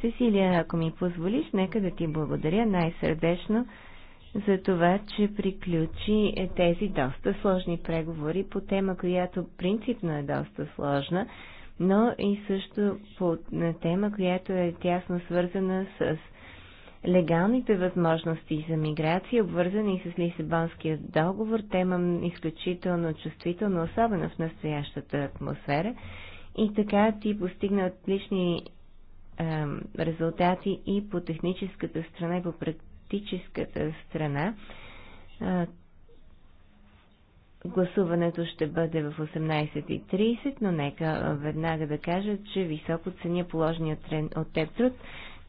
Сесилия, ако ми позволиш, нека да ти благодаря най-сърдечно за това, че приключи е, тези доста сложни преговори по тема, която принципно е доста сложна, но и също по тема, която е тясно свързана с легалните възможности за миграция, обвързани с Лисабонския договор, тема изключително чувствителна, особено в настоящата атмосфера. И така ти постигна отлични резултати и по техническата страна, и по практическата страна. Гласуването ще бъде в 18.30, но нека веднага да кажа, че високо ценя положения трен от теб труд,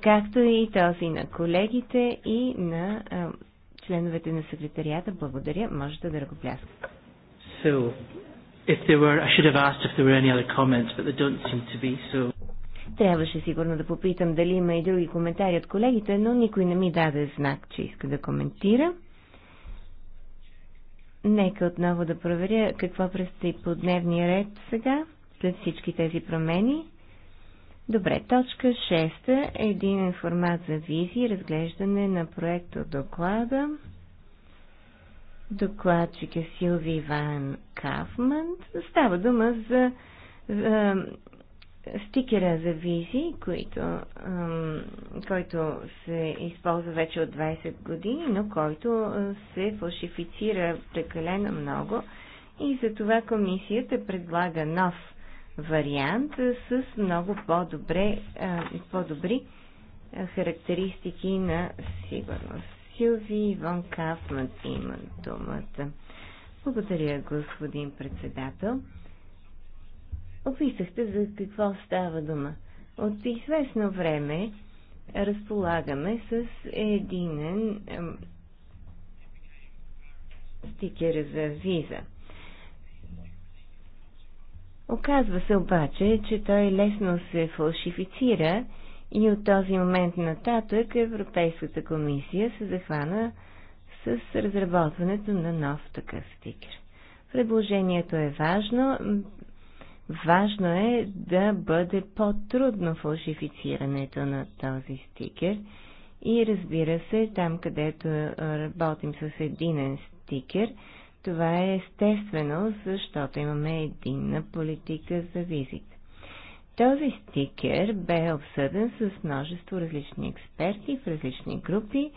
както и този на колегите и на членовете на секретарията. Благодаря, можете да ръкопляскате. So, if there were, I should have asked if there were any other comments, but there don't seem to be, so... Трябваше сигурно да попитам дали има и други коментари от колегите, но никой не ми даде знак, че иска да коментира. Нека отново да проверя какво предстои по дневния ред сега, след всички тези промени. Добре, точка 6. Един формат за визии, разглеждане на проекта доклада. Докладчик е Силви Иван Кафман. Става дума за е, стикера за визи, които, който се използва вече от 20 години, но който се фалшифицира прекалено много и затова комисията предлага нов вариант с много по-добре, по-добри характеристики на сигурност. Силви Иван Кафман има думата. Благодаря, господин председател описахте за какво става дума. От известно време разполагаме с един ем, стикер за виза. Оказва се обаче, че той лесно се фалшифицира и от този момент нататък Европейската комисия се захвана с разработването на нов такъв стикер. Предложението е важно, Важно е да бъде по-трудно фалшифицирането на този стикер и разбира се, там където работим с единен стикер, това е естествено, защото имаме единна политика за визит. Този стикер бе обсъден с множество различни експерти в различни групи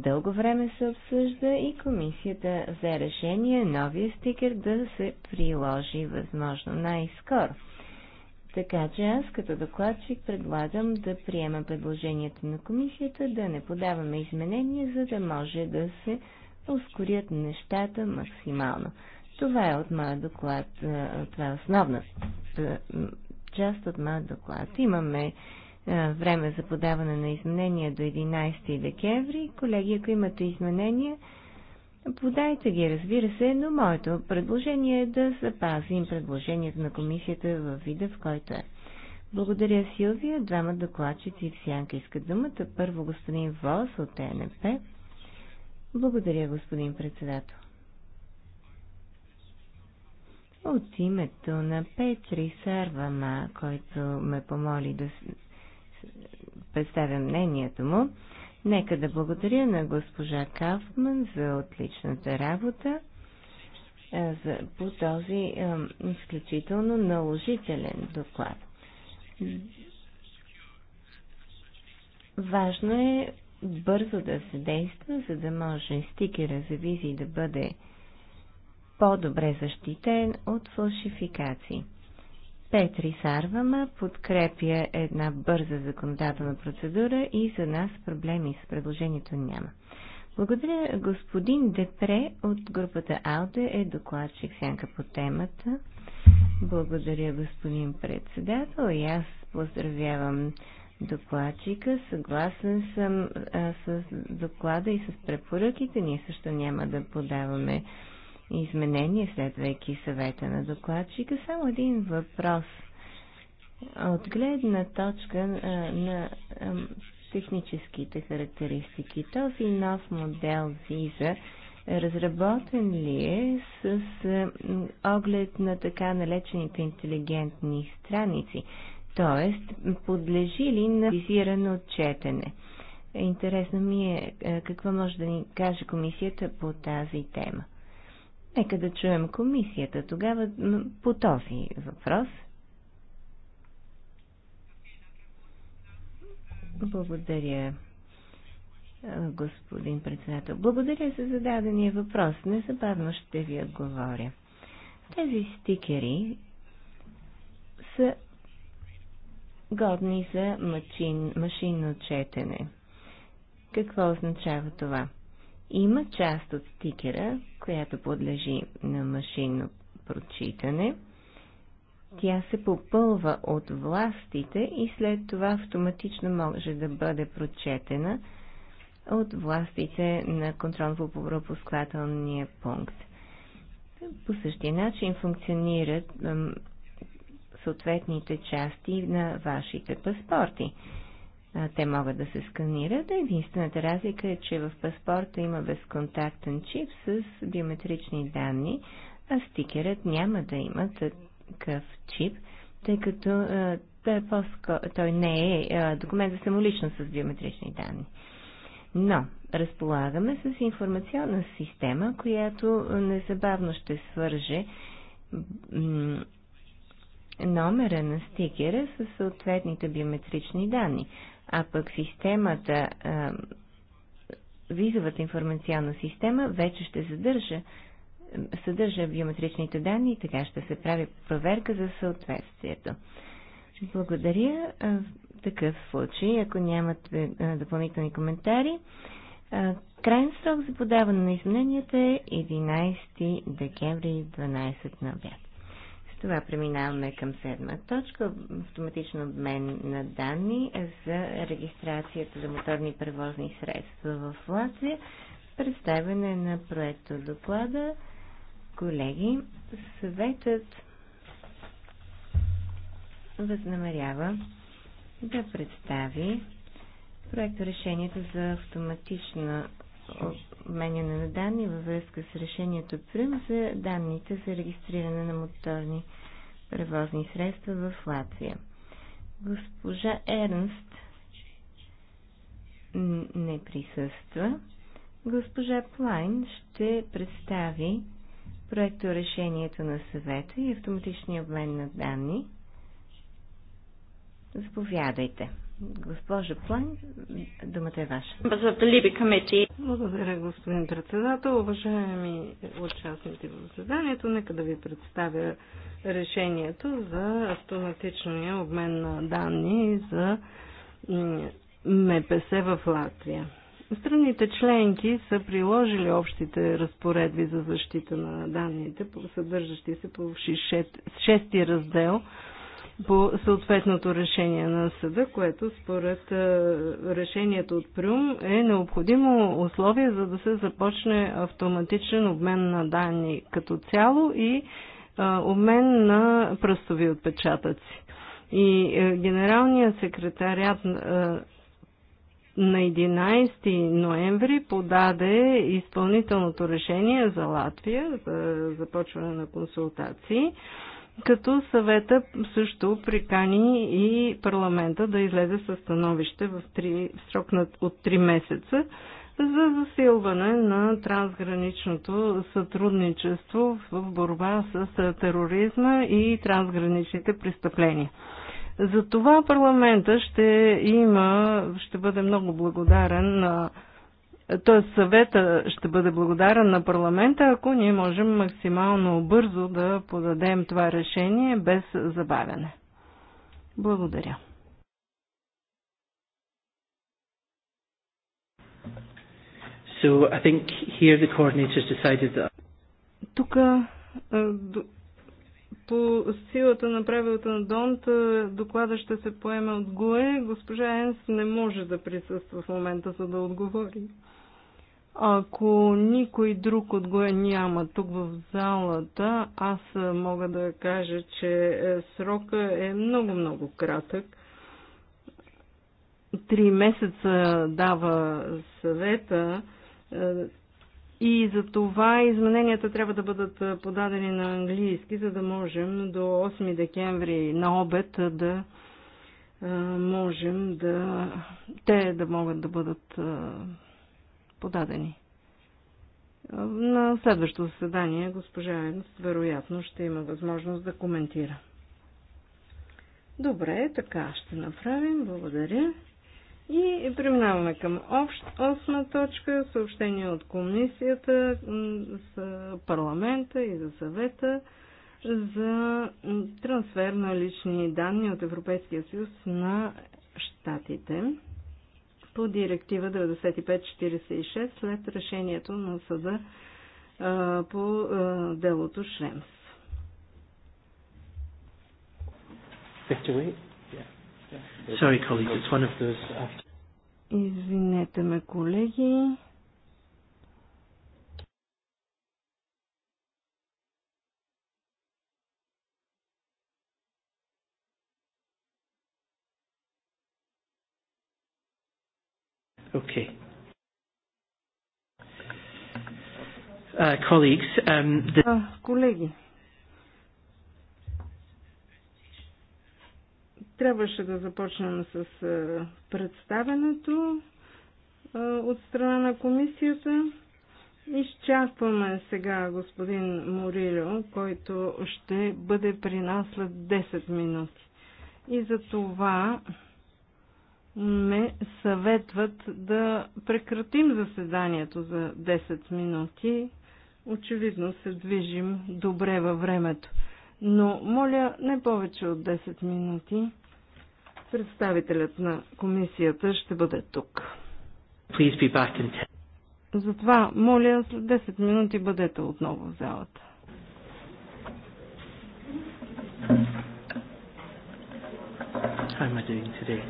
дълго време се обсъжда и комисията взе решение новия стикер да се приложи възможно най-скоро. Така че аз като докладчик предлагам да приема предложението на комисията, да не подаваме изменения, за да може да се ускорят нещата максимално. Това е от моя доклад, това е основна част от моя доклад. Имаме е, време за подаване на изменения до 11 декември. Колеги, ако имате изменения, подайте ги, разбира се, но моето предложение е да запазим предложението на комисията във вида, в който е. Благодаря, Силвия. Двама докладчици в сянка искат думата. Първо господин Волс от ЕНП. Благодаря, господин председател. От името на Петри Сарвама, който ме помоли да представя мнението му. Нека да благодаря на госпожа Кафман за отличната работа за, по този е, изключително наложителен доклад. Важно е бързо да се действа, за да може стикера за визи да бъде по-добре защитен от фалшификации. Петри Сарвама подкрепя една бърза законодателна процедура и за нас проблеми с предложението няма. Благодаря господин Депре от групата АЛДЕ е докладчик сянка по темата. Благодаря господин председател и аз поздравявам докладчика. Съгласен съм а, с доклада и с препоръките. Ние също няма да подаваме изменение, следвайки съвета на докладчика. Само един въпрос. От гледна точка на, а, техническите характеристики, този нов модел ВИЗА разработен ли е с оглед на така налечените интелигентни страници, т.е. подлежи ли на визирано четене? Интересно ми е какво може да ни каже комисията по тази тема. Нека да чуем комисията тогава по този въпрос. Благодаря, господин председател. Благодаря за зададения въпрос. Незабавно ще ви отговоря. Тези стикери са годни за машин, машинно четене. Какво означава това? Има част от стикера, която подлежи на машинно прочитане. Тя се попълва от властите и след това автоматично може да бъде прочетена от властите на контролно-пропускателния пункт. По същия начин функционират съответните части на вашите паспорти те могат да се сканират. Единствената разлика е, че в паспорта има безконтактен чип с биометрични данни, а стикерът няма да има такъв чип, тъй като а, той, е той не е документ за самолично с биометрични данни. Но разполагаме с информационна система, която незабавно ще свърже номера на стикера с съответните биометрични данни. А пък системата, визовата информационна система вече ще задържа, съдържа биометричните данни и така ще се прави проверка за съответствието. Благодаря. В такъв случай, ако нямате допълнителни коментари, крайен срок за подаване на измененията е 11 декември 12 на обяд това преминаваме към седма точка. Автоматичен обмен на данни за регистрацията за моторни превозни средства в Латвия. Представяне на проекта доклада. Колеги, съветът възнамерява да представи проект решението за автоматична обменяне на данни във връзка с решението Прим за данните за регистриране на моторни превозни средства в Латвия. Госпожа Ернст не присъства. Госпожа Плайн ще представи проекто решението на съвета и автоматичния обмен на данни. Заповядайте. Госпожа План, думата е ваша. Благодаря, господин председател. Уважаеми участници в заседанието, нека да ви представя решението за автоматичния обмен на данни за МПС в Латвия. Страните членки са приложили общите разпоредби за защита на данните, съдържащи се по шести раздел – по съответното решение на съда, което според е, решението от Прюм е необходимо условие за да се започне автоматичен обмен на данни като цяло и е, обмен на пръстови отпечатъци. И е, генералният секретарят на 11 ноември подаде изпълнителното решение за Латвия за започване на консултации като съвета също прикани и парламента да излезе със становище в три, срок на, от 3 месеца за засилване на трансграничното сътрудничество в борба с тероризма и трансграничните престъпления. За това парламента ще има, ще бъде много благодарен на т.е. съвета ще бъде благодарен на парламента, ако ние можем максимално бързо да подадем това решение без забавяне. Благодаря. So I think here the coordinators decided that... Тук по силата на правилата на Донт доклада ще се поеме от ГУЕ. Госпожа Енс не може да присъства в момента, за да отговори. Ако никой друг от го няма тук в залата, аз мога да кажа, че е, срока е много-много кратък. Три месеца дава съвета е, и за това измененията трябва да бъдат е, подадени на английски, за да можем до 8 декември на обед да можем да те да могат да бъдат подадени. На следващото заседание госпожа Енс вероятно ще има възможност да коментира. Добре, така ще направим. Благодаря. И преминаваме към общ, осма точка, съобщение от комисията за парламента и за съвета за трансфер на лични данни от Европейския съюз на щатите по директива 9546 след решението на съда по делото Шремс. Извинете ме, колеги. Okay. Uh, colleagues, um, the... Uh, колеги, трябваше да започнем с е, представенето е, от страна на комисията. Изчакваме сега господин Морилио, който ще бъде при нас след 10 минути. И за това ме съветват да прекратим заседанието за 10 минути. Очевидно се движим добре във времето. Но моля не повече от 10 минути. Представителят на комисията ще бъде тук. Затова моля след 10 минути бъдете отново в залата. How am I doing today?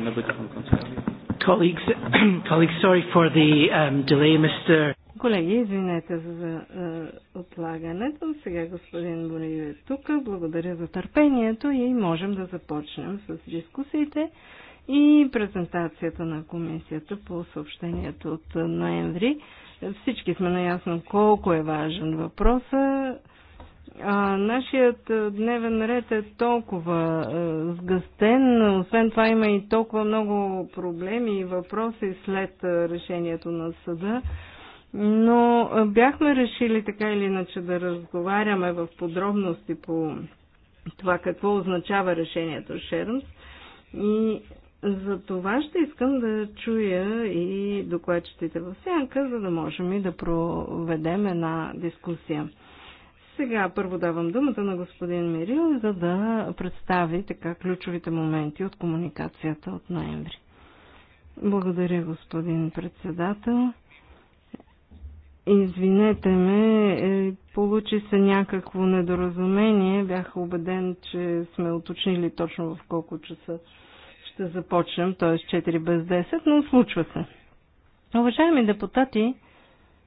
Um, Колеги, извинете за е, отлагането. Сега господин Борио е тук. Благодаря за търпението и можем да започнем с дискусиите и презентацията на комисията по съобщението от ноември. Всички сме наясно колко е важен въпросът. А, нашият дневен ред е толкова а, сгъстен, освен това има и толкова много проблеми и въпроси след а, решението на съда, но а, бяхме решили така или иначе да разговаряме в подробности по това какво означава решението Шернс и за това ще искам да чуя и докладчетите в сянка, за да можем и да проведем една дискусия. Сега първо давам думата на господин Мирил, за да представи така ключовите моменти от комуникацията от ноември. Благодаря, господин председател. Извинете ме, е, получи се някакво недоразумение. Бях убеден, че сме уточнили точно в колко часа ще започнем, т.е. 4 без 10, но случва се. Уважаеми депутати,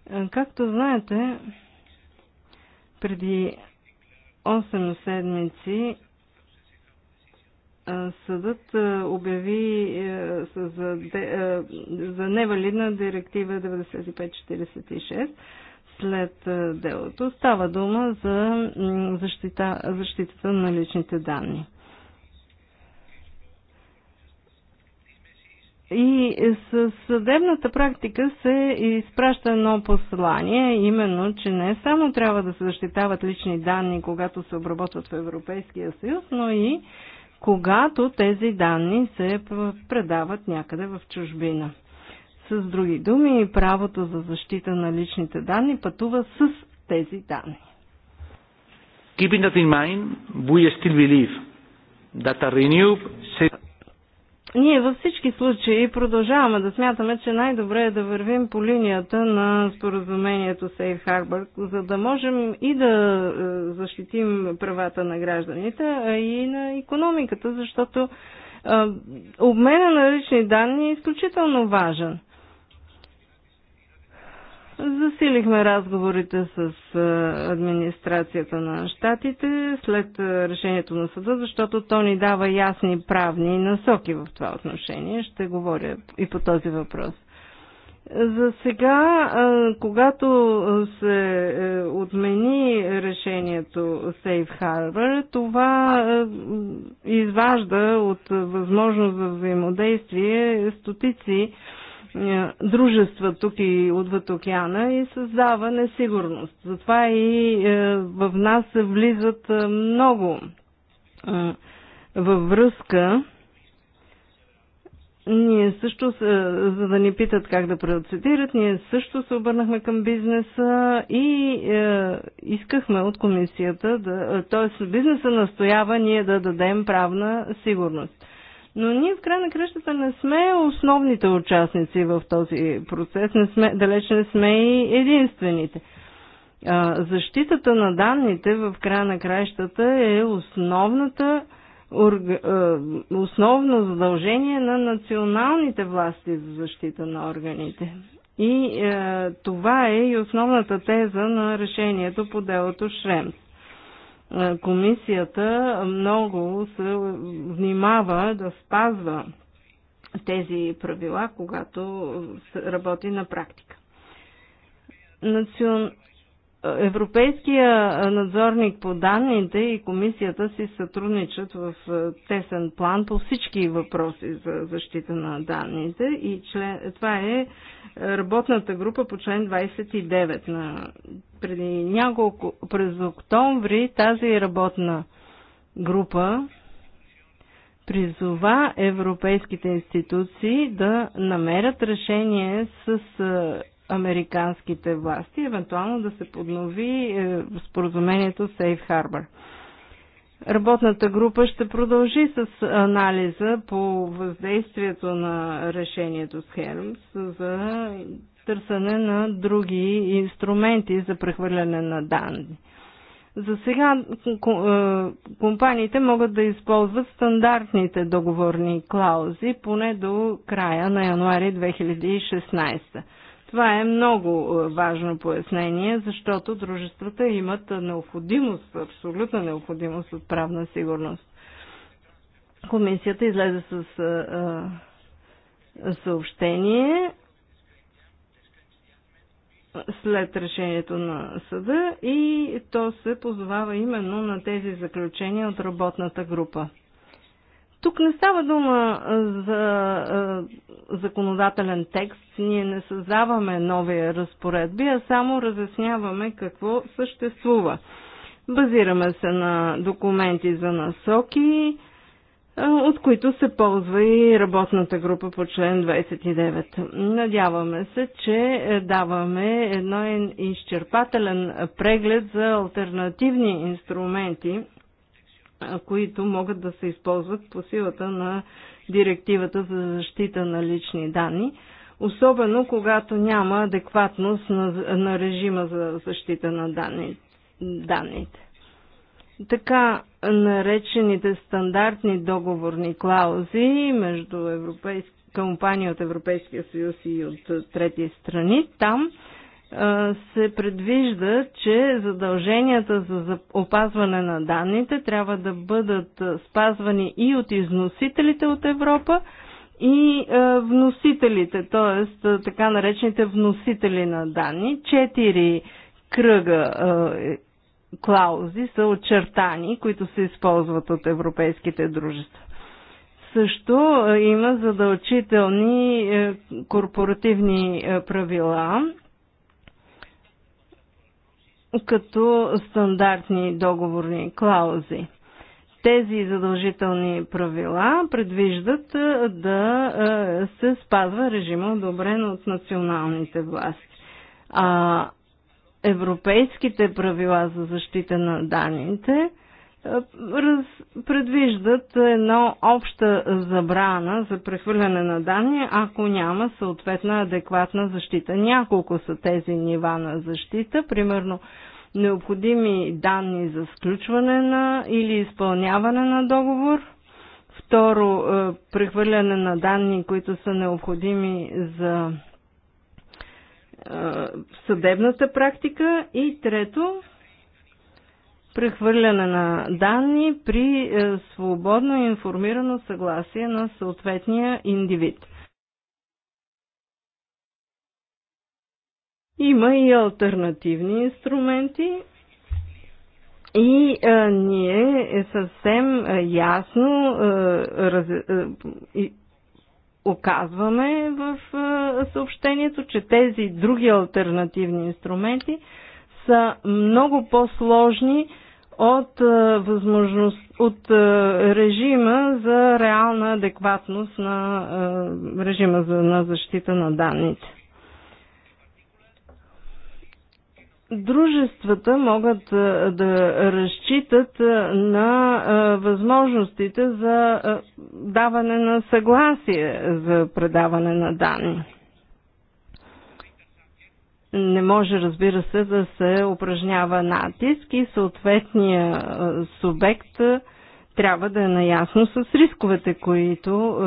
е, както знаете, преди 8 седмици съдът обяви е, за, е, за невалидна директива 9546 след е, делото. Става дума за защита, защитата на личните данни. И с съдебната практика се изпраща едно послание, именно, че не само трябва да се защитават лични данни, когато се обработват в Европейския съюз, но и когато тези данни се предават някъде в чужбина. С други думи, правото за защита на личните данни пътува с тези данни. Keeping that in mind, we still believe that a renewed ние във всички случаи продължаваме да смятаме, че най-добре е да вървим по линията на споразумението Сейф Harbor, за да можем и да е, защитим правата на гражданите, а и на економиката, защото е, обмена на лични данни е изключително важен – Засилихме разговорите с администрацията на щатите след решението на съда, защото то ни дава ясни правни насоки в това отношение. Ще говоря и по този въпрос. За сега, когато се е, отмени решението Safe Harbor, това изважда от възможност за взаимодействие стотици е, дружества тук и отвъд океана и създава несигурност. Затова и е, в нас се влизат е, много във връзка. Ние също, за да ни питат как да преоцедират, ние също се обърнахме към бизнеса и е, искахме от комисията, да, т.е. бизнеса настоява ние да дадем правна сигурност. Но ние в край на кръщата не сме основните участници в този процес, не сме, далеч не сме и единствените. Защитата на данните в края на кращата е основната основно задължение на националните власти за защита на органите. И е, това е и основната теза на решението по делото Шремс. Е, комисията много се внимава да спазва тези правила, когато работи на практика. Национ... Европейския надзорник по данните и комисията си сътрудничат в е, тесен план по всички въпроси за защита на данните и член, това е, е работната група по член 29 на преди няколко, през октомври тази работна група призова европейските институции да намерят решение с е, американските власти, евентуално да се поднови е, споразумението Safe Harbor. Работната група ще продължи с анализа по въздействието на решението с Хермс за търсене на други инструменти за прехвърляне на данни. За сега е, компаниите могат да използват стандартните договорни клаузи поне до края на януари 2016. Това е много е, важно пояснение, защото дружествата имат необходимост, абсолютна необходимост от правна сигурност. Комисията излезе с е, е, съобщение след решението на съда и то се позовава именно на тези заключения от работната група. Тук не става дума за законодателен текст, ние не създаваме нови разпоредби, а само разясняваме какво съществува. Базираме се на документи за насоки, от които се ползва и работната група по член 29. Надяваме се, че е, даваме едно изчерпателен преглед за альтернативни инструменти които могат да се използват по силата на директивата за защита на лични данни, особено когато няма адекватност на, на режима за защита на данни, данните. Така наречените стандартни договорни клаузи между европейски, компании от Европейския съюз и от трети страни, там се предвижда, че задълженията за опазване на данните трябва да бъдат спазвани и от износителите от Европа, и вносителите, т.е. така наречените вносители на данни. Четири кръга е, клаузи са очертани, които се използват от европейските дружества. Също има задължителни е, корпоративни е, правила, като стандартни договорни клаузи. Тези задължителни правила предвиждат да се спазва режима, одобрен от националните власти. А европейските правила за защита на данните – раз, предвиждат едно обща забрана за прехвърляне на данни, ако няма съответна адекватна защита. Няколко са тези нива на защита, примерно необходими данни за сключване на или изпълняване на договор. Второ, е, прехвърляне на данни, които са необходими за е, съдебната практика. И трето, прехвърляне на данни при е, свободно и информирано съгласие на съответния индивид. Има и альтернативни инструменти и а, е, ние е съвсем ясно а, раз, а, и, оказваме в а, съобщението, че тези други альтернативни инструменти а, са много по-сложни от, е, възможност, от е, режима за реална адекватност на е, режима за, на защита на данните. Дружествата могат да разчитат на възможностите за даване на съгласие за предаване на данни не може, разбира се, да се упражнява натиск и съответния субект трябва да е наясно с рисковете, които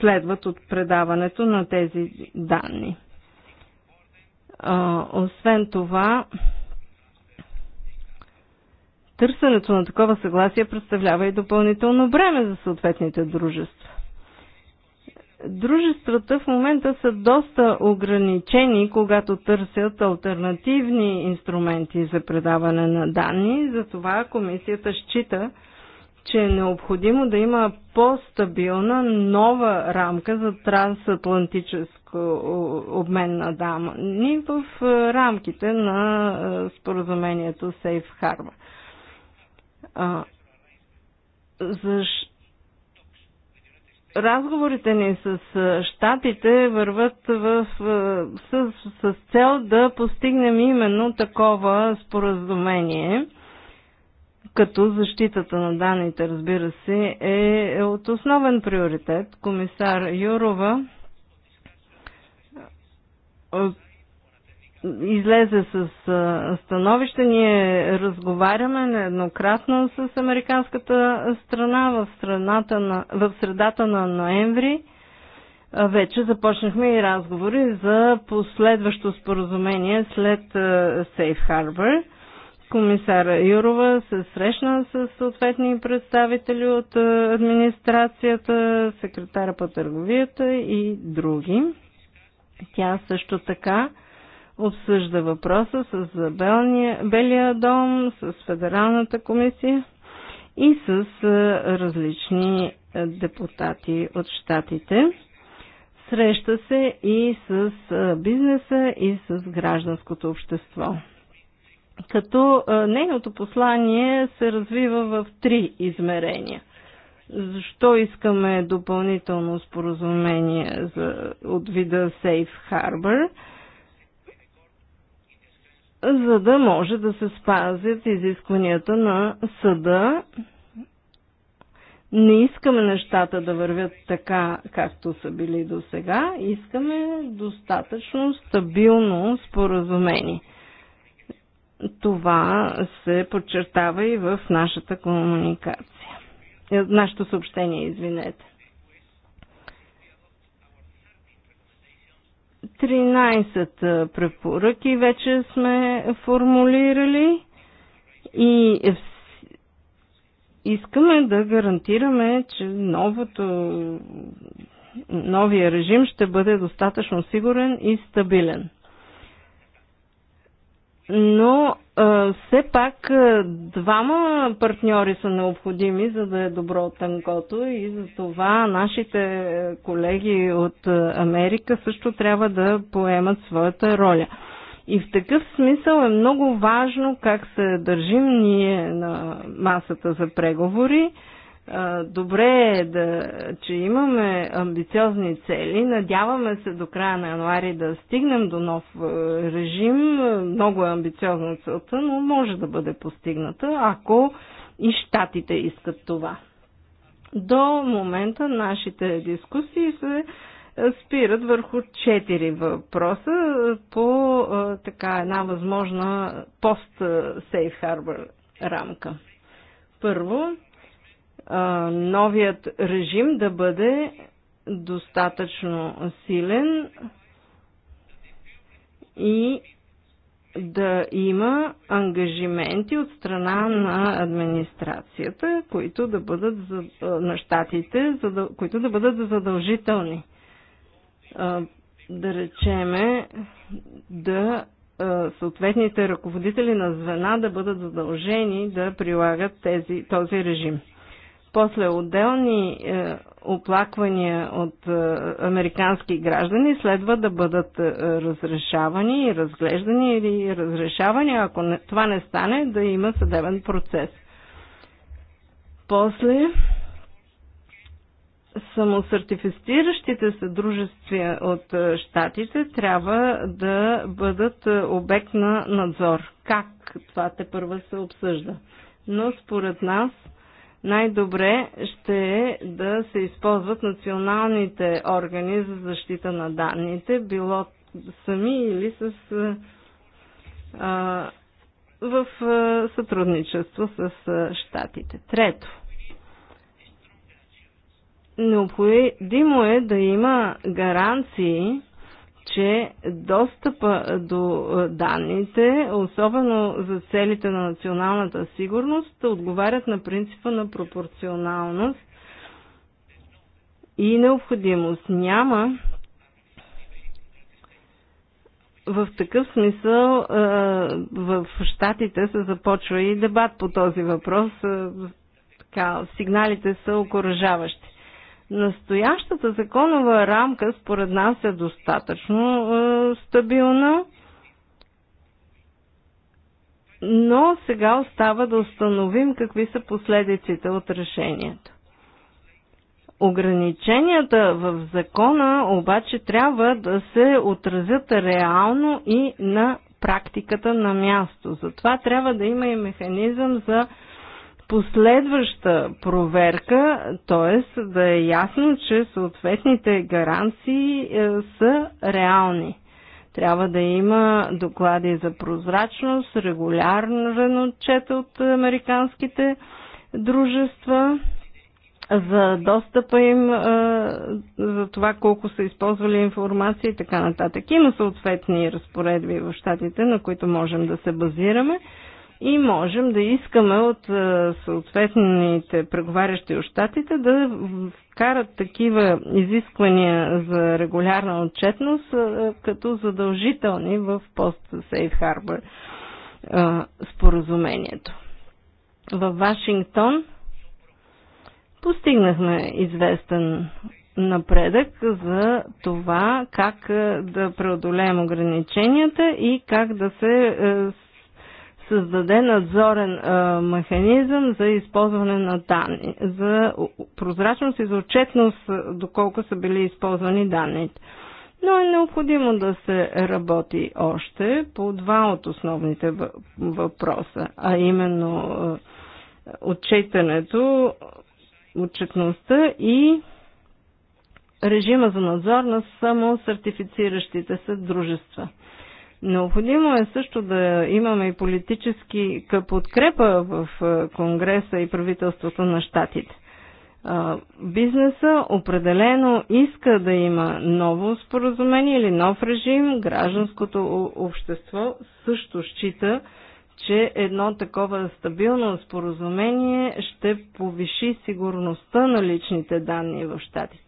следват от предаването на тези данни. Освен това, търсенето на такова съгласие представлява и допълнително бреме за съответните дружества. Дружествата в момента са доста ограничени, когато търсят альтернативни инструменти за предаване на данни, затова комисията счита, че е необходимо да има по-стабилна нова рамка за трансатлантическо обмен на данни в е, рамките на е, споразумението Safe Harbor. Защо? разговорите ни с щатите върват в, с, с цел да постигнем именно такова споразумение, като защитата на данните, разбира се, е, е от основен приоритет. Комисар Юрова излезе с становище. Ние разговаряме нееднократно с американската страна в, страната на, в средата на ноември. Вече започнахме и разговори за последващо споразумение след Safe Harbor. Комисара Юрова се срещна с съответни представители от администрацията, секретара по търговията и други. Тя също така обсъжда въпроса с Белния, Белия дом, с Федералната комисия и с различни депутати от щатите. Среща се и с бизнеса, и с гражданското общество. Като нейното послание се развива в три измерения. Защо искаме допълнително споразумение за, от вида Safe Harbor – за да може да се спазят изискванията на съда. Не искаме нещата да вървят така, както са били до сега. Искаме достатъчно стабилно споразумение. Това се подчертава и в нашата комуникация. Е, нашето съобщение, извинете. 13 препоръки вече сме формулирали и е искаме да гарантираме, че новото, новия режим ще бъде достатъчно сигурен и стабилен но а, все пак а, двама партньори са необходими, за да е добро танкото и за това нашите е, колеги от е, Америка също трябва да поемат своята роля. И в такъв смисъл е много важно как се държим ние на масата за преговори добре е, да, че имаме амбициозни цели. Надяваме се до края на януари да стигнем до нов режим. Много е амбициозна целта, но може да бъде постигната, ако и щатите искат това. До момента нашите дискусии се спират върху четири въпроса по така една възможна пост-сейф Харбор рамка. Първо, новият режим да бъде достатъчно силен и да има ангажименти от страна на администрацията, които да бъдат на щатите, които да бъдат задължителни. Да речеме да съответните ръководители на звена да бъдат задължени да прилагат тези, този режим после отделни е, оплаквания от е, американски граждани следва да бъдат е, разрешавани и разглеждани или разрешавани. Ако не, това не стане, да има съдебен процес. После самосертифициращите се дружества от е, щатите трябва да бъдат е, обект на надзор. Как? Това те първа се обсъжда. Но според нас най-добре ще е да се използват националните органи за защита на данните, било сами или с, а, в а, сътрудничество с а, щатите. Трето. Необходимо е да има гаранции че достъпа до е, данните, особено за целите на националната сигурност, отговарят на принципа на пропорционалност и необходимост. Няма в такъв смисъл е, в Штатите се започва и дебат по този въпрос. Е, така, сигналите са окоръжаващи. Настоящата законова рамка според нас е достатъчно е, стабилна, но сега остава да установим какви са последиците от решението. Ограниченията в закона обаче трябва да се отразят реално и на практиката на място. Затова трябва да има и механизъм за последваща проверка, т.е. да е ясно, че съответните гаранции е, са реални. Трябва да има доклади за прозрачност, регулярен отчет от американските дружества за достъпа им, е, за това колко са използвали информация и така нататък. Има съответни разпоредби в щатите, на които можем да се базираме и можем да искаме от е, съответните преговарящи от щатите да карат такива изисквания за регулярна отчетност е, като задължителни в пост Safe Harbor е, споразумението. В Вашингтон постигнахме известен напредък за това как да преодолеем ограниченията и как да се създаде надзорен а, механизъм за използване на данни, за прозрачност и за отчетност, доколко са били използвани данните. Но е необходимо да се работи още по два от основните въпроса, а именно отчитането, отчетността и режима за надзор на само сертифициращите се дружества. Необходимо е също да имаме и политически подкрепа в е, Конгреса и правителството на щатите. Бизнеса определено иска да има ново споразумение или нов режим. Гражданското общество също счита, че едно такова стабилно споразумение ще повиши сигурността на личните данни в щатите.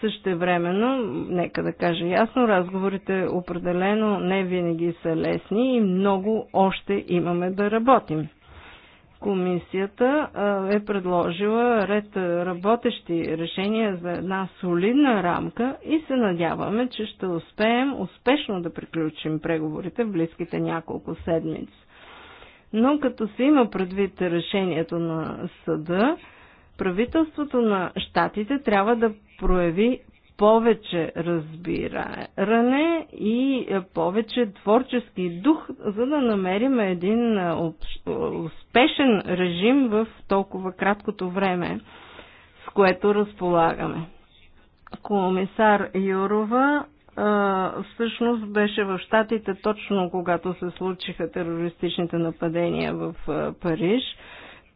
Същевременно, нека да кажа ясно, разговорите определено не винаги са лесни и много още имаме да работим. Комисията е предложила ред работещи решения за една солидна рамка и се надяваме, че ще успеем успешно да приключим преговорите в близките няколко седмици. Но като се има предвид решението на съда, правителството на щатите трябва да прояви повече разбиране и повече творчески дух, за да намерим един успешен режим в толкова краткото време, с което разполагаме. Комисар Юрова всъщност беше в Штатите точно когато се случиха терористичните нападения в Париж –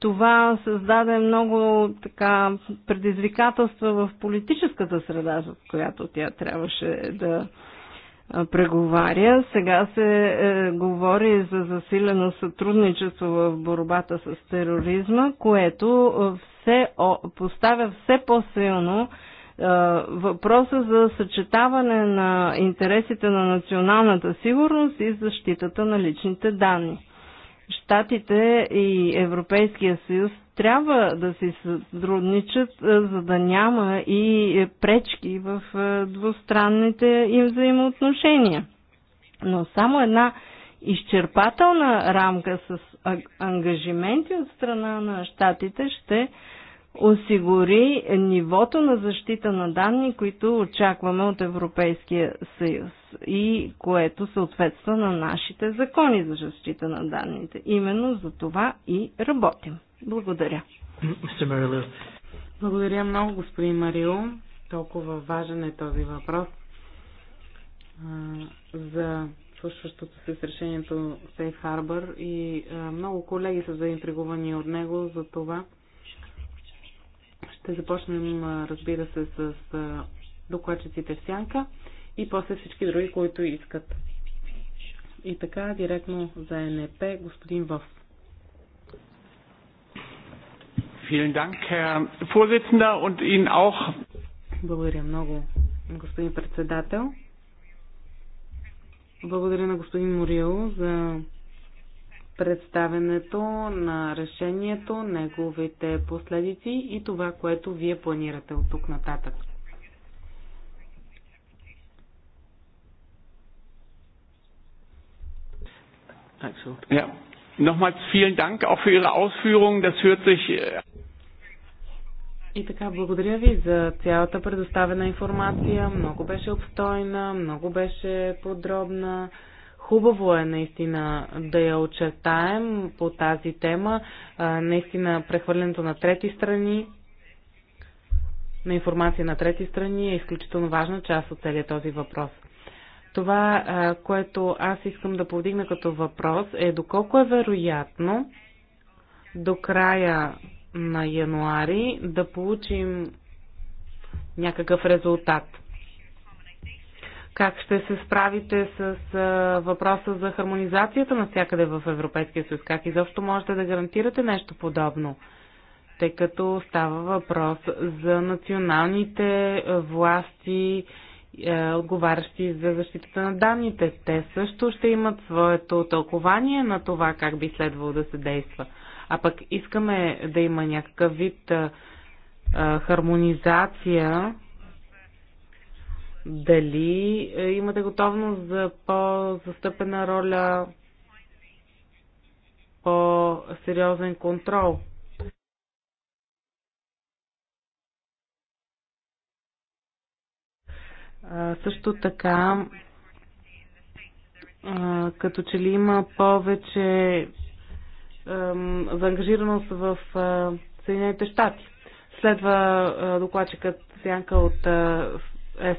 това създаде много така предизвикателства в политическата среда, за която тя трябваше да преговаря. Сега се е, говори за засилено сътрудничество в борбата с тероризма, което е, все о, поставя все по-силно е, въпроса за съчетаване на интересите на националната сигурност и защитата на личните данни. Штатите и Европейския съюз трябва да се сътрудничат, за да няма и пречки в двустранните им взаимоотношения. Но само една изчерпателна рамка с ангажименти от страна на щатите ще осигури нивото на защита на данни, които очакваме от Европейския съюз и което съответства на нашите закони за защита на данните. Именно за това и работим. Благодаря. Благодаря много, господин Марио. Толкова важен е този въпрос за случващото се с решението Safe Harbor и много колеги са заинтригувани от него за това. Ще започнем, разбира се, с докладчиците в сянка и после всички други, които искат. И така, директно за НЕП, господин Във. Благодаря много, господин председател. Благодаря на господин Морил за представенето на решението, неговите последици и това, което вие планирате от тук нататък. Axel. Ja. Nochmals vielen Dank auch für Ihre Ausführungen. Das hört sich. Äh, И така, благодаря ви за цялата предоставена информация. Много беше обстойна, много беше подробна. Хубаво е наистина да я очертаем по тази тема. Наистина прехвърлянето на трети страни, на информация на трети страни е изключително важна част от целият този въпрос. Това, което аз искам да повдигна като въпрос е доколко е вероятно до края на януари да получим някакъв резултат. Как ще се справите с въпроса за хармонизацията навсякъде в Европейския съюз? Как изобщо можете да гарантирате нещо подобно? Тъй като става въпрос за националните власти, е, отговарящи за защитата на данните. Те също ще имат своето тълкование на това как би следвало да се действа. А пък искаме да има някакъв вид а, е, а, е, хармонизация. Дали имате готовност за по-застъпена роля, по-сериозен контрол? Също така, като че ли има повече заангажираност в Съединените щати. Следва докладчикът Сянка от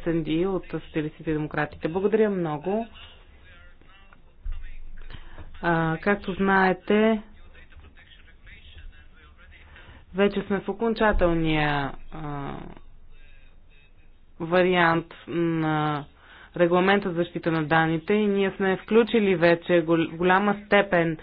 СНД, от Социалистите и Демократите. Благодаря много. Както знаете, вече сме в окончателния вариант на регламента за защита на данните и ние сме включили вече в голяма степен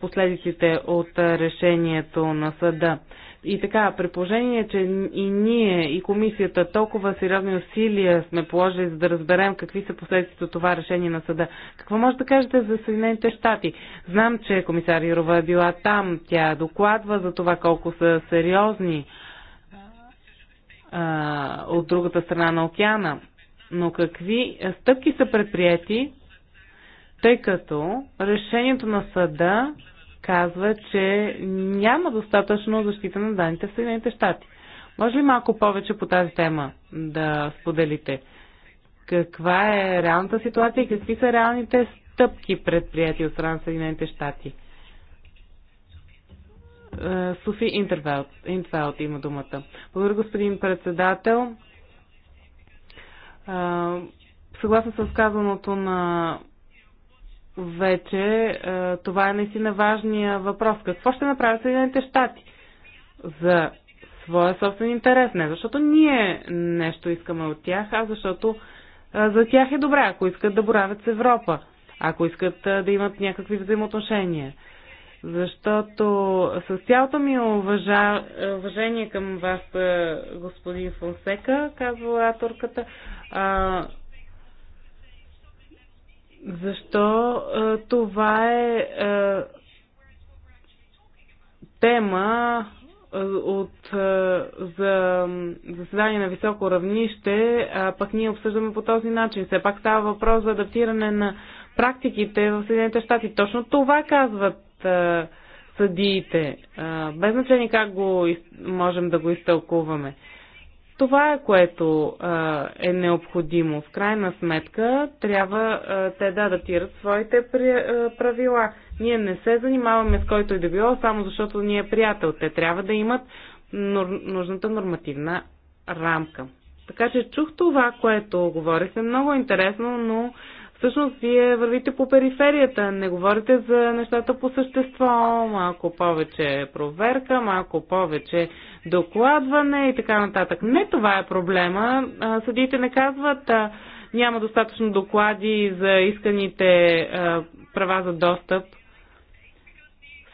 последиците от решението на съда. И така, при положение, че и ние, и комисията толкова сериозни усилия сме положили, за да разберем какви са последиците от това решение на съда, какво може да кажете за Съединените щати? Знам, че комисар Юрова е била там, тя докладва за това колко са сериозни а, от другата страна на океана. Но какви стъпки са предприяти, тъй като решението на съда казва, че няма достатъчно защита на данните в Съединените щати. Може ли малко повече по тази тема да споделите? Каква е реалната ситуация и какви са реалните стъпки предприяти от страна на Съединените щати? Е, Софи Интервелт, има думата. Благодаря, господин председател. Е, Съгласно с казаното на вече, е, това е наистина важния въпрос. Какво ще направят Съединените щати за своя собствен интерес? Не защото ние нещо искаме от тях, а защото за тях е добре, ако искат да боравят с Европа, ако искат да имат някакви взаимоотношения. Защото с цялото ми уважа... уважение към вас, е, господин Фонсека, казва авторката, а, защо а, е, това е а, е, тема от, за заседание на високо равнище, а пък ние обсъждаме по този начин. Все пак става въпрос за адаптиране на практиките в Съединените щати. Точно това казват съдиите, без значение как го можем да го изтълкуваме. Това е което е необходимо. В крайна сметка трябва те да адаптират своите правила. Ние не се занимаваме с който и е да било, само защото ние е приятел. Те трябва да имат нужната нормативна рамка. Така че чух това, което говорихте. Много интересно, но Всъщност, вие вървите по периферията, не говорите за нещата по същество, малко повече проверка, малко повече докладване и така нататък. Не това е проблема. Съдиите не казват, няма достатъчно доклади за исканите права за достъп.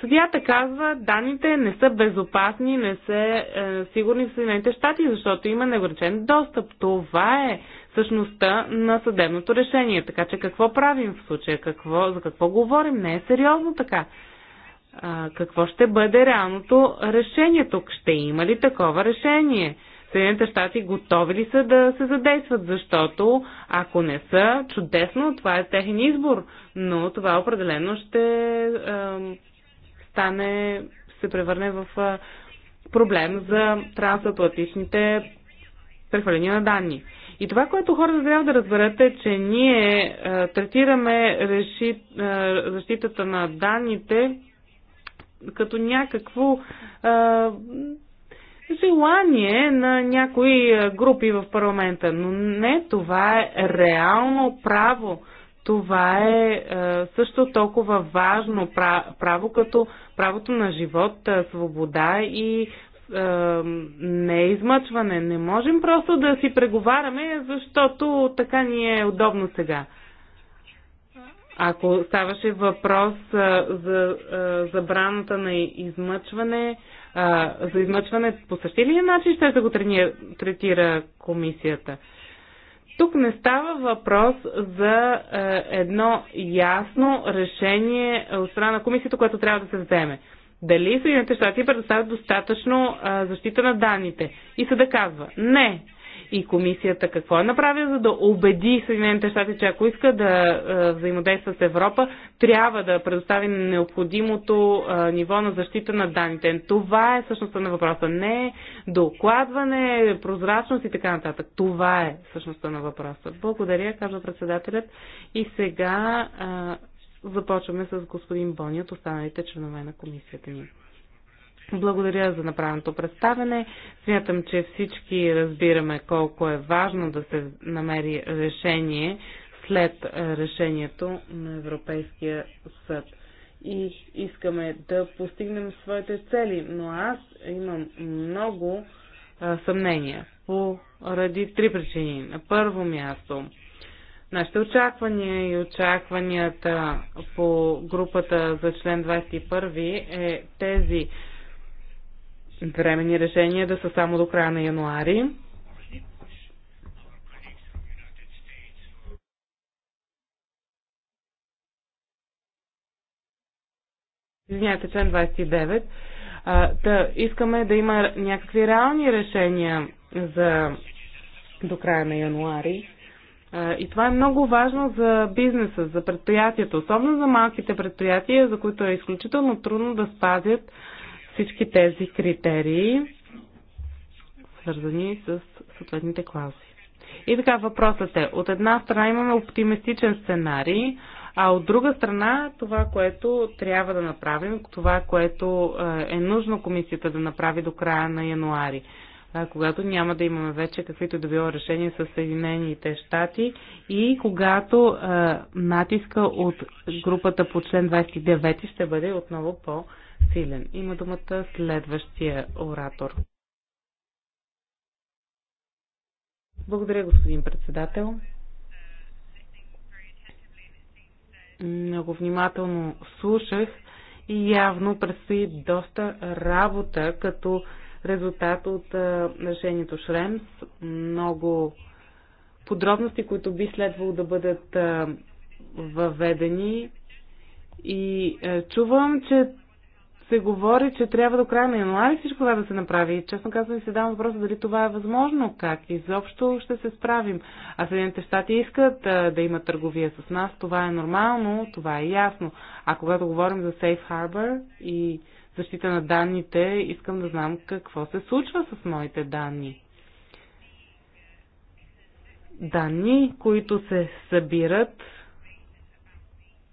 Съдията казва, данните не са безопасни, не са е, сигурни в Съединените щати, защото има неограничен достъп. Това е същността на съдебното решение. Така че какво правим в случая? Какво, за какво говорим? Не е сериозно така. А, какво ще бъде реалното решение тук? Ще има ли такова решение? Съединените щати готови ли са да се задействат, защото ако не са, чудесно, това е техен избор, но това определено ще а, стане, се превърне в а, проблем за трансатлантичните прехвърления на данни. И това, което хората трябва да разберат е, че ние а, е, третираме реши, а, е, защитата на данните като някакво а, е, желание на някои групи в парламента. Но не, това е реално право. Това е, е също толкова важно право, като правото на живот, свобода и е, не е измъчване. Не можем просто да си преговаряме, защото така ни е удобно сега. Ако ставаше въпрос а, е, за а, е, забраната на измъчване, а, за измъчване по същия ли начин ще се го трени, третира комисията? Тук не става въпрос за а, едно ясно решение от страна на комисията, което трябва да се вземе дали Съединените щати предоставят достатъчно а, защита на данните. И съда казва, не. И комисията какво е направила, за да убеди Съединените щати, че ако иска да а, взаимодейства с Европа, трябва да предостави необходимото а, ниво на защита на данните. Това е същността на въпроса. Не докладване, прозрачност и така нататък. Това е същността на въпроса. Благодаря, казва председателят. И сега а, Започваме с господин Бони от останалите членове на комисията ни. Благодаря за направеното представене. Смятам, че всички разбираме колко е важно да се намери решение след решението на Европейския съд. И искаме да постигнем своите цели, но аз имам много съмнения поради три причини. На първо място, нашите очаквания и очакванията по групата за член 21 е тези времени решения да са само до края на януари. Извинявайте, член 29. А, да, искаме да има някакви реални решения за до края на януари. И това е много важно за бизнеса, за предприятията, особено за малките предприятия, за които е изключително трудно да спазят всички тези критерии, свързани с съответните клаузи. И така, въпросът е, от една страна имаме оптимистичен сценарий, а от друга страна, това, което трябва да направим, това, което е нужно комисията да направи до края на януари когато няма да имаме вече каквито да било решения с Съединените щати и когато а, натиска от групата по член 29 ще бъде отново по-силен. Има думата следващия оратор. Благодаря, господин председател. Много внимателно слушах и явно предстои доста работа, като резултат от решението Шремс. Много подробности, които би следвало да бъдат въведени. И чувам, че се говори, че трябва до края на януари всичко това да се направи. Честно казвам, се давам въпроса дали това е възможно, как изобщо ще се справим. А Съединените щати искат а, да имат търговия с нас, това е нормално, това е ясно. А когато говорим за Safe Harbor и защита на данните, искам да знам какво се случва с моите данни. Данни, които се събират,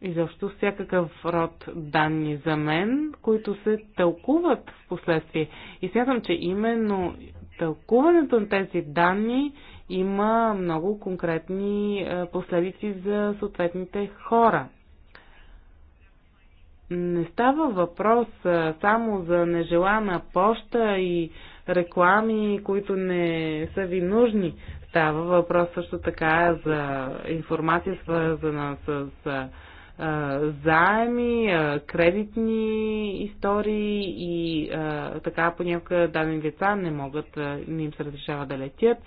изобщо всякакъв род данни за мен, които се тълкуват в последствие. И смятам, че именно тълкуването на тези данни има много конкретни е, последици за съответните хора не става въпрос само за нежелана поща и реклами, които не са ви нужни. Става въпрос също така за информация, свързана с заеми, кредитни истории и така понякога дадени деца не могат, не им се разрешава да летят.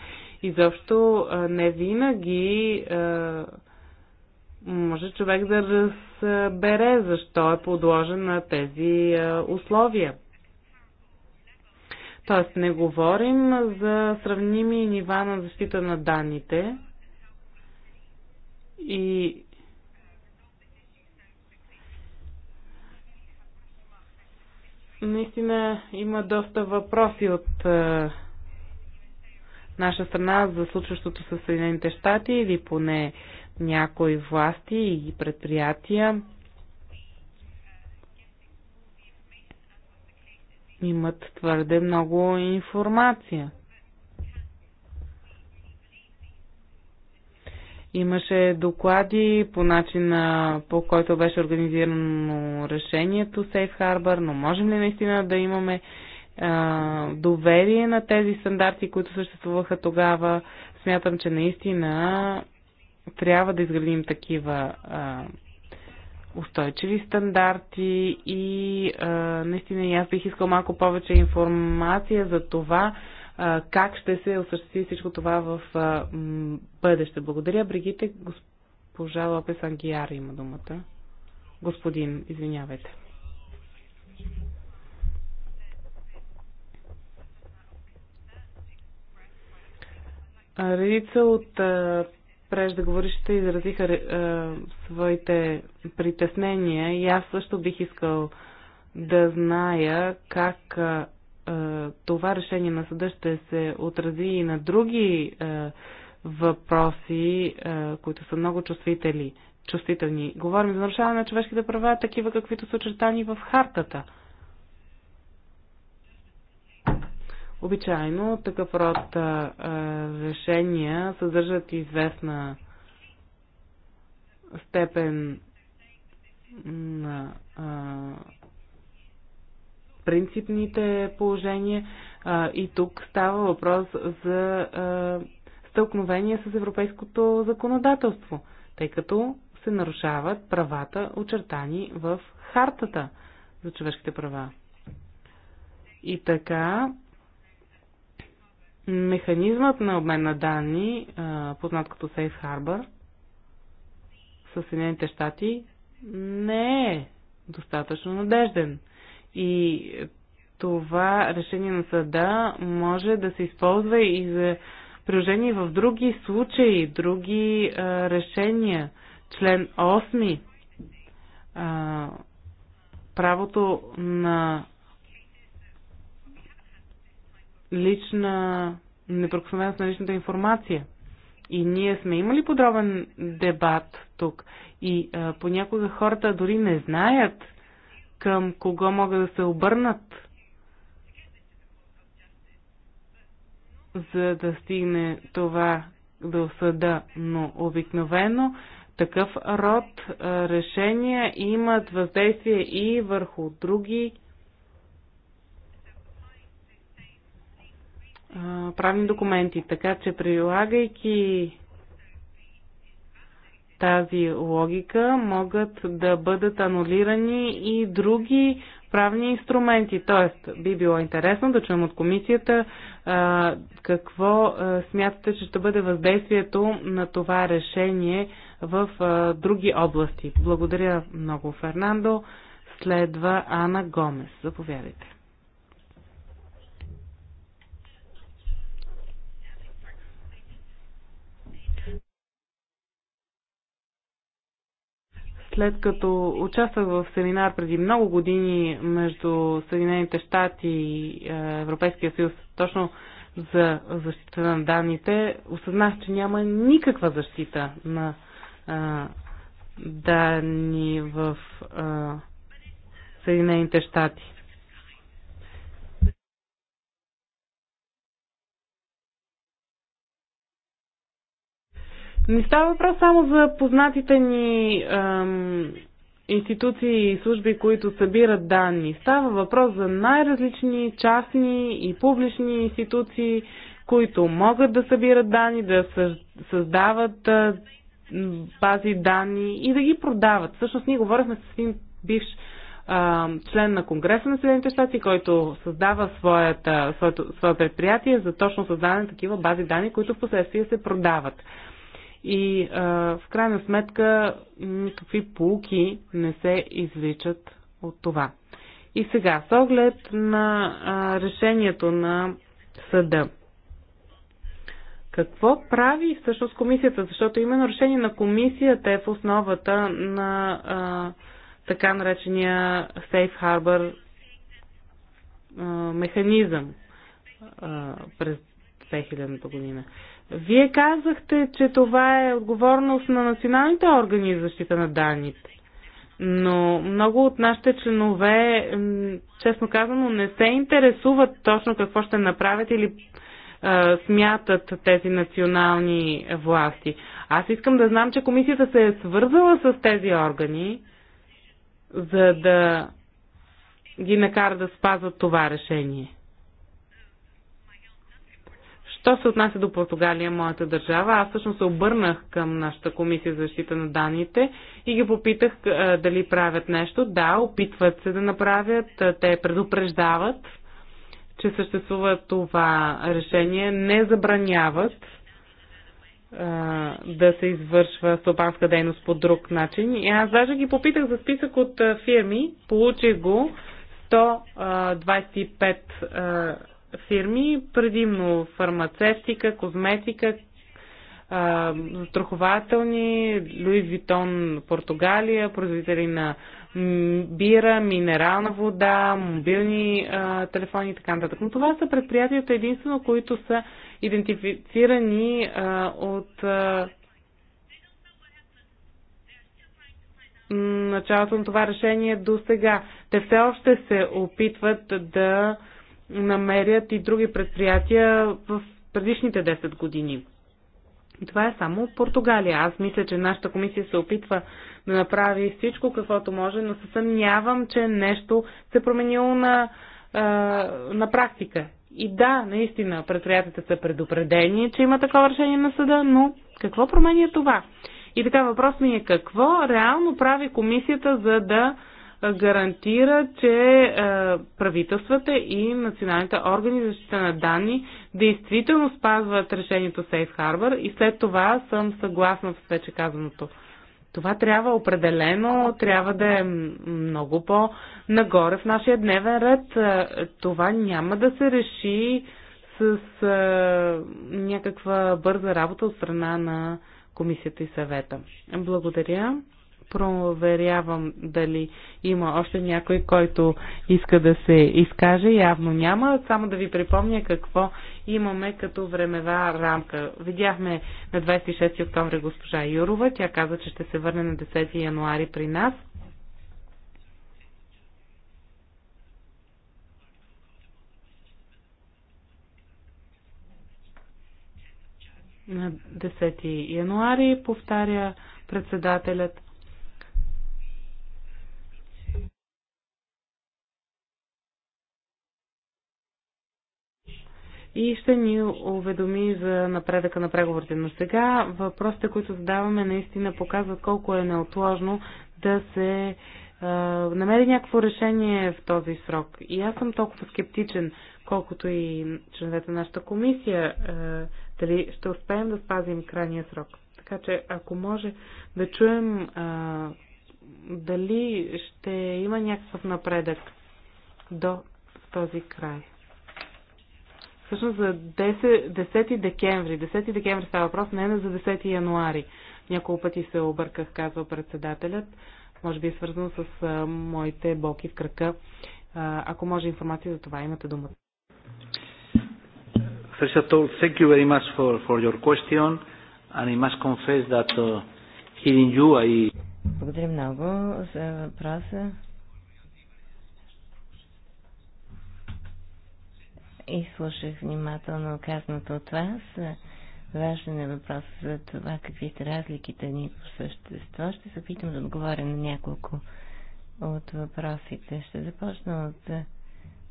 Изобщо не винаги може човек да разбере защо е подложен на тези условия. Тоест не говорим за сравними нива на защита на данните и наистина има доста въпроси от е, наша страна за случващото със Съединените щати или поне някои власти и предприятия имат твърде много информация. Имаше доклади по начина по който беше организирано решението Safe Harbor, но можем ли наистина да имаме а, доверие на тези стандарти, които съществуваха тогава? Смятам, че наистина трябва да изградим такива а, устойчиви стандарти и а, наистина и аз бих искал малко повече информация за това а, как ще се осъществи всичко това в а, м, бъдеще. Благодаря, Бригите. Госпожа Лопес Ангияр има думата. Господин, извинявайте. Редица от преждеговорившите изразиха е, своите притеснения и аз също бих искал да зная как е, е, това решение на съда ще се отрази и на други е, въпроси, е, които са много чувствители, чувствителни. Говорим за нарушаване на човешките права, такива каквито са очертани в хартата – Обичайно такъв род а, решения съдържат известна степен на а, принципните положения а, и тук става въпрос за а, стълкновение с европейското законодателство, тъй като се нарушават правата, очертани в хартата за човешките права. И така, Механизмът на обмен на данни, познат като Safe Harbor, със Съединените щати не е достатъчно надежден. И това решение на съда може да се използва и за приложение в други случаи, други а, решения. Член 8. А, правото на лична неприкосновеност на личната информация. И ние сме имали подробен дебат тук. И а, понякога хората дори не знаят към кого могат да се обърнат, за да стигне това до съда. Но обикновено такъв род а, решения имат въздействие и върху други правни документи. Така че прилагайки тази логика могат да бъдат анулирани и други правни инструменти. Тоест, би било интересно да чуем от комисията а, какво а, смятате, че ще бъде въздействието на това решение в а, други области. Благодаря много, Фернандо. Следва Ана Гомес. Заповядайте. след като участвах в семинар преди много години между Съединените щати и е, Европейския съюз, точно за защита на данните, осъзнах, че няма никаква защита на а, е, данни в а, е, Съединените щати. Не става въпрос само за познатите ни ем, институции и служби, които събират данни. Става въпрос за най-различни частни и публични институции, които могат да събират данни, да създават бази данни и да ги продават. Всъщност ние говорихме с един бивш а, член на Конгреса на Съединените щати, който създава своята, своето, предприятие за точно създаване на такива бази данни, които в последствие се продават и а, в крайна сметка какви полуки не се извличат от това. И сега, с оглед на а, решението на съда, какво прави всъщност комисията? Защото именно решение на комисията е в основата на а, така наречения Safe Harbor а, механизъм а, през 2000 година. Вие казахте, че това е отговорност на националните органи за защита на данните. Но много от нашите членове, честно казано, не се интересуват точно какво ще направят или а, смятат тези национални власти. Аз искам да знам, че комисията се е свързала с тези органи, за да ги накара да спазват това решение. Що се отнася до Португалия, моята държава, аз всъщност се обърнах към нашата комисия за защита на данните и ги попитах а, дали правят нещо. Да, опитват се да направят, те предупреждават, че съществува това решение, не забраняват а, да се извършва стопанска дейност по друг начин. И аз даже ги попитах за списък от фирми, получих го 125 фирми, предимно фармацевтика, козметика, страхователни, Луи Витон, Португалия, производители на бира, минерална вода, мобилни а, телефони и така нататък. Но това са предприятията единствено, които са идентифицирани а, от а, началото на това решение до сега. Те все още се опитват да а, намерят и други предприятия в предишните 10 години. И това е само Португалия. Аз мисля, че нашата комисия се опитва да направи всичко каквото може, но се съмнявам, че нещо се е променило на, на практика. И да, наистина, предприятията са предупредени, че има такова решение на съда, но какво променя това? И така въпрос ми е какво реално прави комисията, за да гарантира, че правителствата и националните органи за защита на данни действително спазват решението Safe Harbor и след това съм съгласна с вече казаното. Това трябва определено, трябва да е много по-нагоре в нашия дневен ред. Това няма да се реши с някаква бърза работа от страна на комисията и съвета. Благодаря проверявам дали има още някой, който иска да се изкаже. Явно няма. Само да ви припомня какво имаме като времева рамка. Видяхме на 26 октомври госпожа Юрова. Тя каза, че ще се върне на 10 януари при нас. На 10 януари повтаря председателят и ще ни уведоми за напредъка на преговорите. Но сега въпросите, които задаваме, наистина показват колко е неотложно да се а, намери някакво решение в този срок. И аз съм толкова скептичен, колкото и членовете на нашата комисия, а, дали ще успеем да спазим крайния срок. Така че, ако може да чуем а, дали ще има някакъв напредък до този край всъщност за 10, 10 декември. 10 декември става въпрос, не на за 10 януари. Няколко пъти се обърках, казва председателят. Може би е свързано с а, моите болки в крака. А, ако може информация за това, имате думата. First of all, thank you very much for, for your question. And I must confess that uh, hearing you, I... Благодаря много за въпроса. и слушах внимателно казаното от вас. Важен е въпрос за това какви са разликите ни по същество. Ще се опитам да отговоря на няколко от въпросите. Ще започна от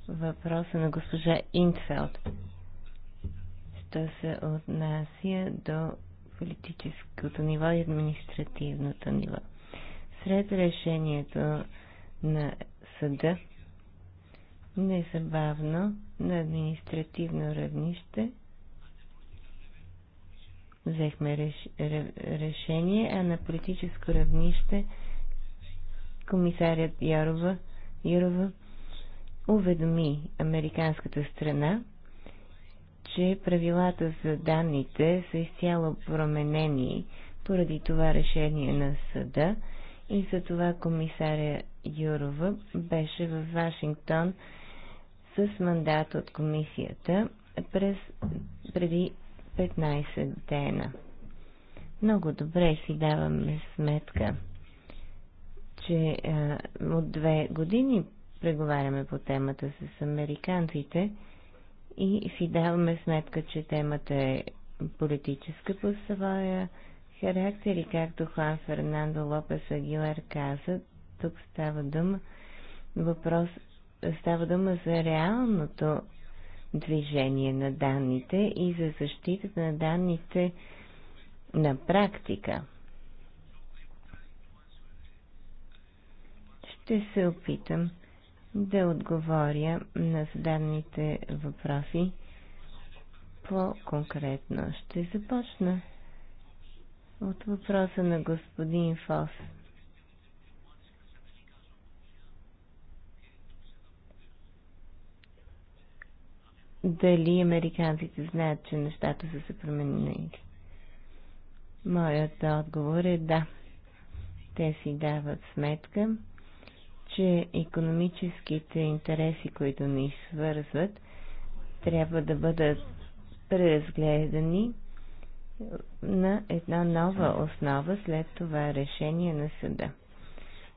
въпроса на госпожа Интфелд. Що се отнася до политическото ниво и административното ниво. Сред решението на съда незабавно на административно равнище взехме реш, решение, а на политическо равнище комисарят Ярова, Ярова уведоми американската страна, че правилата за данните са изцяло променени поради това решение на съда и за това комисаря Юрова беше в Вашингтон с мандат от комисията през преди 15 дена. Много добре си даваме сметка, че а, от две години преговаряме по темата с американците и си даваме сметка, че темата е политическа по своя характер и както Хуан Фернандо Лопес Агилар каза, тук става дума въпрос става дума за реалното движение на данните и за защитата на данните на практика. Ще се опитам да отговоря на зададените въпроси по-конкретно. Ще започна от въпроса на господин Фос. дали американците знаят, че нещата са се променили. Моят отговор е да. Те си дават сметка, че економическите интереси, които ни свързват, трябва да бъдат преразгледани на една нова основа след това решение на съда.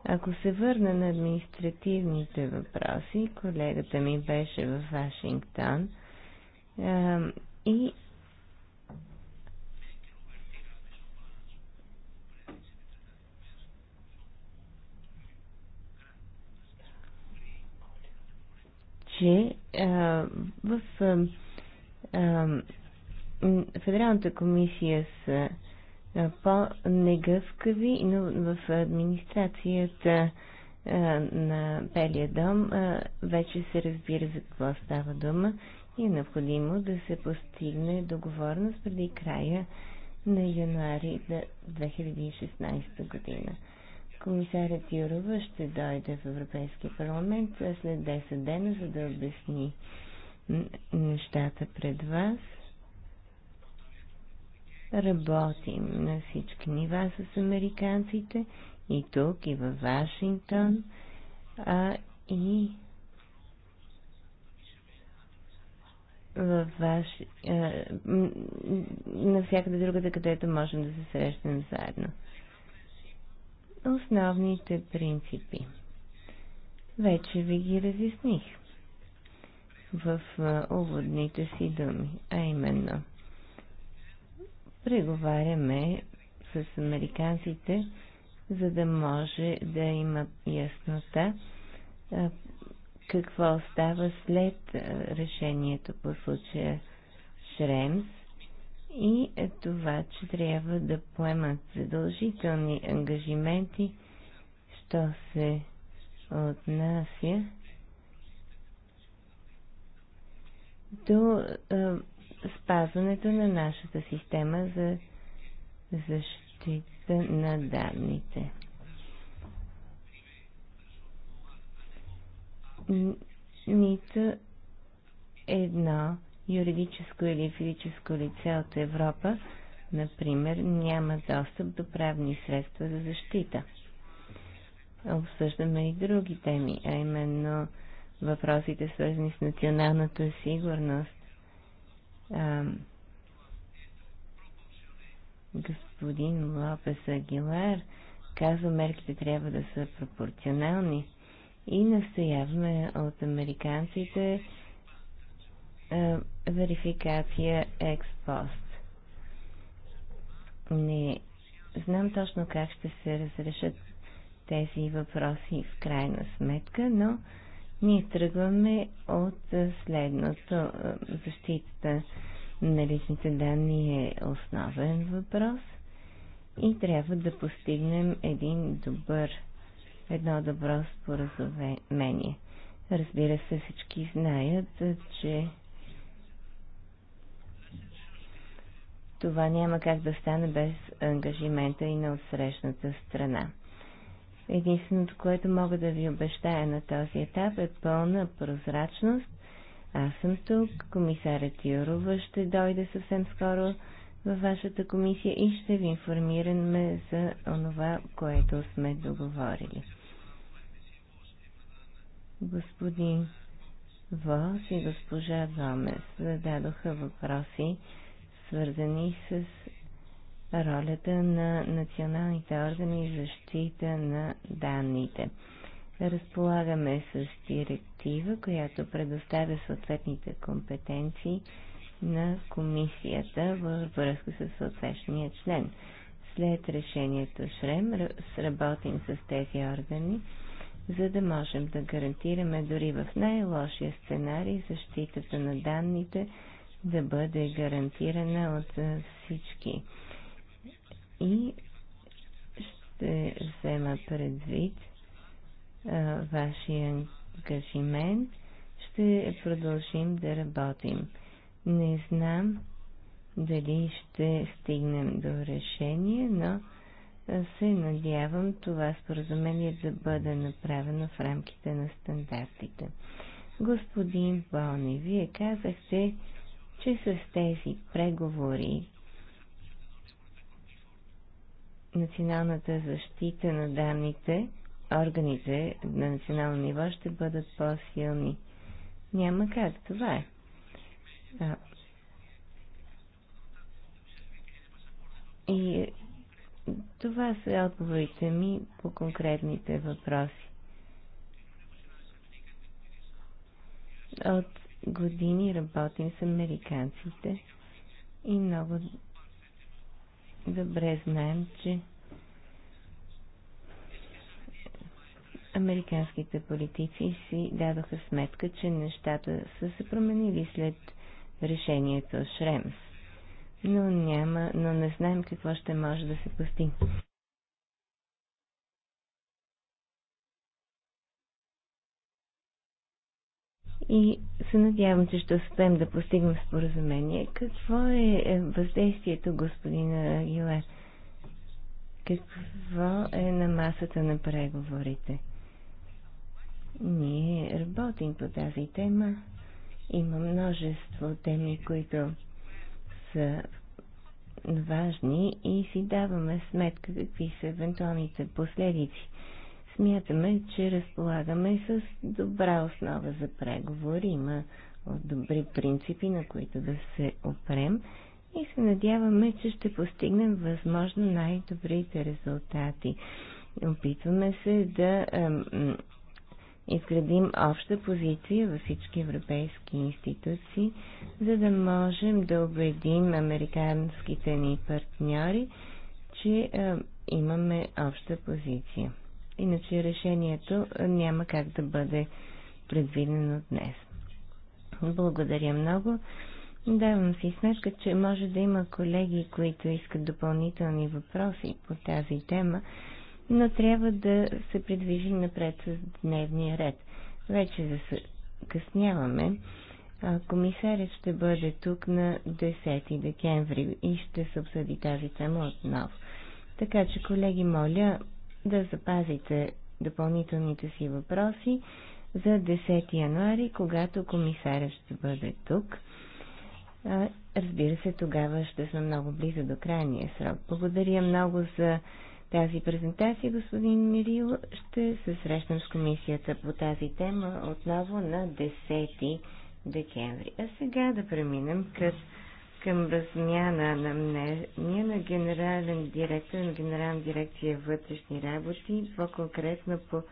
Ако се върна на административните въпроси, колегата ми беше в Вашингтон а, и че а, в а, Федералната комисия са е, по-негъвкави, но в администрацията е, на Белия дом е, вече се разбира за какво става дума и е необходимо да се постигне договорност преди края на януари 2016 година. Комисарят Юрова ще дойде в Европейския парламент след 10 дена, за да обясни нещата пред вас. Работим на всички нива с американците и тук, и във Вашингтон, а и във ваш, а, навсякъде другата, където можем да се срещнем заедно. Основните принципи. Вече ви ги разясних в уводните си думи, а именно – преговаряме с американците, за да може да има яснота какво става след решението по случая Шремс и това, че трябва да поемат задължителни ангажименти, що се отнася до спазването на нашата система за защита на данните. Нито едно юридическо или физическо лице от Европа, например, няма достъп до правни средства за защита. Обсъждаме и други теми, а именно въпросите свързани с националната сигурност, господин Лопес Агилар казва, мерките трябва да са пропорционални и настояваме от американците а, верификация експост. Не знам точно как ще се разрешат тези въпроси в крайна сметка, но ние тръгваме от следното. Защитата на личните данни е основен въпрос и трябва да постигнем един добър, едно добро споразумение. Разбира се, всички знаят, че това няма как да стане без ангажимента и на отсрещната страна. Единственото, което мога да ви обещая на този етап е пълна прозрачност. Аз съм тук, комисарът Юрова ще дойде съвсем скоро във вашата комисия и ще ви информираме за онова, което сме договорили. Господин Вос и госпожа Гомес зададоха въпроси, свързани с ролята на националните органи и защита на данните. Разполагаме с директива, която предоставя съответните компетенции на комисията във връзка с съответния член. След решението ШРЕМ сработим с тези органи, за да можем да гарантираме дори в най-лошия сценарий защитата на данните да бъде гарантирана от всички и ще взема предвид а, вашия ангажимент. Ще продължим да работим. Не знам дали ще стигнем до решение, но се надявам това споразумение да бъде направено в рамките на стандартите. Господин Бони, вие казахте, че с тези преговори националната защита на данните, органите на национално ниво ще бъдат по-силни. Няма как, това е. А, и това са отговорите ми по конкретните въпроси. От години работим с американците и много добре знаем, че американските политици си дадоха сметка, че нещата са се променили след решението Шремс. Но няма, но не знаем какво ще може да се постигне. и се надявам, че ще успеем да постигнем споразумение. Какво е, е въздействието, господина Агилер? Какво е на масата на преговорите? Ние работим по тази тема. Има множество теми, които са важни и си даваме сметка какви са евентуалните последици. Смятаме, че разполагаме с добра основа за преговори. Има добри принципи, на които да се опрем и се надяваме, че ще постигнем възможно най-добрите резултати. Опитваме се да изградим обща позиция във всички европейски институции, за да можем да убедим американските ни партньори, че е, имаме обща позиция. Иначе решението няма как да бъде предвидено днес. Благодаря много. Давам си сметка, че може да има колеги, които искат допълнителни въпроси по тази тема, но трябва да се придвижи напред с дневния ред. Вече се късняваме. Комисарят ще бъде тук на 10 декември и ще се обсъди тази тема отново. Така че, колеги, моля, да запазите допълнителните си въпроси за 10 януари, когато комисарят ще бъде тук. Разбира се, тогава ще сме много близо до крайния срок. Благодаря много за тази презентация, господин Мирил. Ще се срещнем с комисията по тази тема отново на 10 декември. А сега да преминем към към размяна на мнение на генерален директор на Генерална дирекция вътрешни работи, по-конкретно по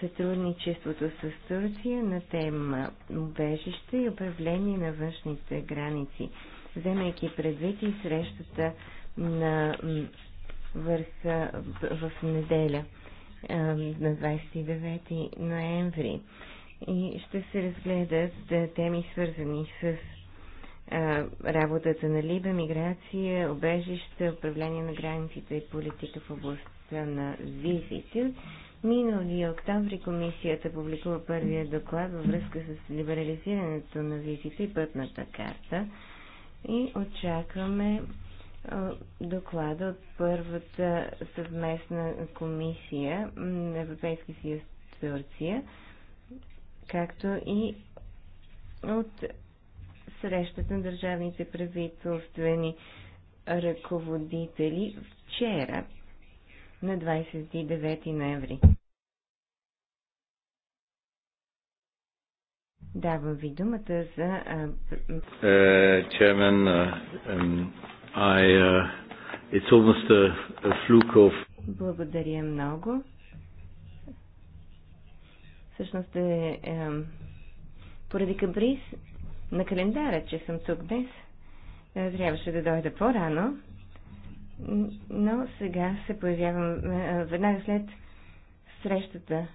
сътрудничеството с Турция на тема убежище и управление на външните граници, вземайки предвид и срещата на върха в неделя на 29 ноември. И ще се разгледат теми свързани с е, работата на Либе, миграция, обежище, управление на границите и политика в областта на визите. Миналия октомври комисията публикува първия доклад във връзка с либерализирането на визите и пътната карта и очакваме е, доклада от първата съвместна комисия на Европейски съюз Турция, както и от срещата на държавните правителствени ръководители вчера на 29 ноември. Давам ви думата за... Чермен, uh, um, uh, it's almost a, a fluke of... Благодаря много. Всъщност е, е поради каприз на календара, че съм тук днес. Е, трябваше да дойда по-рано, но сега се появявам е, е, веднага след срещата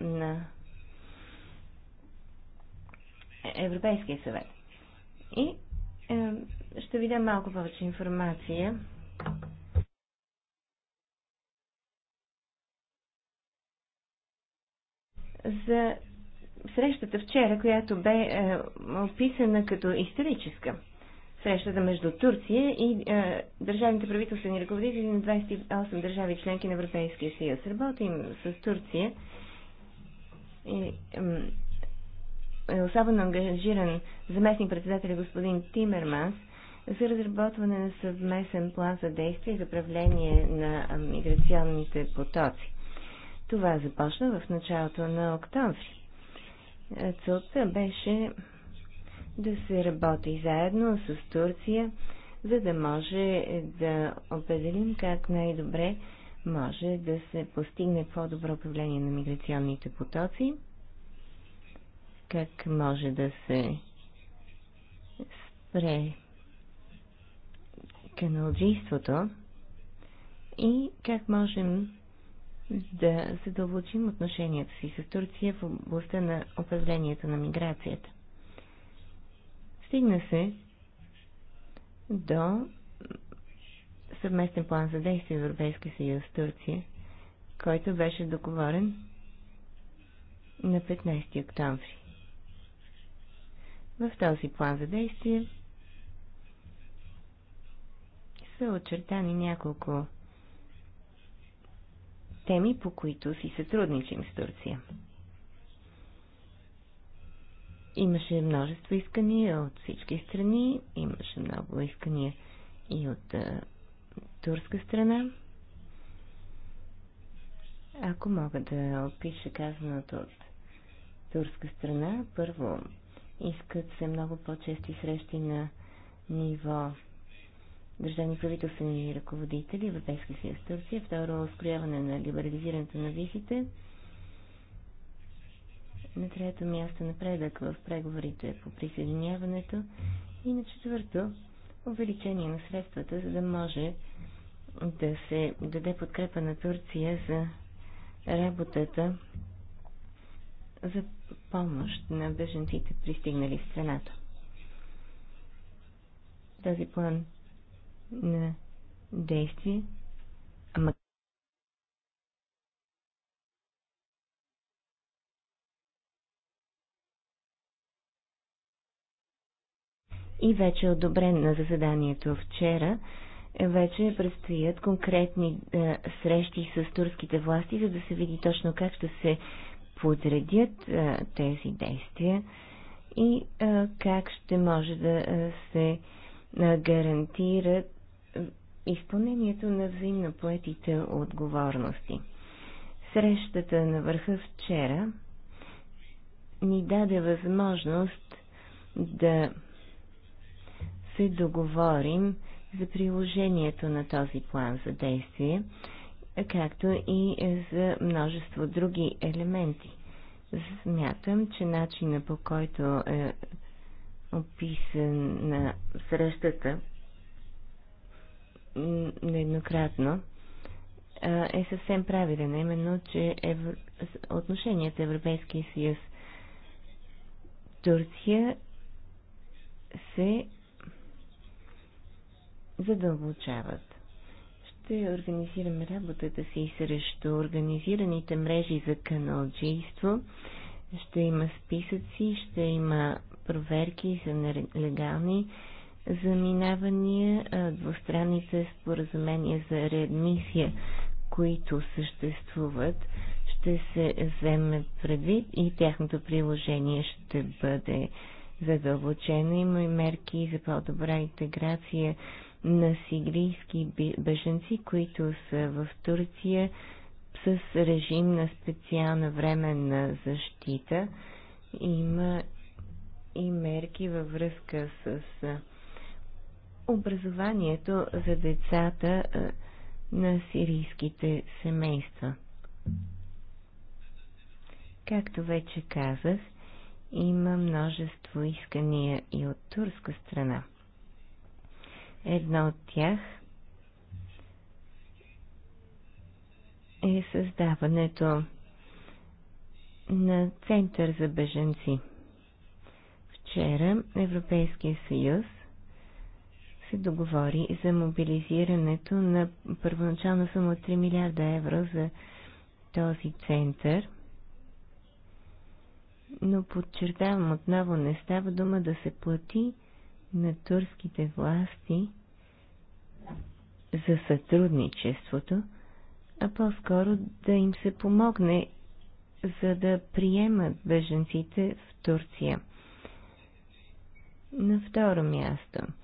на Европейския съвет. И ще ви дам малко повече информация. за срещата вчера, която бе е, описана като историческа. Срещата между Турция и е, държавните правителствени ръководители на 28 държави членки на Европейския съюз. Работим с Турция. И, е, е, особено ангажиран заместник председател господин Тимерманс за разработване на съвместен план за действие и за правление на миграционните потоци. Това започна в началото на октомври целта беше да се работи заедно с Турция, за да може да определим как най-добре може да се постигне по-добро управление на миграционните потоци, как може да се спре каналджийството и как можем да задълбочим отношенията си с Турция в областта на управлението на миграцията. Стигна се до съвместен план за действие Европейския съюз с Турция, който беше договорен на 15 октомври. В този план за действие са очертани няколко теми, по които си сътрудничим с Турция. Имаше множество искания от всички страни, имаше много искания и от а, турска страна. Ако мога да опиша казаното от турска страна, първо искат се много по-чести срещи на ниво държавни правителствени ръководители, Европейския съюз Турция, второ ускоряване на либерализирането на визите, на трето място напредък в преговорите по присъединяването и на четвърто увеличение на средствата, за да може да се даде подкрепа на Турция за работата за помощ на беженците, пристигнали в страната. Тази план на действие. Ама и вече е одобрен на заседанието вчера, вече предстоят конкретни е, срещи с турските власти, за да се види точно как ще се подредят е, тези действия и е, как ще може да е, се е, гарантират изпълнението на взаимно поетите отговорности. Срещата на върха вчера ни даде възможност да се договорим за приложението на този план за действие, както и за множество други елементи. Смятам, че начина по който е описана срещата нееднократно, е съвсем правилен, именно, че евро... отношенията Европейския съюз Турция се задълбочават. Ще организираме работата си и срещу организираните мрежи за каналджийство. Ще има списъци, ще има проверки за нелегални заминавания, двустранните споразумения за реадмисия, които съществуват, ще се вземат предвид и тяхното приложение ще бъде задълбочено. Има и мерки за по-добра интеграция на сигрийски беженци, които са в Турция с режим на специална временна защита. Има и мерки във връзка с образованието за децата на сирийските семейства. Както вече казах, има множество искания и от турска страна. Едно от тях е създаването на Център за беженци. Вчера Европейския съюз се договори за мобилизирането на първоначална сума от 3 милиарда евро за този център. Но подчертавам отново, не става дума да се плати на турските власти за сътрудничеството, а по-скоро да им се помогне, за да приемат беженците в Турция. На второ място –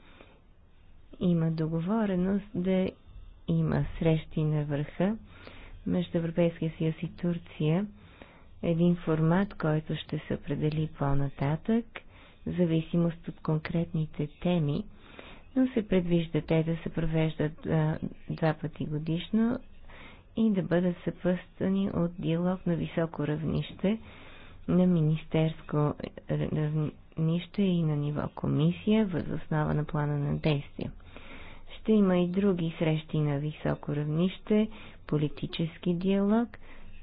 има договореност да има срещи на върха между Европейския съюз и Турция. Един формат, който ще се определи по-нататък, в зависимост от конкретните теми, но се предвижда те да се провеждат а, два пъти годишно и да бъдат съпъствани от диалог на високо равнище, на министерско равнище и на ниво комисия, възоснова на плана на действие ще има и други срещи на високо равнище, политически диалог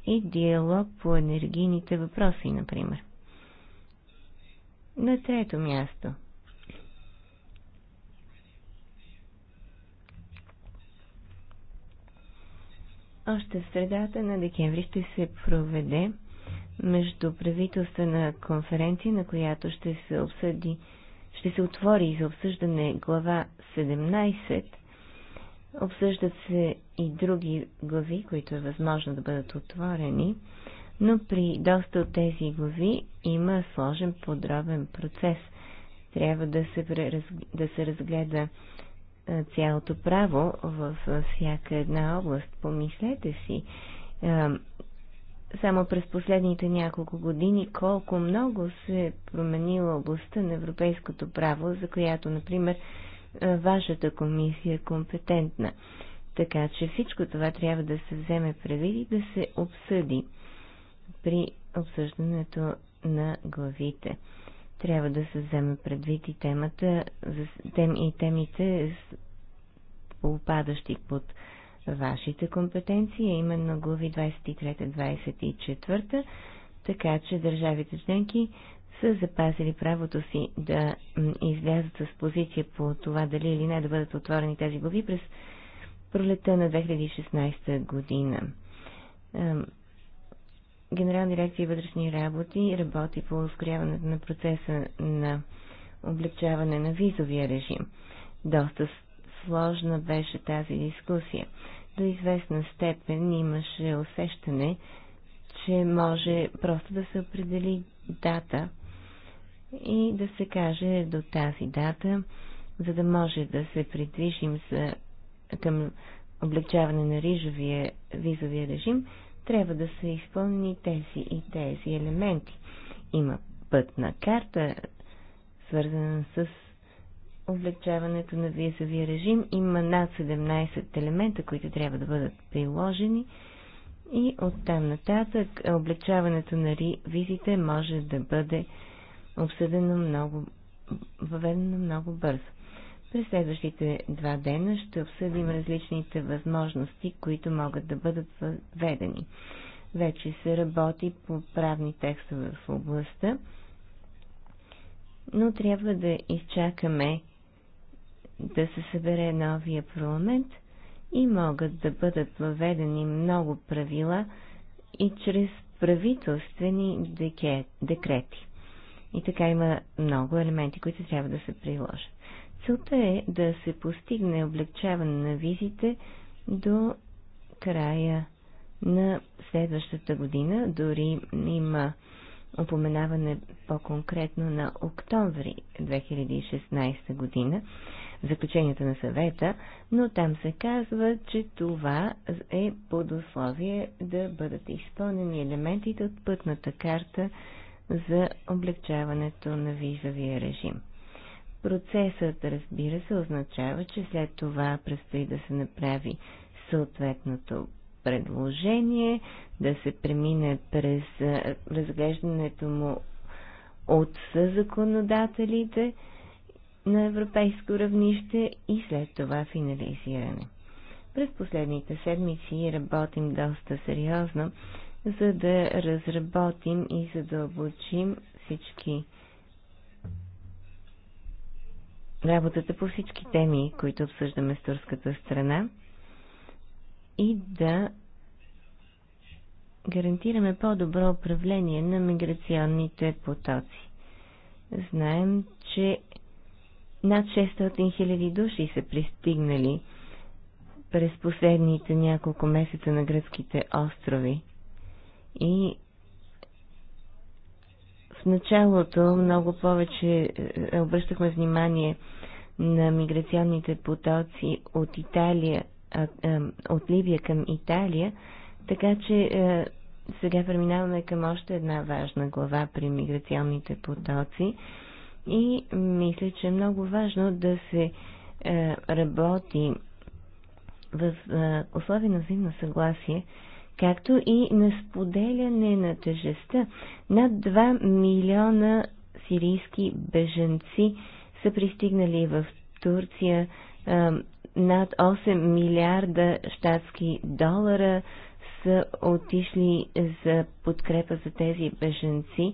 и диалог по енергийните въпроси, например. На трето място. Още в средата на декември ще се проведе между конференция, на която ще се обсъди ще се отвори за обсъждане глава 17. Обсъждат се и други глави, които е възможно да бъдат отворени, но при доста от тези глави има сложен подробен процес. Трябва да се, да се разгледа цялото право в всяка една област. Помислете си само през последните няколко години колко много се е променила областта на европейското право, за която, например, е, вашата комисия е компетентна. Така че всичко това трябва да се вземе предвид и да се обсъди при обсъждането на главите. Трябва да се вземе предвид и темата, и темите, попадащи под вашите компетенции, именно глави 23-24, така че държавите членки са запазили правото си да излязат с позиция по това дали или не да бъдат отворени тези глави през пролета на 2016 година. Генерална дирекция вътрешни работи работи по ускоряването на процеса на облегчаване на визовия режим. Доста сложна беше тази дискусия. До известна степен имаше усещане, че може просто да се определи дата и да се каже до тази дата, за да може да се придвижим за, към облегчаване на рижовия визовия режим, трябва да се изпълни тези и тези елементи. Има пътна карта, свързана с облегчаването на визовия режим. Има над 17 елемента, които трябва да бъдат приложени и оттам нататък облегчаването на визите може да бъде обсъдено много, въведено много бързо. През следващите два дена ще обсъдим различните възможности, които могат да бъдат въведени. Вече се работи по правни текстове в областта, но трябва да изчакаме да се събере новия парламент и могат да бъдат въведени много правила и чрез правителствени декрети. И така има много елементи, които трябва да се приложат. Целта е да се постигне облегчаване на визите до края на следващата година. Дори има упоменаване по-конкретно на октомври 2016 година заключенията на съвета, но там се казва, че това е под условие да бъдат изпълнени елементите от пътната карта за облегчаването на визовия режим. Процесът, разбира се, означава, че след това предстои да се направи съответното предложение, да се премине през разглеждането му от съзаконодателите, законодателите на европейско равнище и след това финализиране. През последните седмици работим доста сериозно, за да разработим и задълбочим да всички работата по всички теми, които обсъждаме с турската страна и да гарантираме по-добро управление на миграционните потоци. Знаем, че над 600 000 души са пристигнали през последните няколко месеца на гръцките острови. И в началото много повече е, обръщахме внимание на миграционните потоци от Италия, от Либия към Италия, така че е, сега преминаваме към още една важна глава при миграционните потоци и мисля, че е много важно да се е, работи в е, условия на взаимно съгласие, както и на споделяне на тежестта. Над 2 милиона сирийски беженци са пристигнали в Турция, е, над 8 милиарда щатски долара са отишли за подкрепа за тези беженци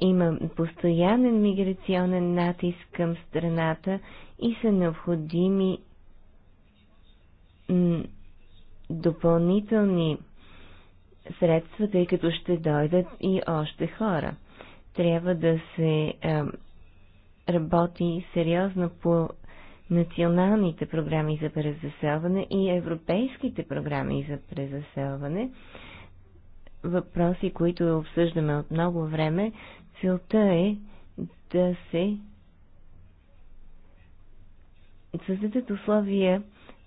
има постоянен миграционен натиск към страната и са необходими допълнителни средства, тъй като ще дойдат и още хора. Трябва да се а, работи сериозно по националните програми за презаселване и европейските програми за презаселване. Въпроси, които обсъждаме от много време, Целта е да се създадат условия,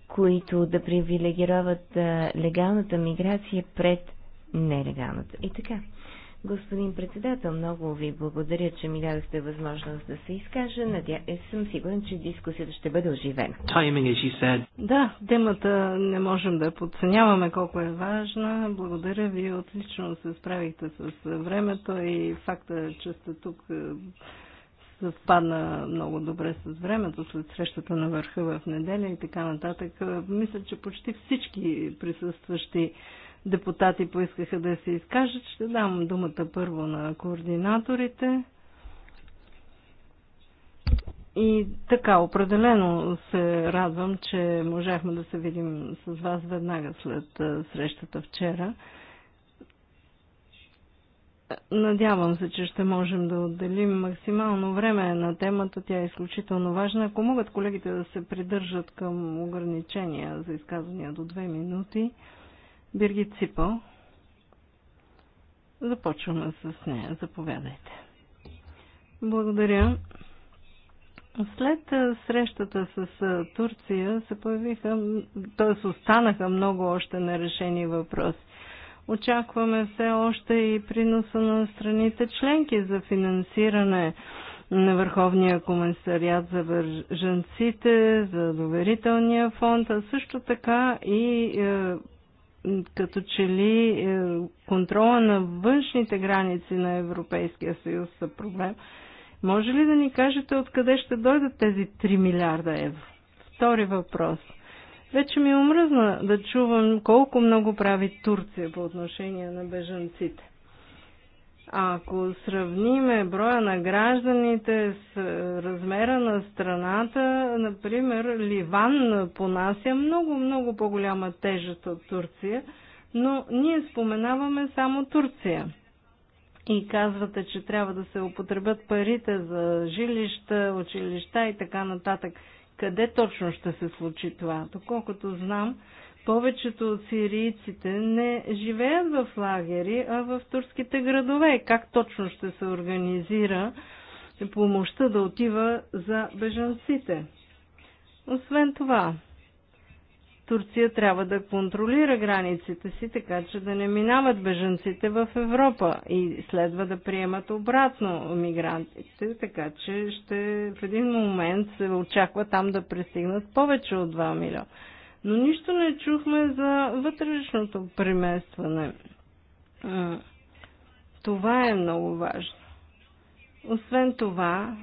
които да привилегироват легалната миграция пред нелегалната. И така. Господин председател, много ви благодаря, че ми дадохте възможност да се изкажа. Надя... Е, съм сигурен, че дискусията ще бъде оживена. Timing, as you said. Да, темата не можем да подценяваме колко е важна. Благодаря ви, отлично се справихте с времето и факта, че сте тук е, съвпадна много добре с времето, след срещата на върха в неделя и така нататък. Мисля, че почти всички присъстващи депутати поискаха да се изкажат. Ще дам думата първо на координаторите. И така, определено се радвам, че можахме да се видим с вас веднага след срещата вчера. Надявам се, че ще можем да отделим максимално време на темата. Тя е изключително важна. Ако могат колегите да се придържат към ограничения за изказвания до две минути, Биргит Ципъл. Започваме с нея. Заповядайте. Благодаря. След срещата с Турция се появиха, т.е. останаха много още нерешени въпроси. Очакваме все още и приноса на страните членки за финансиране на Върховния комисариат за бържанците, за доверителния фонд, а също така и е, като че ли е, контрола на външните граници на Европейския съюз са проблем. Може ли да ни кажете откъде ще дойдат тези 3 милиарда евро? Втори въпрос. Вече ми умръзна да чувам колко много прави Турция по отношение на бежанците. Ако сравниме броя на гражданите с е, размера на страната, например, Ливан понася много, много по-голяма тежест от Турция, но ние споменаваме само Турция. И казвате, че трябва да се употребят парите за жилища, училища и така нататък. Къде точно ще се случи това? Доколкото знам, повечето от сирийците не живеят в лагери, а в турските градове. Как точно ще се организира помощта да отива за бежанците? Освен това, Турция трябва да контролира границите си, така че да не минават бежанците в Европа и следва да приемат обратно мигрантите, така че ще в един момент се очаква там да пристигнат повече от 2 милиона. Но нищо не чухме за вътрешното приместване. Това е много важно. Освен това,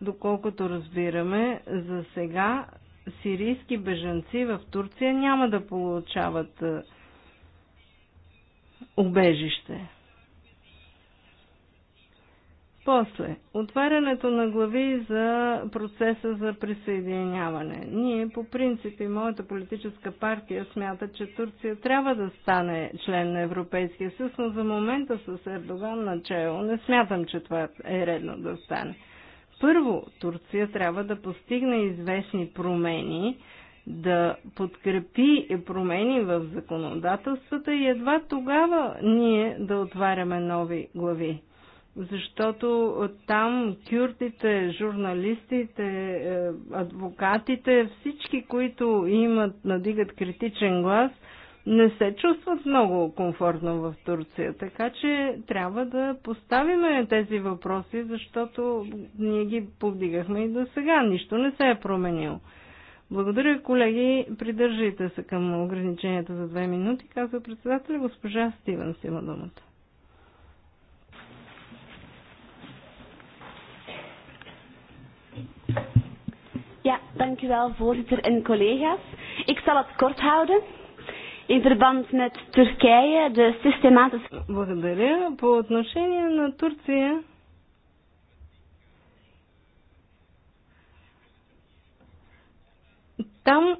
доколкото разбираме, за сега сирийски бежанци в Турция няма да получават убежище. После, отварянето на глави за процеса за присъединяване. Ние по принцип и моята политическа партия смята, че Турция трябва да стане член на Европейския съюз, но за момента с Ердоган начало не смятам, че това е редно да стане. Първо, Турция трябва да постигне известни промени, да подкрепи промени в законодателствата и едва тогава ние да отваряме нови глави защото там кюртите, журналистите, е, адвокатите, всички, които имат, надигат критичен глас, не се чувстват много комфортно в Турция. Така че трябва да поставиме тези въпроси, защото ние ги повдигахме и до сега. Нищо не се е променило. Благодаря, колеги. Придържайте се към ограниченията за две минути, казва председателя. Госпожа Стивенс има думата. Ja, dank u wel, voorzitter en collega's. Ik zal het kort houden. In verband met Turkije, de systematische... Благодаря. По отношение на Турция, там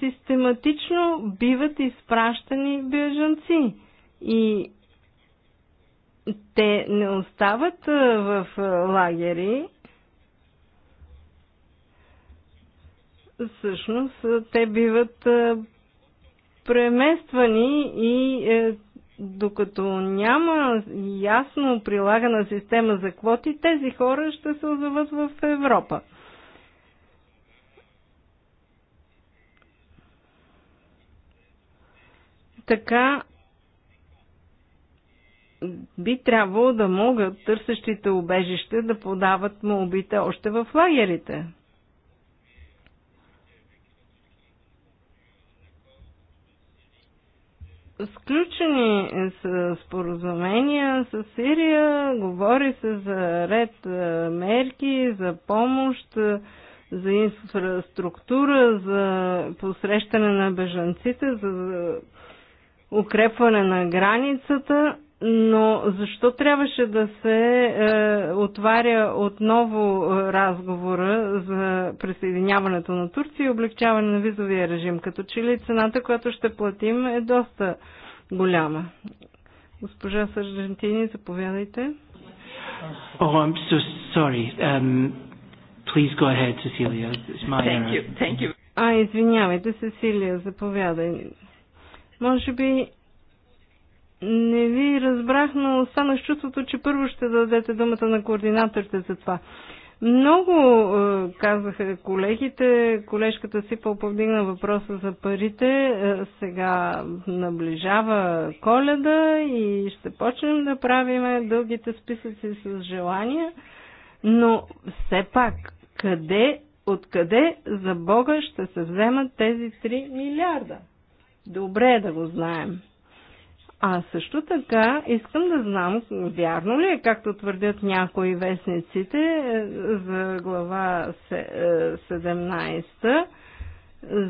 систематично биват изпращани бежанци. И те не остават в лагери, всъщност те биват премествани и е, докато няма ясно прилагана система за квоти, тези хора ще се озоват в Европа. Така би трябвало да могат търсещите убежище да подават молбите още в лагерите. сключени с споразумения с Сирия, говори се за ред е, мерки, за помощ, е, за инфраструктура, за посрещане на бежанците, за укрепване на границата. Но защо трябваше да се е, отваря отново е, разговора за присъединяването на Турция и облегчаване на визовия режим? Като че ли цената, която ще платим, е доста голяма. Госпожа Сържентини, заповядайте. Oh, I'm so sorry. Um, please go ahead, Cecilia. It's my Thank error. you. Thank you. А, извинявайте, Сесилия, заповядай. Може би не ви разбрах, но останах чувството, че първо ще дадете думата на координаторите за това. Много е, казаха колегите, колежката си повдигна въпроса за парите, е, сега наближава коледа и ще почнем да правим дългите списъци с желания, но все пак, къде, откъде за Бога ще се вземат тези 3 милиарда? Добре е да го знаем. А също така искам да знам, вярно ли е, както твърдят някои вестниците е, за глава 17 е,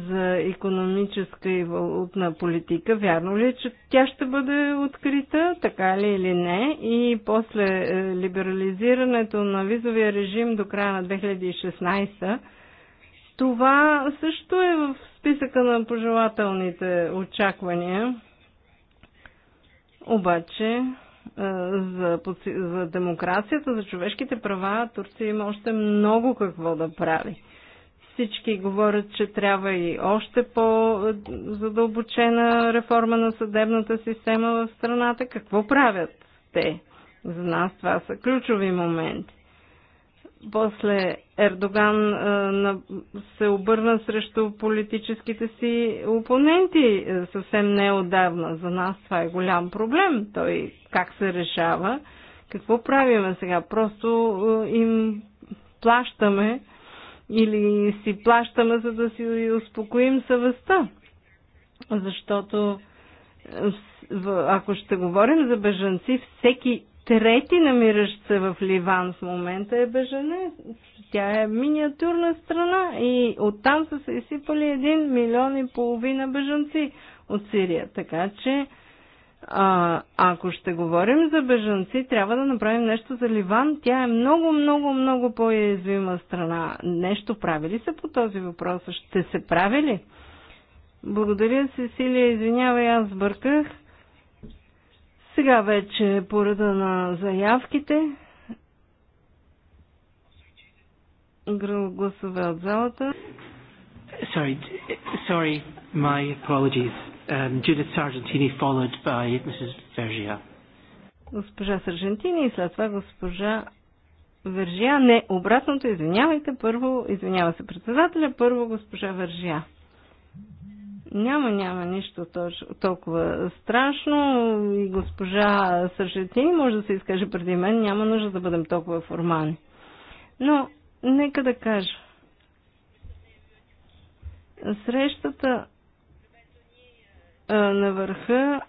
за економическа и валутна политика, вярно ли е, че тя ще бъде открита, така ли или не? И после е, либерализирането на визовия режим до края на 2016 това също е в списъка на пожелателните очаквания обаче е, за, за демокрацията, за човешките права Турция има още много какво да прави. Всички говорят, че трябва и още по-задълбочена реформа на съдебната система в страната. Какво правят те? За нас това са ключови моменти. После Ердоган се обърна срещу политическите си опоненти съвсем неодавна. За нас това е голям проблем. Той как се решава? Какво правиме сега? Просто им плащаме или си плащаме, за да си успокоим съвестта. Защото ако ще говорим за бежанци, всеки трети намиращ се в Ливан в момента е беженец. Тя е миниатюрна страна и оттам са се изсипали един милион и половина бежанци от Сирия. Така че, а, ако ще говорим за бежанци, трябва да направим нещо за Ливан. Тя е много, много, много по-язвима страна. Нещо прави ли се по този въпрос? Ще се прави ли? Благодаря, Сесилия. Извинявай, аз бърках. Сега вече по реда на заявките. Гласове от залата. Sorry, sorry, my apologies. Um, Judith Sargentini followed by Mrs. Vergia. Госпожа Саржентини и след това госпожа Вържия. Не, обратното, извинявайте. Първо, извинява се председателя, първо госпожа Вържия. Няма, няма нищо толкова страшно. И госпожа Сържетин може да се изкаже преди мен. Няма нужда да бъдем толкова формални. Но, нека да кажа. Срещата на върха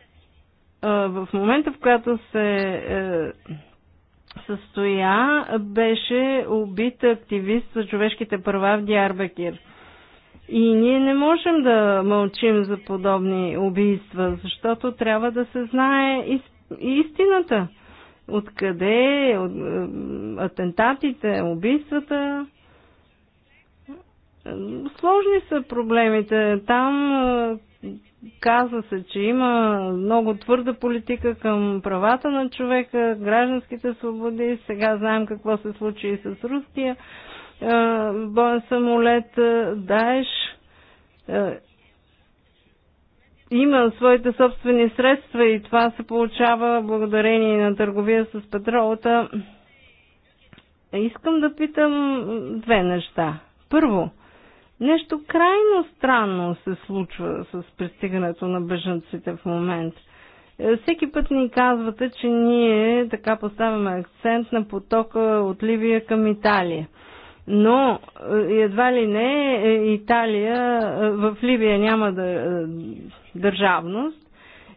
в момента, в която се е, състоя, беше убит активист за човешките права в Диарбекир. И ние не можем да мълчим за подобни убийства, защото трябва да се знае истината. Откъде от, е, атентатите, убийствата. Сложни са проблемите. Там е, казва се, че има много твърда политика към правата на човека, гражданските свободи. Сега знаем какво се случи и с Русия боен самолет Даеш има своите собствени средства и това се получава благодарение на търговия с петролата. Искам да питам две неща. Първо, нещо крайно странно се случва с пристигането на бежанците в момент. Е, всеки път ни казвате, че ние така поставяме акцент на потока от Ливия към Италия – но е, едва ли не е, Италия е, в Ливия няма да, държавност.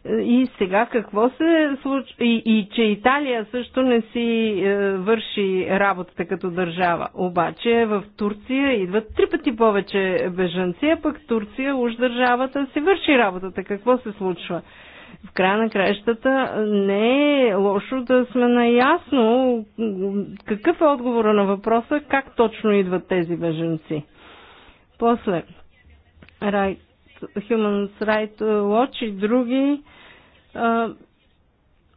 И сега какво се случва? И, и че Италия също не си е, върши работата като държава. Обаче в Турция идват три пъти повече бежанци, а пък Турция уж държавата си върши работата. Какво се случва? в края на краищата не е лошо да сме наясно какъв е отговора на въпроса, как точно идват тези беженци. После, Right, Human Rights Watch и други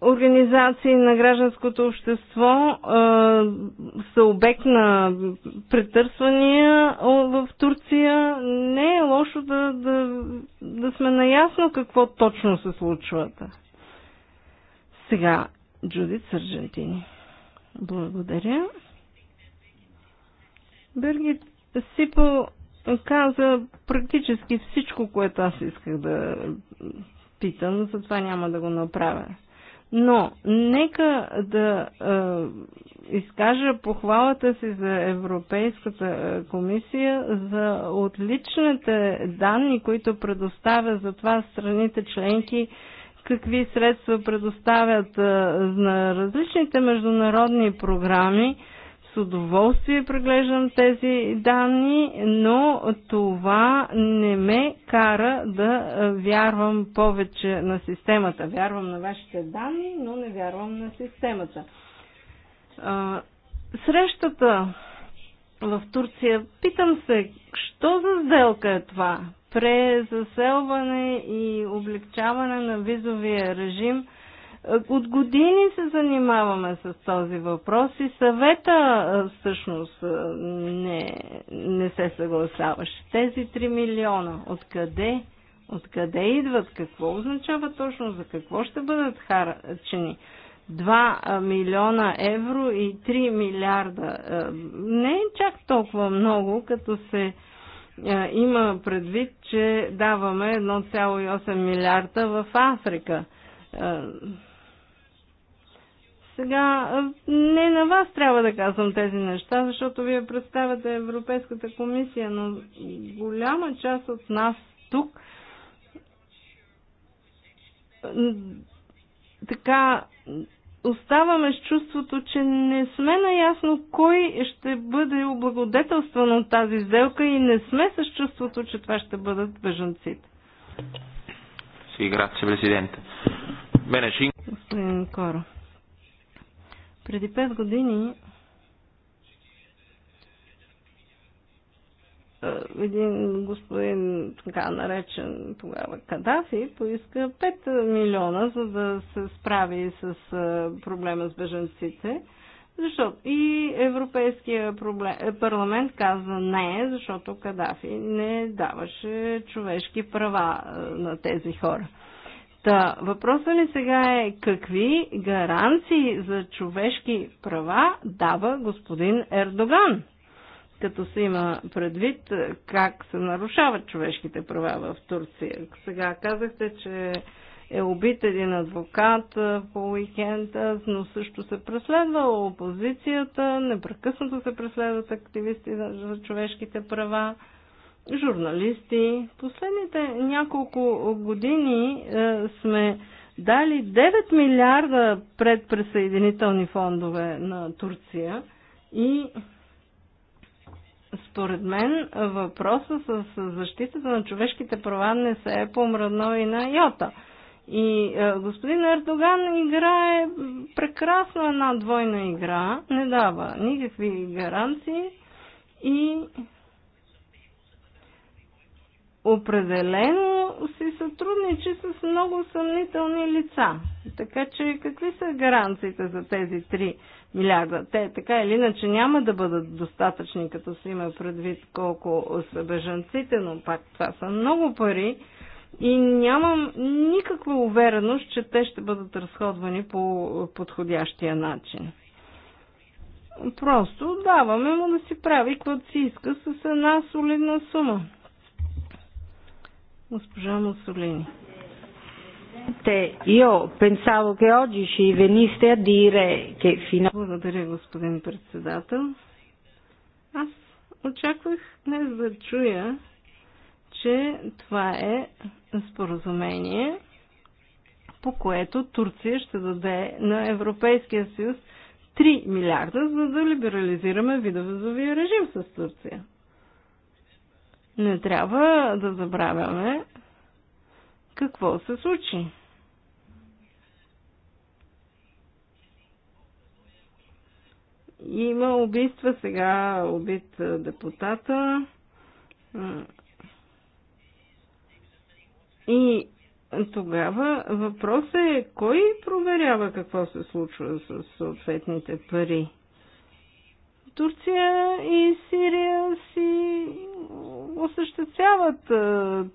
организации на гражданското общество а, са обект на претърсвания в Турция. Не е лошо да, да, да сме наясно какво точно се случва. Сега, Джудит Сържентини, Благодаря. Бергит Сипо каза практически всичко, което аз исках да питам, затова няма да го направя. Но нека да е, изкажа похвалата си за Европейската комисия, за отличните данни, които предоставя за това страните членки, какви средства предоставят е, на различните международни програми с удоволствие преглеждам тези данни, но това не ме кара да вярвам повече на системата. Вярвам на вашите данни, но не вярвам на системата. Срещата в Турция, питам се, що за сделка е това? Презаселване и облегчаване на визовия режим – от години се занимаваме с този въпрос и съвета всъщност не, не се съгласяваше. Тези 3 милиона, откъде? Откъде идват? Какво означава точно? За какво ще бъдат харчени? 2 милиона евро и 3 милиарда. Не е чак толкова много, като се има предвид, че даваме 1,8 милиарда в Африка сега, не на вас трябва да казвам тези неща, защото вие представяте Европейската комисия, но голяма част от нас тук така оставаме с чувството, че не сме наясно кой ще бъде облагодетелстван от тази сделка и не сме с чувството, че това ще бъдат бежанците. Си, грация, президента. Господин Коро. Преди 5 години един господин, така наречен тогава Кадафи, поиска 5 милиона, за да се справи с проблема с беженците. Защото и Европейския проблем, е, парламент каза не, защото Кадафи не даваше човешки права на тези хора. Та, въпросът ми сега е какви гаранции за човешки права дава господин Ердоган, като се има предвид е, как се нарушават човешките права в Турция. Сега казахте, че е убит един адвокат е, по уикенда, е, но също се преследва опозицията, непрекъснато се преследват активисти за човешките права журналисти. Последните няколко години е, сме дали 9 милиарда предпресъединителни фондове на Турция и според мен въпроса с защитата на човешките права не се е помръдно и на йота. И е, господин Ердоган играе прекрасно една двойна игра, не дава никакви гаранции и определено си сътрудничи с много съмнителни лица. Така че какви са гаранциите за тези 3 милиарда? Те така или иначе няма да бъдат достатъчни, като се има предвид колко са бежанците, но пак това са много пари и нямам никаква увереност, че те ще бъдат разходвани по подходящия начин. Просто даваме му да си прави каквото си иска с една солидна сума. Госпожа Мусолини. Io pensavo che oggi ci veniste a dire che fino... Благодаря, господин председател. Аз очаквах днес да чуя, че това е споразумение, по което Турция ще даде на Европейския съюз 3 милиарда, за да либерализираме видовозовия режим с Турция не трябва да забравяме какво се случи. Има убийства сега, убит депутата. И тогава въпросът е кой проверява какво се случва с съответните пари. Турция и Сирия си осъществяват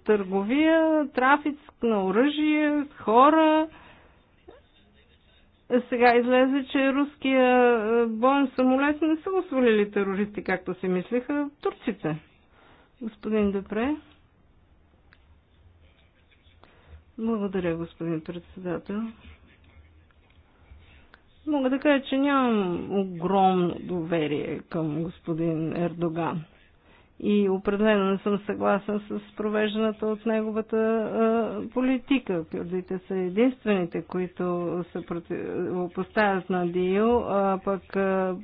търговия, трафик на оръжие, хора. Сега излезе, че руския боен самолет не са го свалили терористи, както си мислеха турците. Господин Депре. Благодаря, господин председател. Мога да кажа, че нямам огромно доверие към господин Ердоган. И определено не съм съгласен с провежданата от неговата а, политика. Кюрдите са единствените, които се противопоставят на ДИО, а пък а,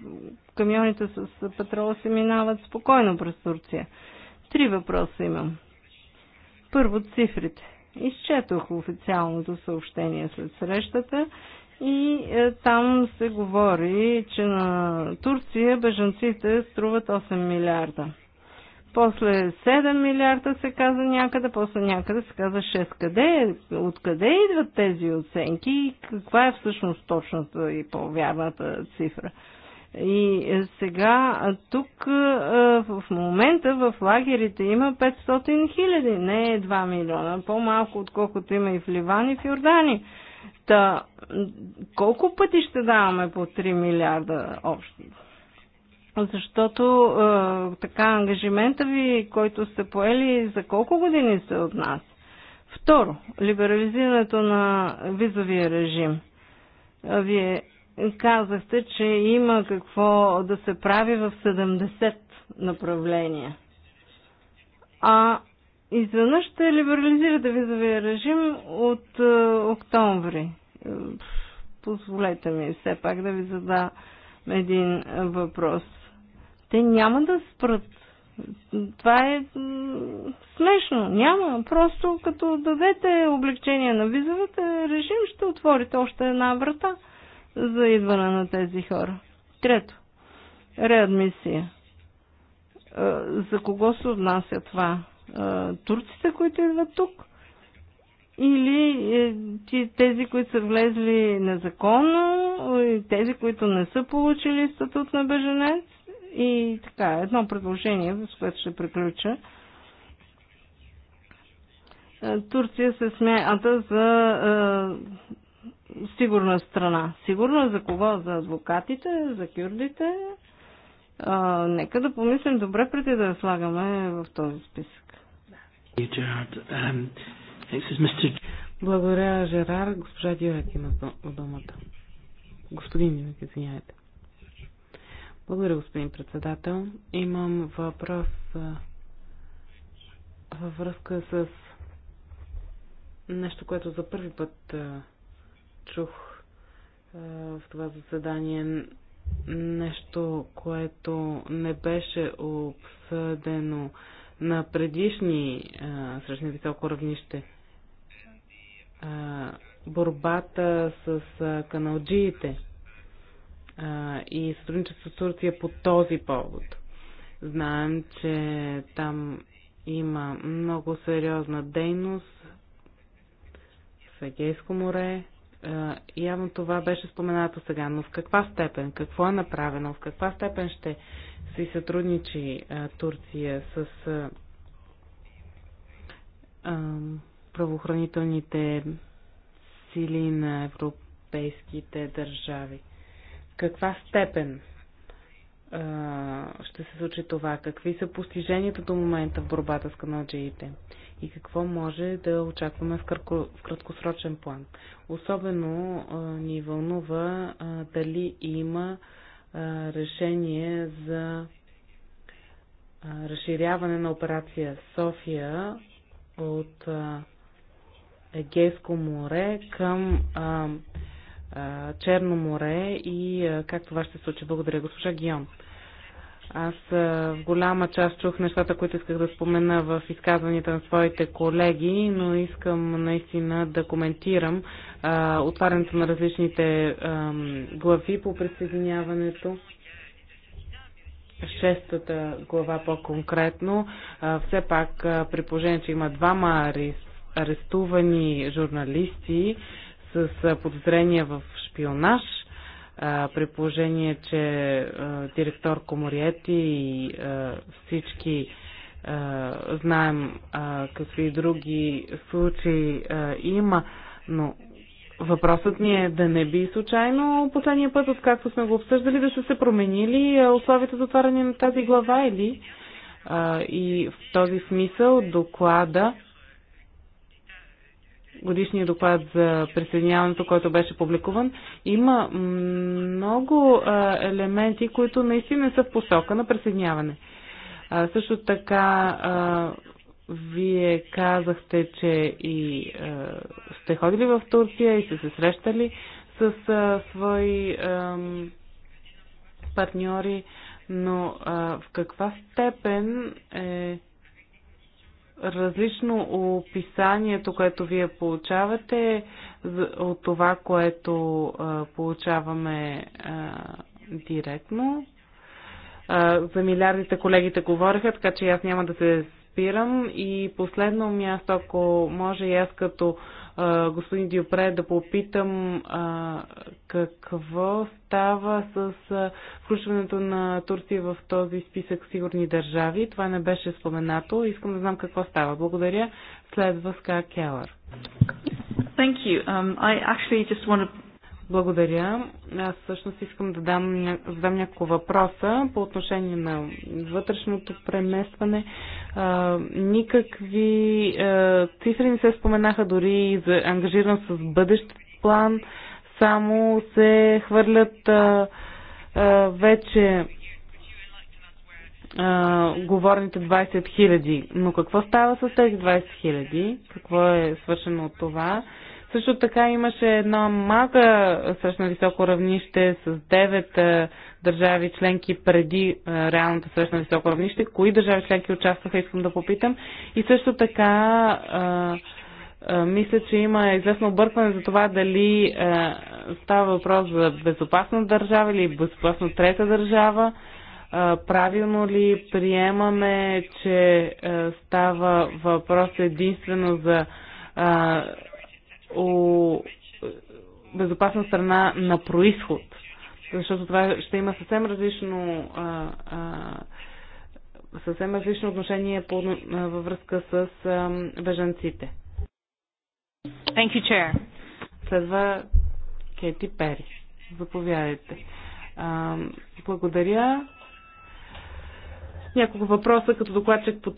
камионите с петрол се минават спокойно през Турция. Три въпроса имам. Първо цифрите. Изчетох официалното съобщение след срещата и е, там се говори, че на Турция бежанците струват 8 милиарда. После 7 милиарда се каза някъде, после някъде се каза 6. Къде, е, откъде идват тези оценки и каква е всъщност точната и по-вярната цифра? И е, сега тук е, в момента в лагерите има 500 хиляди, не 2 милиона, по-малко отколкото има и в Ливан и в Йордания. Та, колко пъти ще даваме по 3 милиарда общо? Защото е, така ангажимента ви, който сте поели, за колко години се от нас? Второ, либерализирането на визовия режим. Е, вие казахте, че има какво да се прави в 70 направления. А изведнъж ще либерализирате визовия режим от е, октомври. Е, позволете ми все пак да ви задам един е, въпрос. Те няма да спрат. Това е смешно. Няма. Просто като дадете облегчение на визовата режим, ще отворите още една врата за идване на тези хора. Трето. Реадмисия. Е, за кого се отнася това? турците, които идват тук? Или е, тези, които са влезли незаконно, и тези, които не са получили статут на беженец? И така, едно предложение, с което ще приключа. Е, Турция се смята за е, сигурна страна. Сигурна за кого? За адвокатите, за кюрдите. Е, нека да помислим добре преди да я слагаме в този списък. Um, Благодаря, Жерар. Госпожа Дюрек има думата. Господин Дюрек, извиняйте. Благодаря, господин председател. Имам въпрос във връзка с нещо, което за първи път чух в това заседание. Нещо, което не беше обсъдено на предишни срещу високо равнище. борбата с а, каналджиите а, и сътрудничество с Турция по този повод. Знаем, че там има много сериозна дейност в Егейско море. А, явно това беше споменато сега, но в каква степен, какво е направено, в каква степен ще си сътрудничи а, Турция с а, а, правоохранителните сили на европейските държави. В каква степен а, ще се случи това? Какви са постиженията до момента в борбата с каналджиите? И какво може да очакваме в, кратко, в краткосрочен план? Особено а, ни вълнува а, дали има а, решение за разширяване на операция София от Егейско море към Черно море и как това ще се случи. Благодаря, госпожа Гион. Аз в голяма част чух нещата, които исках да спомена в изказванията на своите колеги, но искам наистина да коментирам а, отварянето на различните а, глави по присъединяването. Шестата глава по-конкретно. все пак, а, при положение, че има двама арестувани журналисти с подозрения в шпионаж, а, при положение, че а, директор Комориети и а, всички а, знаем а, какви други случаи а, има, но въпросът ни е да не би случайно последния път, откакто сме го обсъждали, да са се променили условията за отваряне на тази глава или а, и в този смисъл доклада годишния доклад за присъединяването, който беше публикуван, има много елементи, които наистина са в посока на присъединяване. също така, вие казахте, че и сте ходили в Турция и сте се срещали с свои партньори, но в каква степен е различно описанието, което вие получавате от това, което получаваме директно. За милиардите колегите говориха, така че аз няма да се спирам. И последно място, ако може и аз като господин Диопре да попитам какво става с включването на Турция в този списък сигурни държави. Това не беше споменато. Искам да знам какво става. Благодаря. Следва Ска Келър. Thank you. Um, I actually just want to благодаря. Аз всъщност искам да дам, задам няколко въпроса по отношение на вътрешното преместване. А, никакви а, цифри не се споменаха дори и за ангажиран с бъдещ план. Само се хвърлят а, а, вече а, говорните 20 000. Но какво става с тези 20 000? Какво е свършено от това? А, също така имаше една малка среща на високо равнище с 9 държави членки преди реалната среща на високо равнище. Кои държави членки участваха, искам да попитам. И също така мисля, че има известно объркване за това дали става въпрос за безопасна държава или безопасна трета държава. Правилно ли приемаме, че става въпрос единствено за о, безопасна страна на происход. Защото това ще има съвсем различно а, а, съвсем различно отношение по, а, във връзка с а, бежанците. Thank you, Chair. Следва Кети Пери. Заповядайте. А, благодаря. Няколко въпроса като докладчик по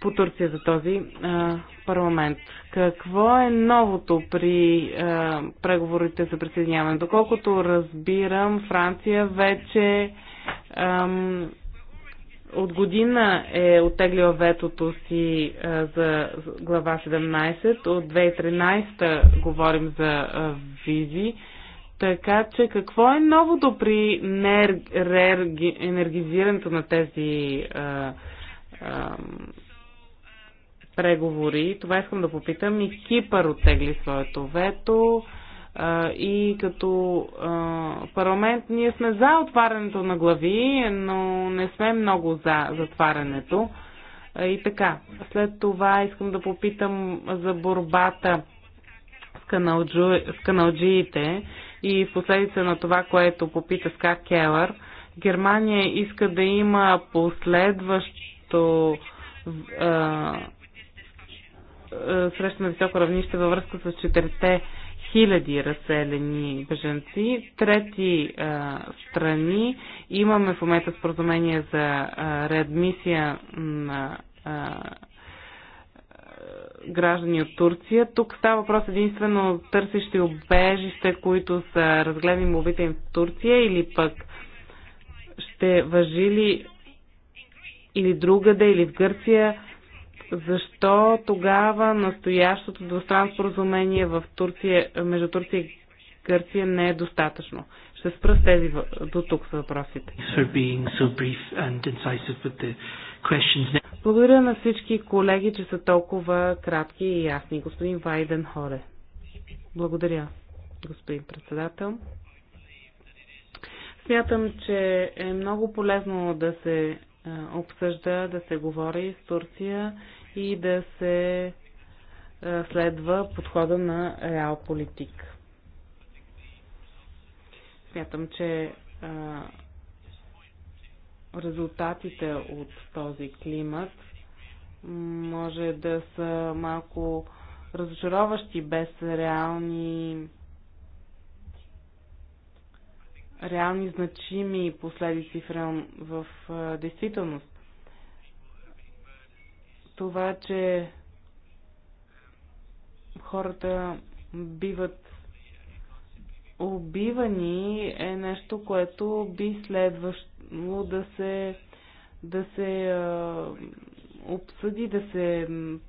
по Турция за този а, парламент. Какво е новото при а, преговорите за присъединяване? Доколкото разбирам, Франция вече ам, от година е отеглила ветото си а, за глава 17. От 2013 говорим за а, визи. Така че какво е новото при енергизирането на тези а, а, преговори. Това искам да попитам. И Кипър оттегли своето вето. И като парламент ние сме за отварянето на глави, но не сме много за затварянето. И така, след това искам да попитам за борбата с, каналджу, с каналджиите и в последица на това, което попита Ска Келър. Германия иска да има последващо е, среща на високо равнище във връзка с 40 хиляди разселени беженци. Трети а, е, страни имаме в момента споразумение за а, е, реадмисия на а, граждани от Турция. Тук става въпрос единствено търсещи обежище, които са разгледани мобите им в Турция или пък ще въжили ли или другаде, или в Гърция защо тогава настоящото двустранно споразумение в Турция, между Турция и Гърция не е достатъчно? Ще спра с тези до тук с въпросите. Благодаря на всички колеги, че са толкова кратки и ясни. Господин Вайден Хоре. Благодаря, господин председател. Смятам, че е много полезно да се обсъжда, да се говори с Турция и да се следва подхода на реал политик. Смятам, че резултатите от този климат може да са малко разочароващи без реални реални значими последици в, в, в действителност това, че хората биват убивани е нещо, което би следвало да се да се а, обсъди, да се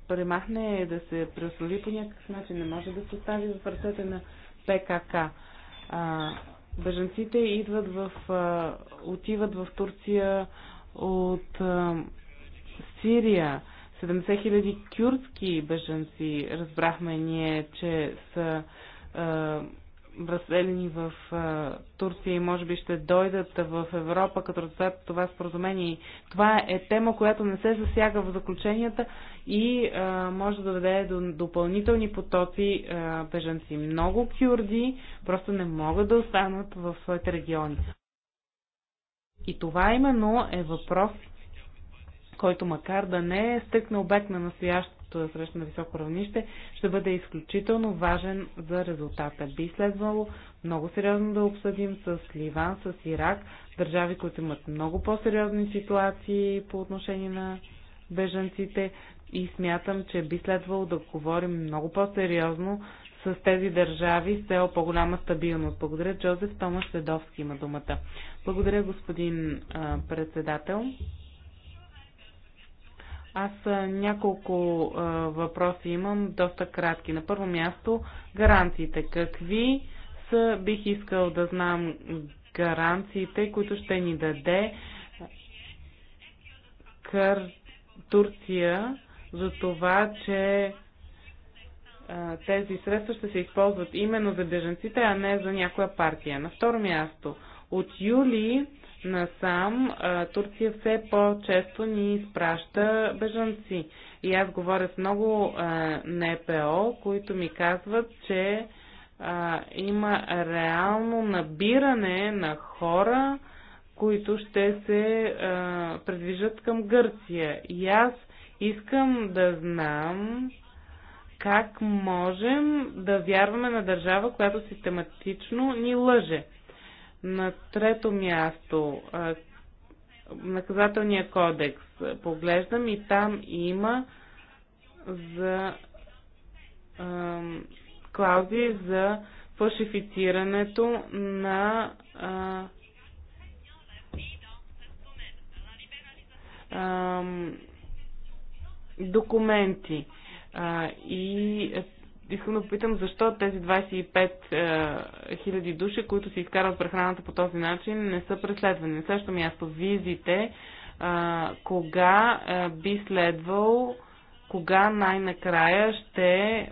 премахне, да се преослови по някакъв начин. Не може да се остави в ръцете на ПКК. А, бежанците идват в, а, отиват в Турция от а, Сирия. 70 хиляди кюрдски бежанци, разбрахме ние, че са разселени в Турция и може би ще дойдат в Европа като резултат това споразумение. Това е тема, която не се засяга в заключенията и а, може да доведе до допълнителни потоци а, бежанци. Много кюрди просто не могат да останат в своите региони. И това именно е въпрос, който макар да не е стъкна обект на настоящото среща на високо равнище, ще бъде изключително важен за резултата. Би следвало много сериозно да обсъдим с Ливан, с Ирак, държави, които имат много по-сериозни ситуации по отношение на бежанците и смятам, че би следвало да говорим много по-сериозно с тези държави с цел по-голяма стабилност. Благодаря, Джозеф Томаш Седовски има думата. Благодаря, господин а, председател. Аз няколко а, въпроси имам, доста кратки. На първо място, гаранциите. Какви са, бих искал да знам, гаранциите, които ще ни даде Кър... Турция за това, че а, тези средства ще се използват именно за беженците, а не за някоя партия. На второ място, от юли насам Турция все по-често ни изпраща бежанци. И аз говоря с много НПО, които ми казват, че има реално набиране на хора, които ще се предвижат към Гърция. И аз искам да знам как можем да вярваме на държава, която систематично ни лъже. На трето място, наказателния кодекс. Поглеждам и там има за а, клаузи за фалшифицирането на а, а, документи. А, и искам да попитам защо тези 25 000 е, души, които си изкарват прехраната по този начин, не са преследвани. На същото място, визите, е, кога е, би следвал, кога най-накрая ще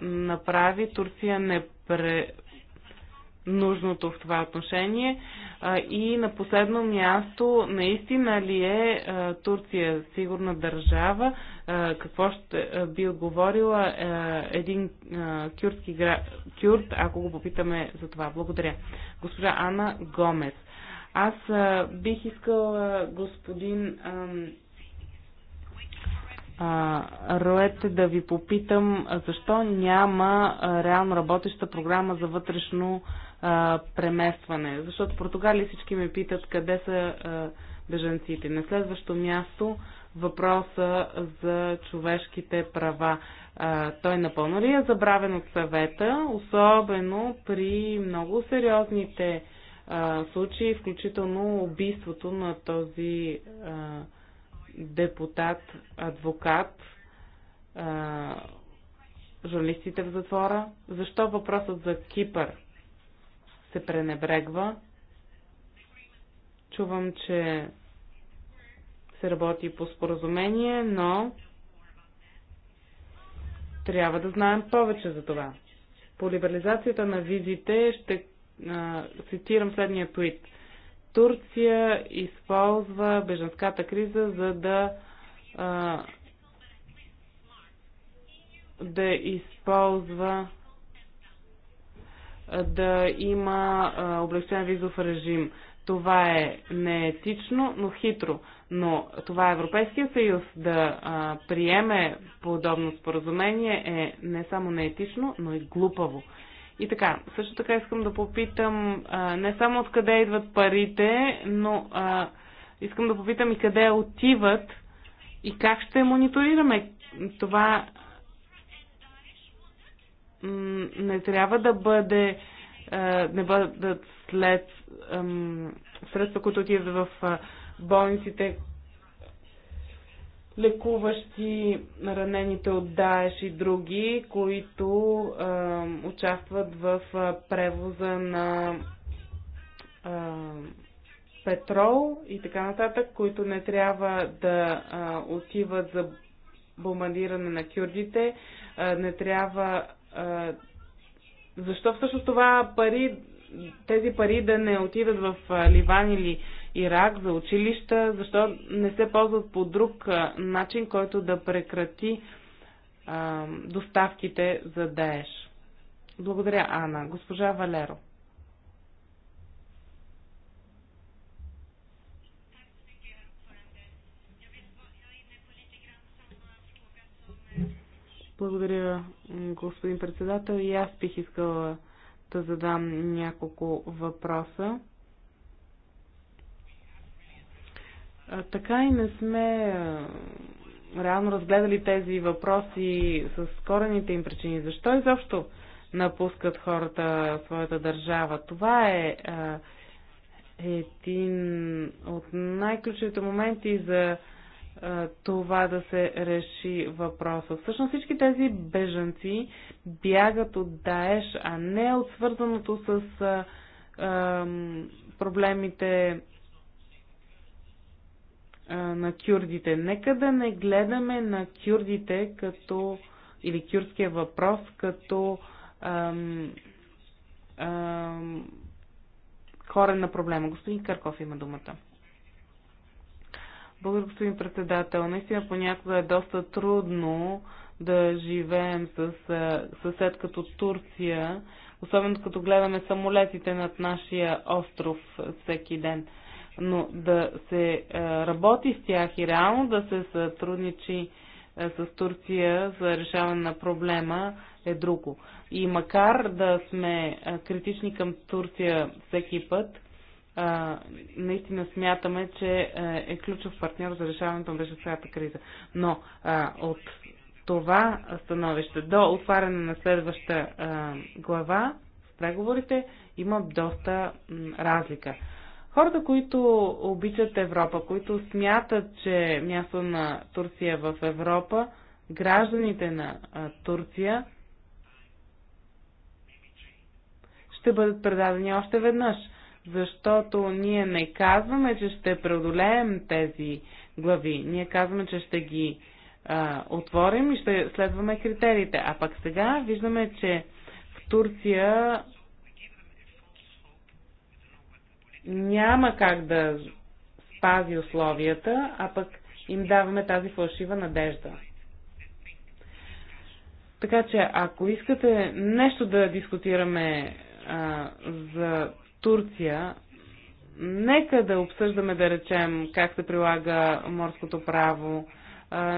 направи Турция непре нужното в това отношение. И на последно място, наистина ли е Турция сигурна държава, какво ще би отговорила един кюртски гра... кюрт, ако го попитаме за това. Благодаря. Госпожа Анна Гомес. Аз бих искала господин Руете да ви попитам защо няма реално работеща програма за вътрешно преместване. Защото в Португалия всички ме питат къде са бежанците. На следващо място въпроса за човешките права. Той напълно ли е забравен от съвета, особено при много сериозните случаи, включително убийството на този депутат, адвокат, журналистите в затвора? Защо въпросът за Кипър се пренебрегва? Чувам, че се работи по споразумение, но трябва да знаем повече за това. По либерализацията на визите ще а, цитирам следния твит. Турция използва беженската криза, за да а, да използва да има облегчен визов режим. Това е неетично, но хитро. Но това Европейския съюз да а, приеме подобно споразумение е не само неетично, но и глупаво. И така, също така искам да попитам а, не само откъде идват парите, но а, искам да попитам и къде отиват и как ще мониторираме. Това не трябва да бъде е, не бъдат след средства, които отиват в е, болниците, лекуващи ранените от Даеш и други, които участват в е, превоза на петрол и така нататък, които не трябва да а, отиват за бомбардиране на кюрдите, а, не трябва а, защо всъщност това пари, тези пари да не отидат в Ливан или Ирак за училища, защо не се ползват по друг начин, който да прекрати а, доставките за Даеш. Благодаря, Ана. Госпожа Валеро. Благодаря, господин председател. И аз бих искала да задам няколко въпроса. Така и не сме реално разгледали тези въпроси с корените им причини. Защо изобщо напускат хората своята държава? Това е един от най-ключовите моменти за това да се реши въпроса. Всъщност всички тези бежанци бягат от Даеш, а не от свързаното с а, а, проблемите а, на кюрдите. Нека да не гледаме на кюрдите като или кюрдския въпрос като ам, ам, корен на проблема. Господин Карков има думата. Благодаря, господин председател. Наистина понякога е доста трудно да живеем с съсед като Турция, особено като гледаме самолетите над нашия остров всеки ден. Но да се работи с тях и реално да се сътрудничи с Турция за решаване на проблема е друго. И макар да сме критични към Турция всеки път, а, наистина смятаме, че е ключов партньор за решаването на бежанската криза. Но а, от това становище до отваряне на следваща а, глава в преговорите има доста м, разлика. Хората, които обичат Европа, които смятат, че място на Турция в Европа, гражданите на а, Турция ще бъдат предадени още веднъж защото ние не казваме, че ще преодолеем тези глави. Ние казваме, че ще ги а, отворим и ще следваме критериите. А пък сега виждаме, че в Турция няма как да спази условията, а пък им даваме тази фалшива надежда. Така че, ако искате нещо да дискутираме а, за Турция, нека да обсъждаме, да речем, как се прилага морското право.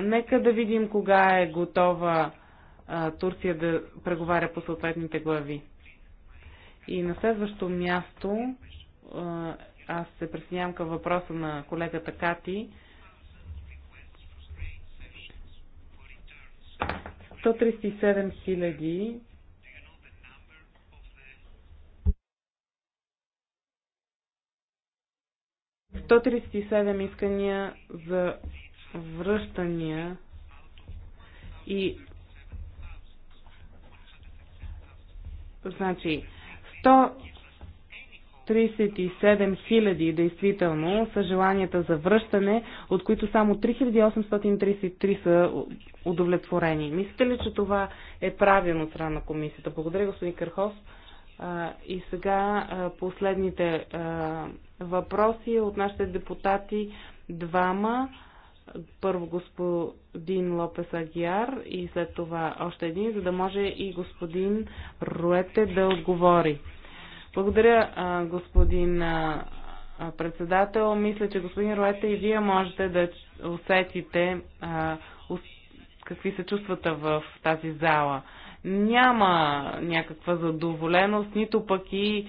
Нека да видим кога е готова Турция да преговаря по съответните глави. И на следващо място, аз се присъединявам към въпроса на колегата Кати. 137 хиляди 137 искания за връщания и значи 137 хиляди действително са желанията за връщане, от които само 3833 са удовлетворени. Мислите ли, че това е правилно страна на комисията? Благодаря, господин Кърхов. И сега последните въпроси от нашите депутати двама. Първо господин Лопес Агиар и след това още един, за да може и господин Руете да отговори. Благодаря, господин председател. Мисля, че господин Руете и вие можете да усетите какви се чувствата в тази зала. Няма някаква задоволеност, нито пък и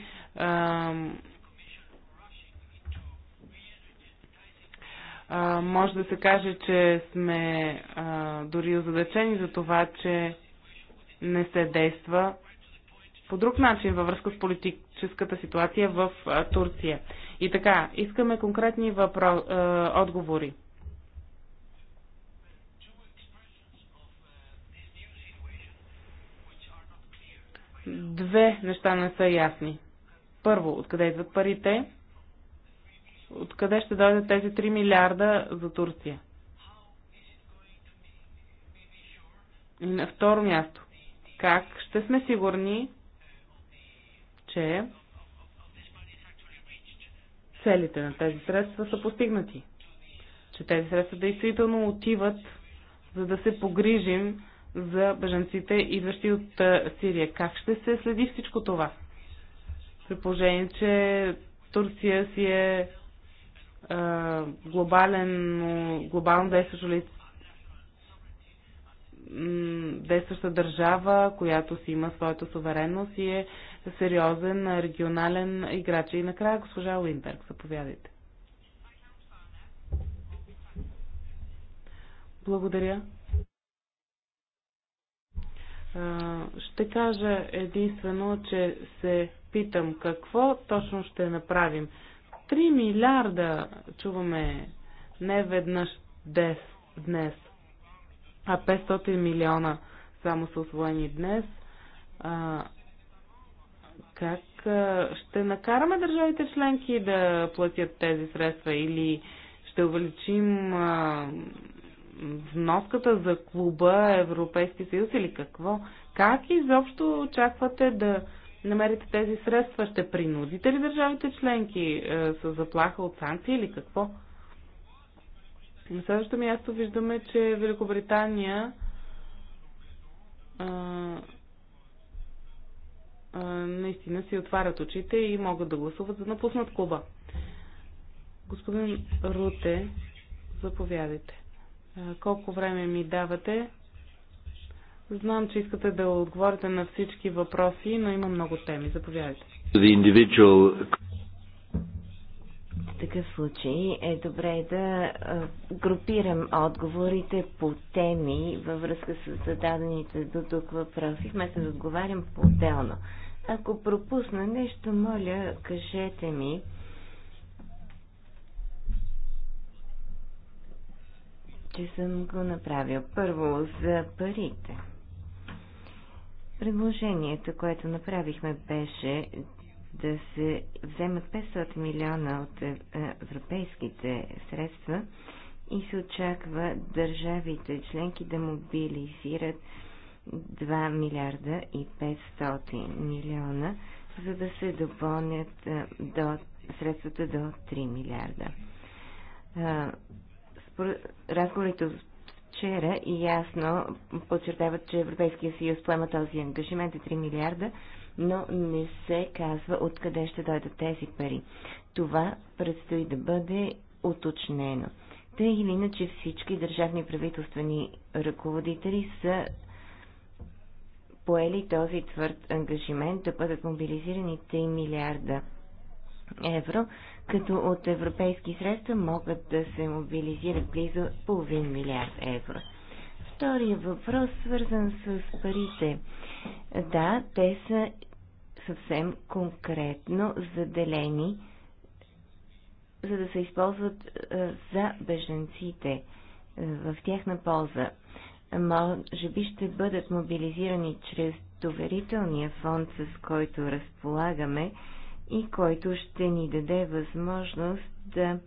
а, може да се каже, че сме а, дори озадачени за това, че не се действа по друг начин във връзка с политическата ситуация в а, Турция. И така, искаме конкретни въпро... а, отговори. Две неща не са ясни. Първо, откъде идват парите? Откъде ще дойдат тези 3 милиарда за Турция? И на второ място, как ще сме сигурни, че целите на тези средства са постигнати? Че тези средства действително отиват, за да се погрижим за бежанците, идващи от Сирия. Как ще се следи всичко това? При положение, че Турция си е глобален, глобално действащо ли действаща държава, която си има своята суверенност и е сериозен регионален играч. И накрая госпожа Уинберг, заповядайте. Благодаря. Ще кажа единствено, че се питам какво точно ще направим. 3 милиарда чуваме не веднъж дес, днес, а 500 милиона само са освоени днес. А, как а, ще накараме държавите членки да платят тези средства или ще увеличим а, вноската за клуба Европейски съюз или какво? Как изобщо очаквате да намерите тези средства? Ще принудите ли държавите членки е, с заплаха от санкции или какво? На следващото място виждаме, че Великобритания е, е, наистина си отварят очите и могат да гласуват за да напуснат клуба. Господин Руте, заповядайте. Колко време ми давате? Знам, че искате да отговорите на всички въпроси, но има много теми. Заповядайте. Individual... В такъв случай е добре да групирам отговорите по теми във връзка с зададените до тук въпроси, вместо да отговарям по-отделно. Ако пропусна нещо, моля, кажете ми. че съм го направил. Първо за парите. Предложението, което направихме, беше да се вземат 500 милиона от е, европейските средства и се очаква държавите членки да мобилизират 2 милиарда и 500 милиона, за да се допълнят е, до средствата до 3 милиарда. Е, разговорите вчера и ясно подчертават, че Европейския съюз поема този ангажимент е 3 милиарда, но не се казва откъде ще дойдат тези пари. Това предстои да бъде уточнено. Тъй или иначе всички държавни правителствени ръководители са поели този твърд ангажимент да бъдат мобилизирани 3 милиарда евро, като от европейски средства могат да се мобилизират близо половин милиард евро. Втория въпрос, свързан с парите. Да, те са съвсем конкретно заделени, за да се използват е, за беженците е, в тяхна полза. Може би ще бъдат мобилизирани чрез доверителния фонд, с който разполагаме, и който ще ни даде възможност да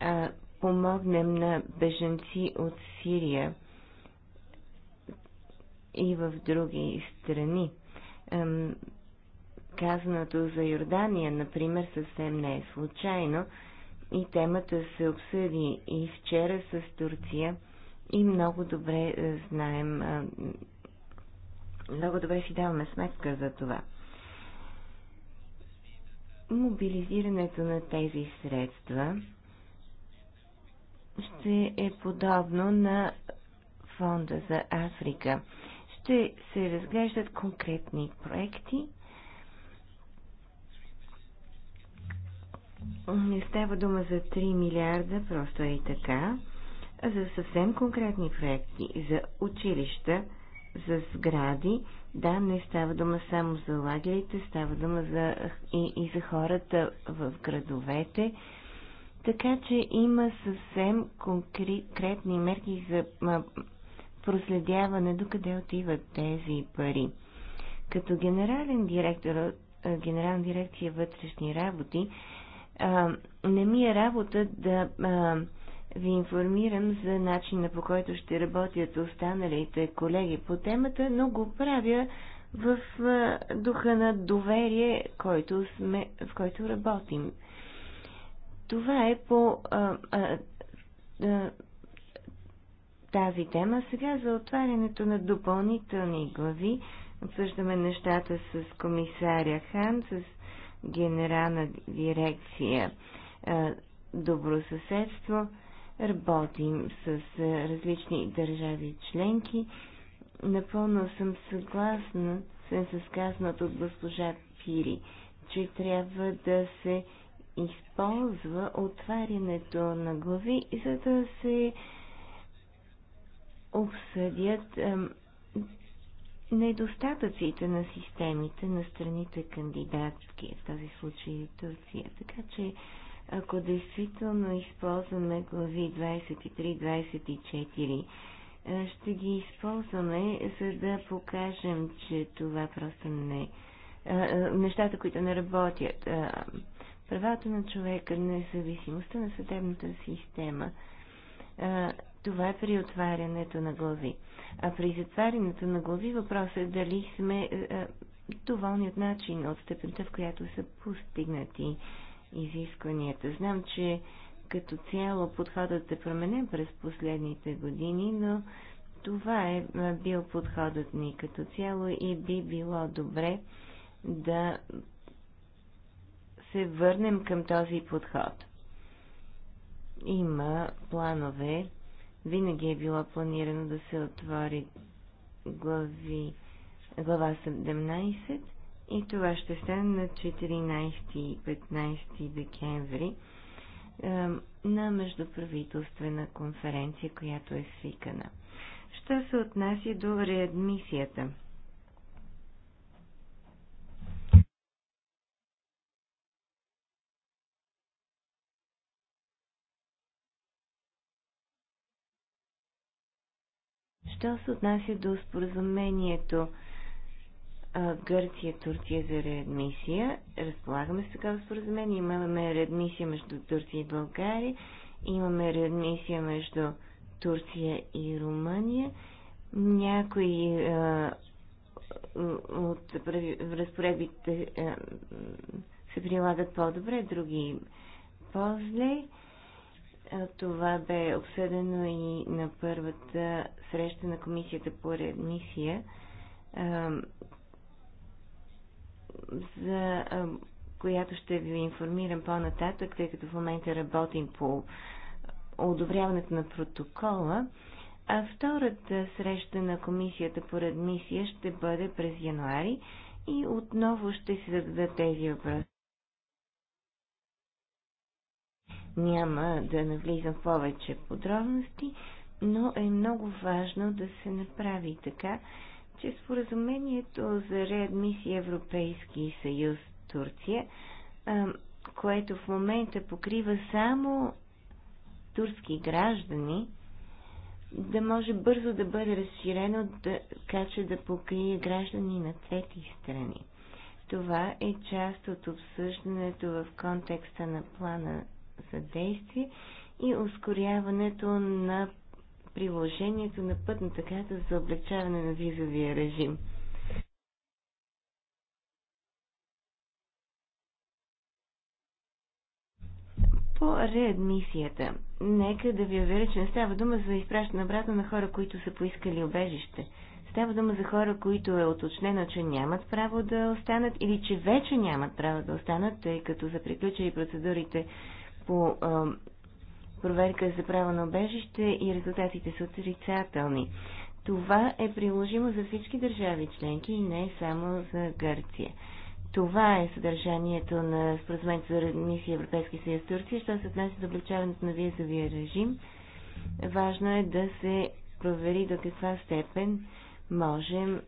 а, помогнем на беженци от Сирия и в други страни. Ам, казаното за Йордания, например, съвсем не е случайно и темата се обсъди и вчера с Турция и много добре е, знаем, много добре си даваме сметка за това мобилизирането на тези средства ще е подобно на фонда за Африка. Ще се разглеждат конкретни проекти. Не става дума за 3 милиарда, просто е и така, за съвсем конкретни проекти, за училища, за сгради, да, не става дума само за лагерите, става дума за, и, и за хората в градовете. Така че има съвсем конкретни мерки за проследяване, до къде отиват тези пари. Като генерален директор, генерална дирекция вътрешни работи, не ми е работа да а, ви информирам за начина по който ще работят останалите колеги по темата, но го правя в духа на доверие, който сме, в който работим. Това е по а, а, а, тази тема. Сега за отварянето на допълнителни глави обсъждаме нещата с комисаря Хан, с генерална дирекция а, добросъседство. Работим с е, различни държави членки. Напълно съм съгласна с казаното от госпожа Пири, че трябва да се използва отварянето на глави, за да се обсъдят недостатъците на системите на страните кандидатки, в този случай Турция. Така че ако действително използваме глави 23-24, ще ги използваме, за да покажем, че това просто не... Нещата, които не работят. Правата на човека, независимостта на съдебната система. Това е при отварянето на глави. А при затварянето на глави въпросът е дали сме доволни от начин, от степента, в която са постигнати изискванията. Знам, че като цяло подходът е променен през последните години, но това е бил подходът ни като цяло и би било добре да се върнем към този подход. Има планове, винаги е било планирано да се отвори глави, глава 17 и това ще стане на 14 и 15 декември на междуправителствена конференция, която е свикана. Що се отнася до реадмисията? Що се отнася до споразумението Гърция, Турция за реадмисия. Разполагаме с такава споразумение. Имаме реадмисия между Турция и България. Имаме реадмисия между Турция и Румъния. Някои а, от разпоредбите а, се прилагат по-добре, други по-зле. Това бе обсъдено и на първата среща на комисията по реадмисия за която ще ви информирам по-нататък, тъй като в момента работим по одобряването на протокола, а втората среща на комисията по редмисия ще бъде през януари и отново ще се зададат тези въпроси. Няма да навлизам в повече подробности, но е много важно да се направи така, че споразумението за реадмисия Европейски съюз Турция, което в момента покрива само турски граждани, да може бързо да бъде разширено, така да, че да покрие граждани на трети страни. Това е част от обсъждането в контекста на плана за действие и ускоряването на приложението на пътната карта за облегчаване на визовия режим. По реадмисията. Нека да ви уверя, че не става дума за изпращане обратно на хора, които са поискали обежище. Става дума за хора, които е уточнено, че нямат право да останат или че вече нямат право да останат, тъй като са приключили процедурите по проверка за право на обежище и резултатите са отрицателни. Това е приложимо за всички държави членки и не е само за Гърция. Това е съдържанието на споразумението за мисия Европейски съюз Турция, що се отнася до облегчаването на визовия режим. Важно е да се провери до каква степен можем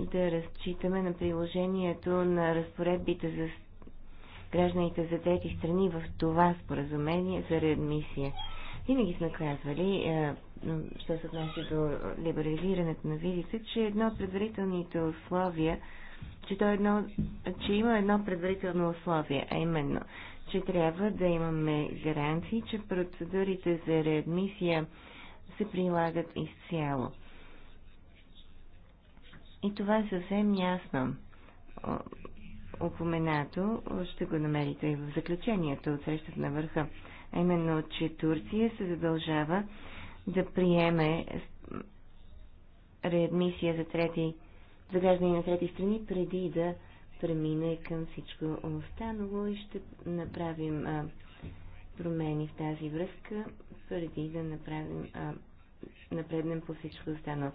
да разчитаме на приложението на разпоредбите за гражданите за трети страни в това споразумение за реадмисия. Винаги сме казвали, е, що се отнася до либерализирането на визите, че едно от предварителните условия, че, то е едно, че има едно предварително условие, а именно, че трябва да имаме гаранции, че процедурите за реадмисия се прилагат изцяло. И това е съвсем ясно упоменато, ще го намерите и в заключението от срещата на върха, а именно, че Турция се задължава да приеме реадмисия за, трети, за граждани на трети страни, преди да премине към всичко останало и ще направим а, промени в тази връзка, преди да направим, а, напреднем по всичко останало.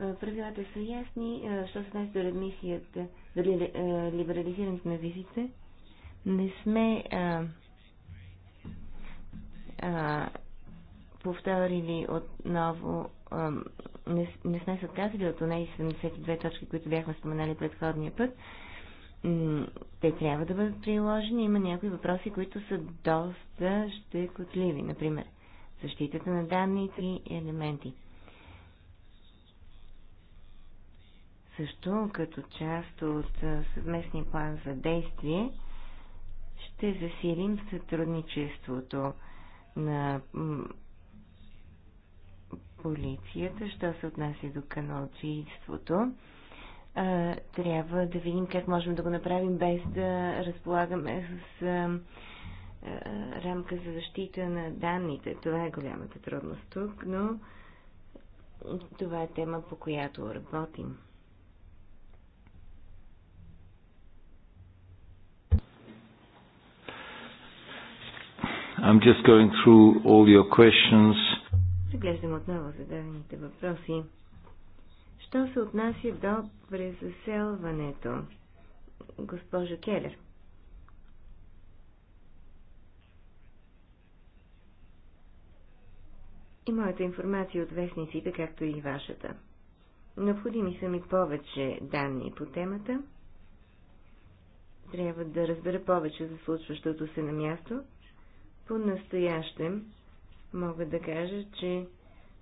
Е, правилата са ясни. Е, що се отнася до редмисията, дали е, либерализирането на визите, не сме а, а, повторили отново, а, не, не сме се отказали от тези 72 точки, които бяхме споменали предходния път. Те трябва да бъдат приложени. Има някои въпроси, които са доста щекотливи. Например, защитата на данните и елементи – също като част от съвместния план за действие ще засилим сътрудничеството на полицията, що се отнася до каналчийството. Трябва да видим как можем да го направим без да разполагаме с рамка за защита на данните. Това е голямата трудност тук, но това е тема, по която работим. I'm just going through all your questions. Преглеждам отново зададените въпроси. Що се отнася до презаселването, госпожо Келер? И моята информация от вестниците, както и вашата. Необходими са ми повече данни по темата. Трябва да разбера повече за случващото се на място по-настоящем мога да кажа, че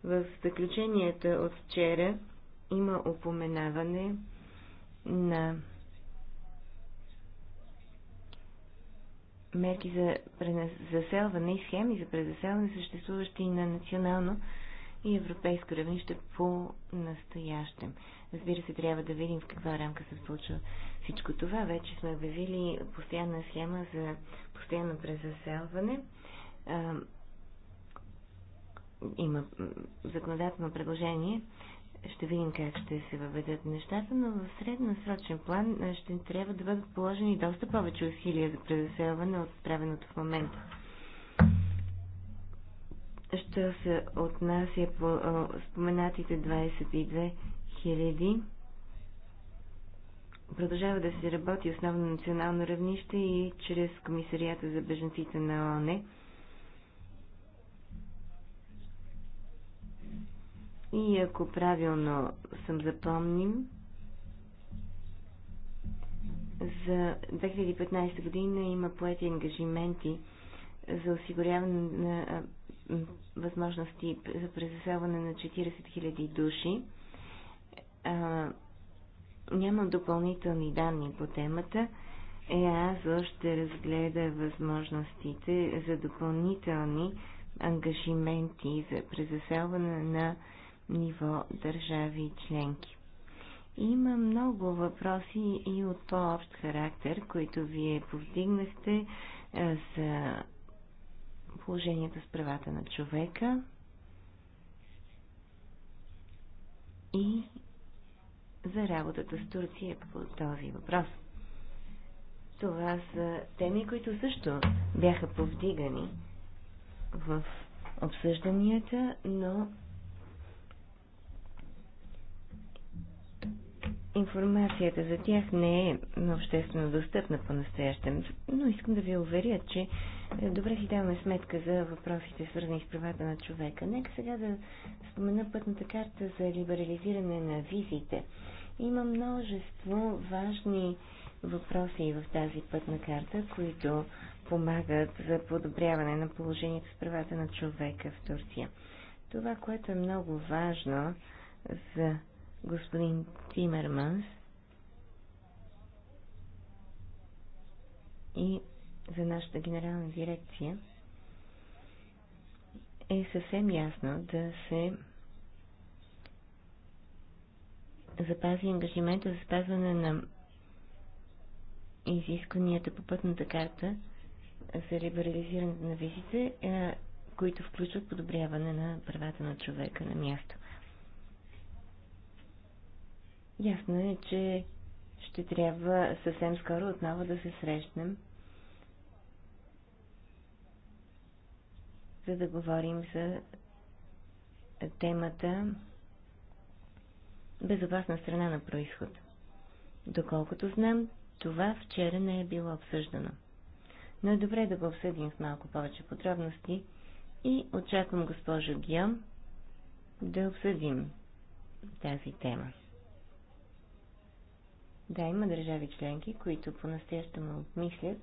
в заключенията от вчера има упоменаване на мерки за заселване и схеми за презаселване, съществуващи на национално и европейско равнище по настоящем. Разбира се, трябва да видим в каква рамка се случва всичко това. Вече сме обявили постоянна схема за постоянно презаселване има законодателно предложение, ще видим как ще се въведат нещата, но в средносрочен план ще трябва да бъдат положени доста повече усилия за предоселване от правеното в момента. Ще се отнася по споменатите 22 000, продължава да се работи основно на национално равнище и чрез Комисарията за беженците на ОНЕ – И ако правилно съм запомним, за 2015 година има поети ангажименти за осигуряване на възможности за презаселване на 40 000 души. А, нямам допълнителни данни по темата. ЕАЗО ще разгледа възможностите за допълнителни ангажименти за презаселване на ниво държави и членки. Има много въпроси и от по-общ характер, които вие повдигнахте е, за положението с правата на човека и за работата с Турция по този въпрос. Това са теми, които също бяха повдигани в обсъжданията, но Информацията за тях не е обществено достъпна по-настоящем, но искам да ви уверя, че е, добре си даваме сметка за въпросите, свързани с правата на човека. Нека сега да спомена пътната карта за либерализиране на визите. Има множество важни въпроси в тази пътна карта, които помагат за подобряване на положението с правата на човека в Турция. Това, което е много важно за господин Тимерманс и за нашата генерална дирекция е съвсем ясно да се запази ангажимента за спазване на изискванията по пътната карта за либерализирането на визите, които включват подобряване на правата на човека на място. Ясно е, че ще трябва съвсем скоро отново да се срещнем, за да говорим за темата безопасна страна на происход. Доколкото знам, това вчера не е било обсъждано. Но е добре да го обсъдим с малко повече подробности и очаквам госпожо Гиом да обсъдим тази тема. Да, има държави членки, които по-настоящему обмислят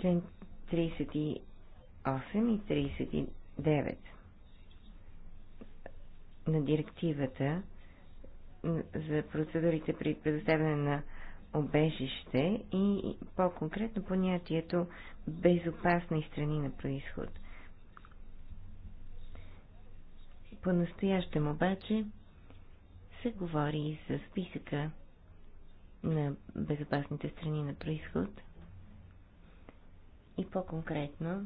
член 38 и 39 на директивата за процедурите при предоставяне на обежище и по-конкретно понятието безопасни страни на происход. По-настоящем обаче се говори и за списъка на безопасните страни на происход и по-конкретно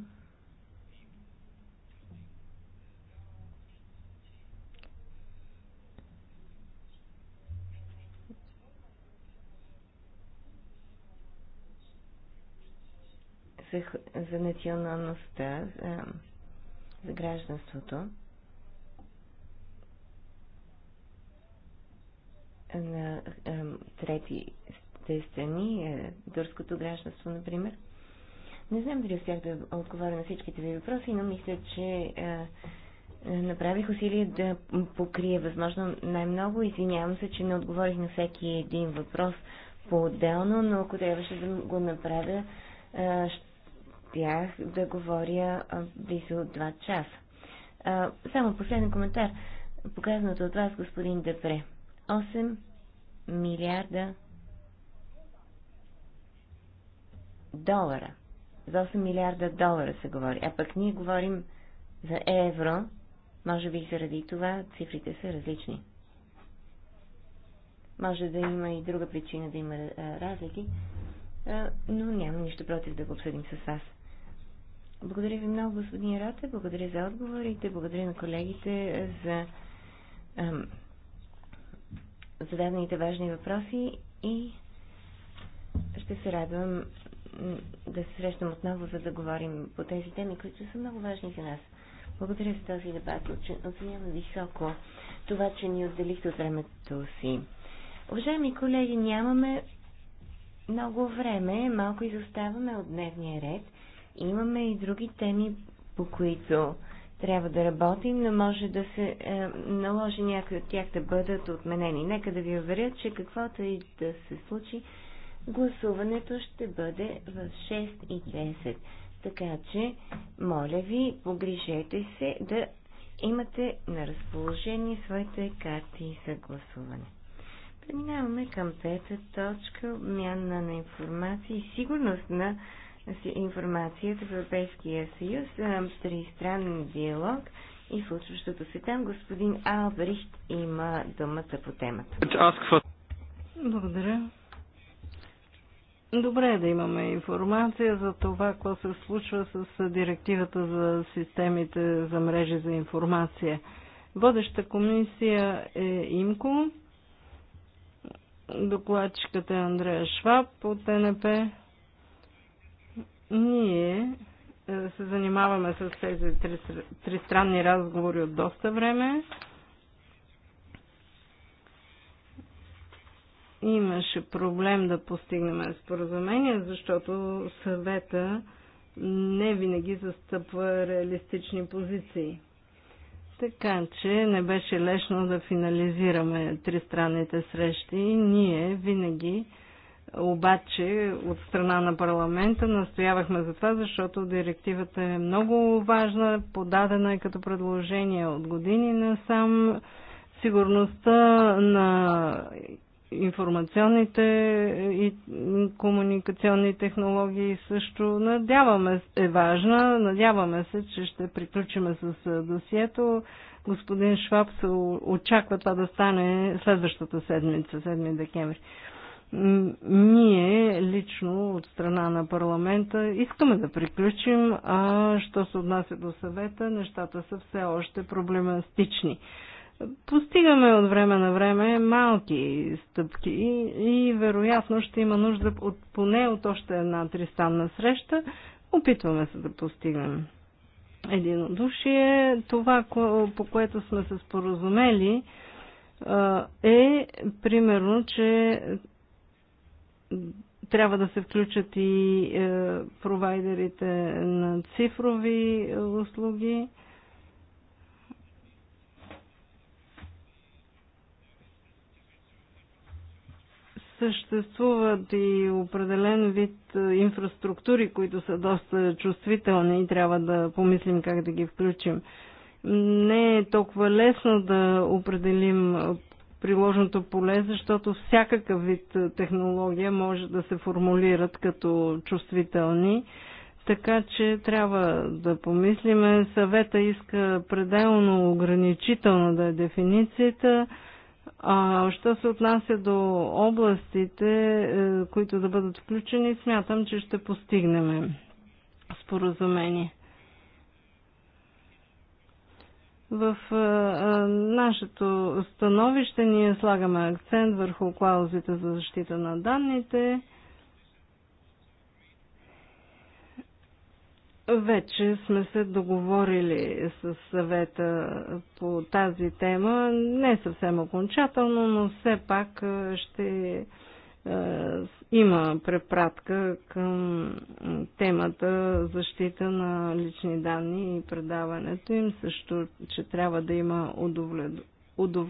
за, националността, за, за гражданството. на третите страни, е, турското гражданство, например. Не знам дали успях да отговоря на всичките ви въпроси, но мисля, че е, е, направих усилие да покрия възможно най-много. Извинявам се, че не отговорих на всеки един въпрос по-отделно, но ако трябваше да го направя, щях да говоря близо 2 часа. Само последен коментар, показаното от вас, господин Депре. 8 милиарда долара. За 8 милиарда долара се говори. А пък ние говорим за евро. Може би заради това цифрите са различни. Може да има и друга причина да има разлики, но няма нищо против да го обсъдим с вас. Благодаря ви много, господин Рате, благодаря за отговорите, благодаря на колегите за зададените важни въпроси и ще се радвам да се срещам отново, за да говорим по тези теми, които са много важни за нас. Благодаря за този дебат. Оценявам високо това, че ни отделихте от времето си. Уважаеми колеги, нямаме много време, малко изоставаме от дневния ред. Имаме и други теми, по които трябва да работим, но може да се е, наложи някои от тях да бъдат отменени. Нека да ви уверя, че каквото и да се случи, гласуването ще бъде в 6.30. Така че, моля ви, погрижете се да имате на разположение своите карти за гласуване. Преминаваме към пета точка, обмяна на информация и сигурност на си информация в Европейския съюз, тристранен диалог и случващото се там. Господин Албрихт има думата по темата. Благодаря. Добре е да имаме информация за това, какво се случва с директивата за системите за мрежи за информация. Водеща комисия е ИМКО, докладчиката е Андрея Шваб от НП, ние е, се занимаваме с тези тристранни разговори от доста време. Имаше проблем да постигнем споразумение, защото съвета не винаги застъпва реалистични позиции. Така че не беше лесно да финализираме тристранните срещи. Ние винаги обаче от страна на парламента настоявахме за това, защото директивата е много важна, подадена е като предложение от години насам. Сигурността на информационните и комуникационни технологии също надяваме е важна. Надяваме се, че ще приключиме с досието. Господин Шваб се очаква това да стане следващата седмица, 7 декември ние лично от страна на парламента искаме да приключим, а що се отнася до съвета, нещата са все още проблематични. Постигаме от време на време малки стъпки и, вероятно ще има нужда от поне от още една тристанна среща. Опитваме се да постигнем единодушие. Това, по което сме се споразумели, е примерно, че трябва да се включат и е, провайдерите на цифрови услуги. Съществуват и определен вид е, инфраструктури, които са доста чувствителни и трябва да помислим как да ги включим. Не е толкова лесно да определим приложното поле, защото всякакъв вид е, технология може да се формулират като чувствителни. Така че трябва да помислиме. Съвета иска пределно ограничителна да е дефиницията. А, що се отнася до областите, е, които да бъдат включени, смятам, че ще постигнем споразумение. В а, а, нашето становище ние слагаме акцент върху клаузите за защита на данните. Вече сме се договорили с съвета по тази тема. Не съвсем окончателно, но все пак ще е, има препратка към темата защита на лични данни и предаването им, също, че трябва да има удов...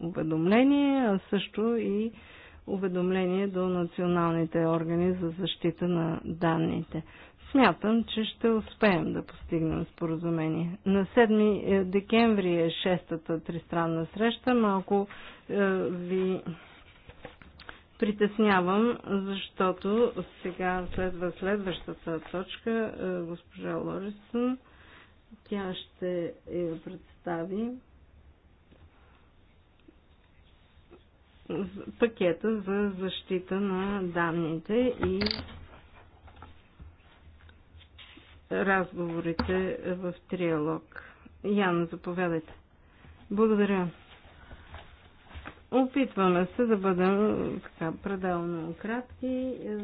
уведомление, а също и уведомление до националните органи за защита на данните. Смятам, че ще успеем да постигнем споразумение. На 7 е, декември е 6-та тристранна среща. Малко е, ви притеснявам, защото сега следва следващата точка, е, госпожа Лорисън. Тя ще я представи. пакета за защита на данните и разговорите в триалог. Яна, заповядайте. Благодаря. Опитваме се да бъдем така пределно кратки. Е,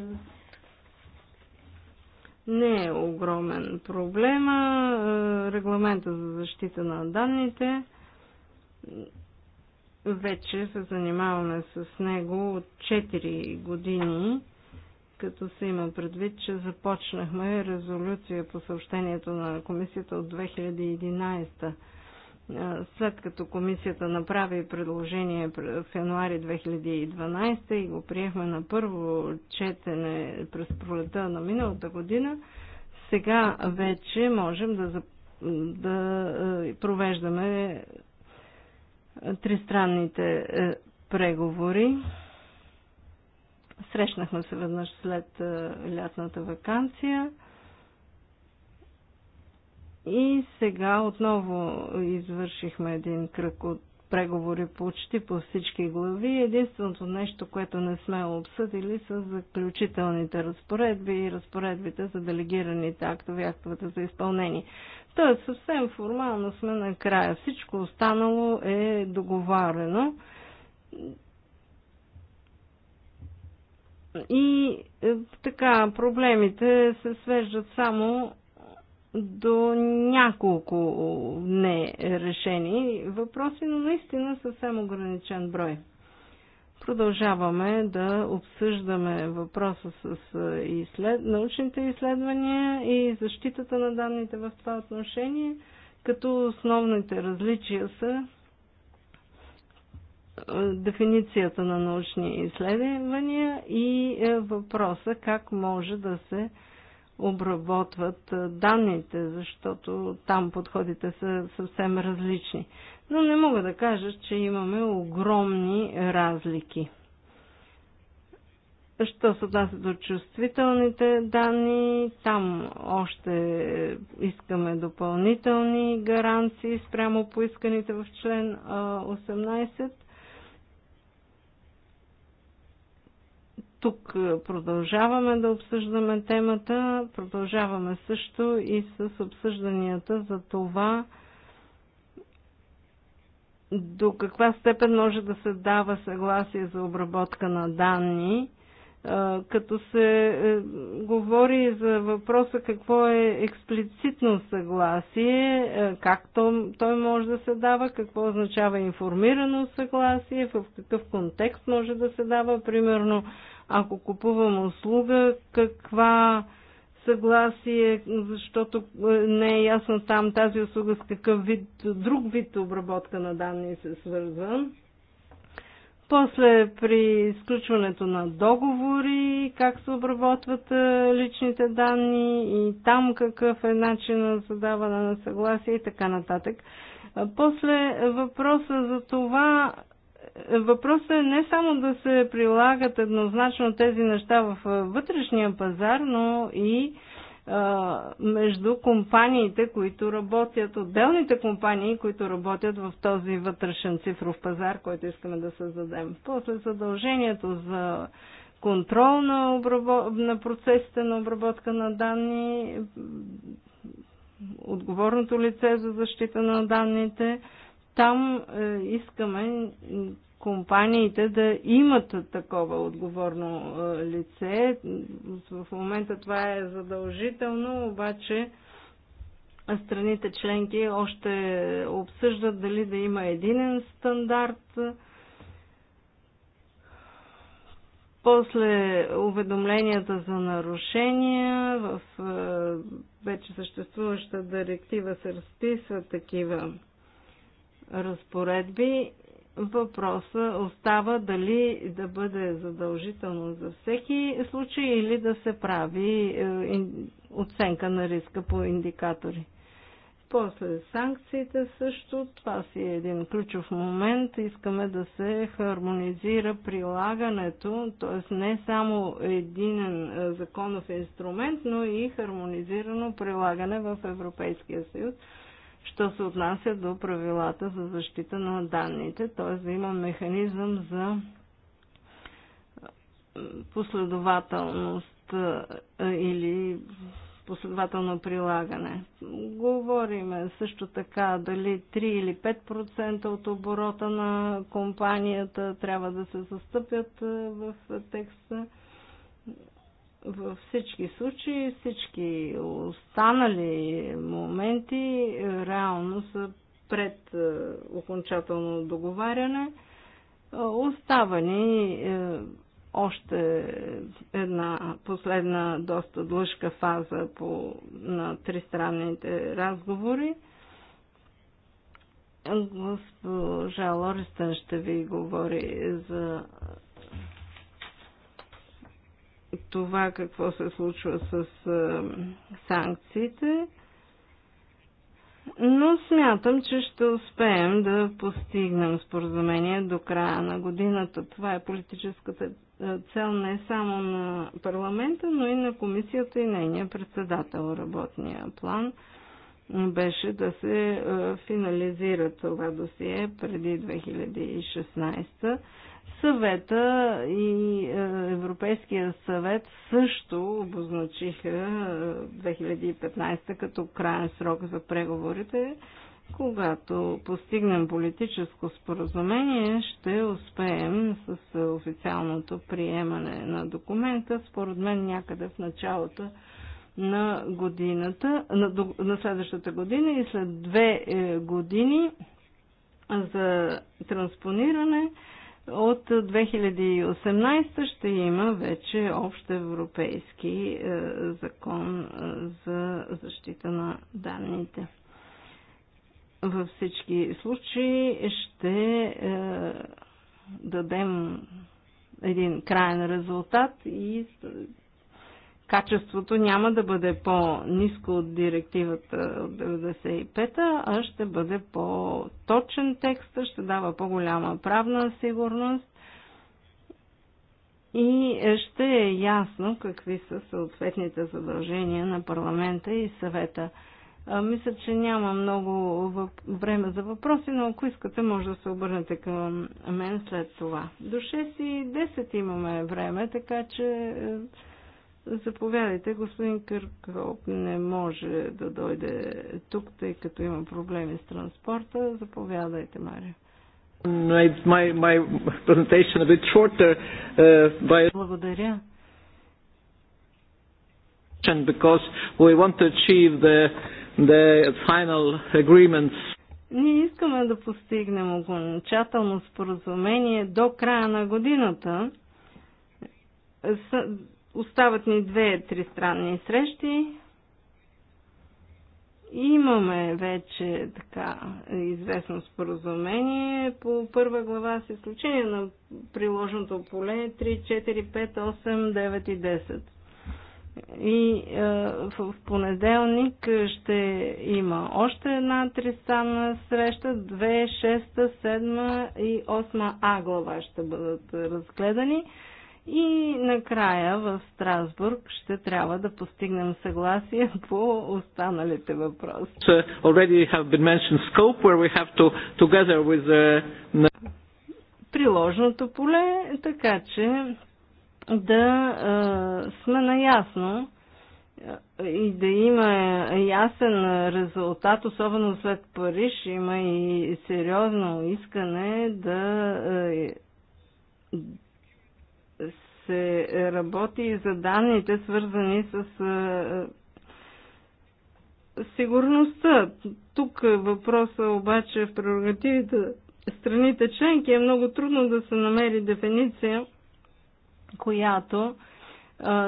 не е огромен проблема. Е, регламента за защита на данните вече се занимаваме с него от 4 години, като се има предвид, че започнахме резолюция по съобщението на комисията от 2011 след като комисията направи предложение в януари 2012 и го приехме на първо четене през пролета на миналата година, сега вече можем да, да провеждаме тристранните преговори. Срещнахме се веднъж след лятната вакансия. И сега отново извършихме един кръг от преговори почти по всички глави. Единственото нещо, което не сме обсъдили са заключителните разпоредби и разпоредбите за делегираните актове и актовете за изпълнение. Тоест съвсем формално сме на края. Всичко останало е договарено. И е, така, проблемите се свеждат само до няколко нерешени въпроси, но наистина съвсем ограничен брой. Продължаваме да обсъждаме въпроса с изслед... научните изследвания и защитата на данните в това отношение, като основните различия са е, дефиницията на научни изследвания и е, въпроса как може да се обработват данните, защото там подходите са съвсем различни. Но не мога да кажа, че имаме огромни разлики. Що се отнася до чувствителните данни, там още искаме допълнителни гаранции спрямо поисканите в член 18 Тук продължаваме да обсъждаме темата, продължаваме също и с обсъжданията за това до каква степен може да се дава съгласие за обработка на данни като се е, говори за въпроса какво е експлицитно съгласие, е, как то, той може да се дава, какво означава информирано съгласие, в какъв контекст може да се дава, примерно ако купувам услуга, каква съгласие, защото е, не е ясно там тази услуга с какъв вид, друг вид обработка на данни се свързва. После при изключването на договори, как се обработват е, личните данни и там какъв е начин на задаване на съгласие и така нататък. Е, после въпроса за това Въпросът е не само да се прилагат еднозначно тези неща в вътрешния пазар, но и а, между компаниите, които работят, отделните компании, които работят в този вътрешен цифров пазар, който искаме да създадем. После задължението за контрол на, обработ... на процесите на обработка на данни, отговорното лице за защита на данните, там е, искаме компаниите да имат такова отговорно лице. В момента това е задължително, обаче страните членки още обсъждат дали да има единен стандарт. После уведомленията за нарушения в вече съществуваща директива се разписват такива разпоредби въпроса остава дали да бъде задължително за всеки случай или да се прави е, оценка на риска по индикатори. После санкциите също, това си е един ключов момент. Искаме да се хармонизира прилагането, т.е. не само един е, законов инструмент, но и хармонизирано прилагане в Европейския съюз що се отнася до правилата за защита на данните, т.е. да има механизъм за последователност или последователно прилагане. Говорим също така дали 3 или 5% от оборота на компанията трябва да се застъпят в текста във всички случаи всички останали моменти е, реално са пред е, окончателно договаряне. Е, остава ни още една последна доста длъжка фаза по, на тристранните разговори. Госпожа Лористън ще ви говори за това какво се случва с санкциите, но смятам, че ще успеем да постигнем споразумение до края на годината. Това е политическата цел не само на парламента, но и на комисията и нейния председател. Работния план беше да се финализира това досие преди 2016 Съвета и е, Европейския съвет също обозначиха 2015 е, като крайен срок за преговорите. Когато постигнем политическо споразумение, ще успеем с официалното приемане на документа, според мен някъде в началото на годината, на, на следващата година и след две е, години за транспониране от 2018 ще има вече общ европейски е, закон е, за защита на данните. Във всички случаи ще е, дадем един крайен резултат и качеството няма да бъде по-низко от директивата от 95-та, а ще бъде по-точен текст, ще дава по-голяма правна сигурност и ще е ясно какви са съответните задължения на парламента и съвета. Мисля, че няма много време за въпроси, но ако искате, може да се обърнете към мен след това. До 6 и 10 имаме време, така че е, Заповядайте, господин Къркроп не може да дойде тук, тъй като има проблеми с транспорта. Заповядайте, Мария. My, my presentation a bit shorter, uh, by... Благодаря. Because we want to achieve the, the final agreements. Ние искаме да постигнем окончателно споразумение до края на годината Остават ни две тристранни срещи. Имаме вече така известно споразумение по първа глава с изключение на приложното поле 3, 4, 5, 8, 9 и 10. И е, в понеделник ще има още една тристанна среща. 2, 6, 7 и 8 А глава ще бъдат разгледани. И накрая в Страсбург ще трябва да постигнем съгласие по останалите въпроси. Uh, Приложното поле, така че да е, сме наясно и да има ясен резултат, особено след Париж, има и сериозно искане да е, се работи и за данните, свързани с е, е, сигурността. Тук въпроса обаче в прерогативите страните членки е много трудно да се намери дефиниция, която е,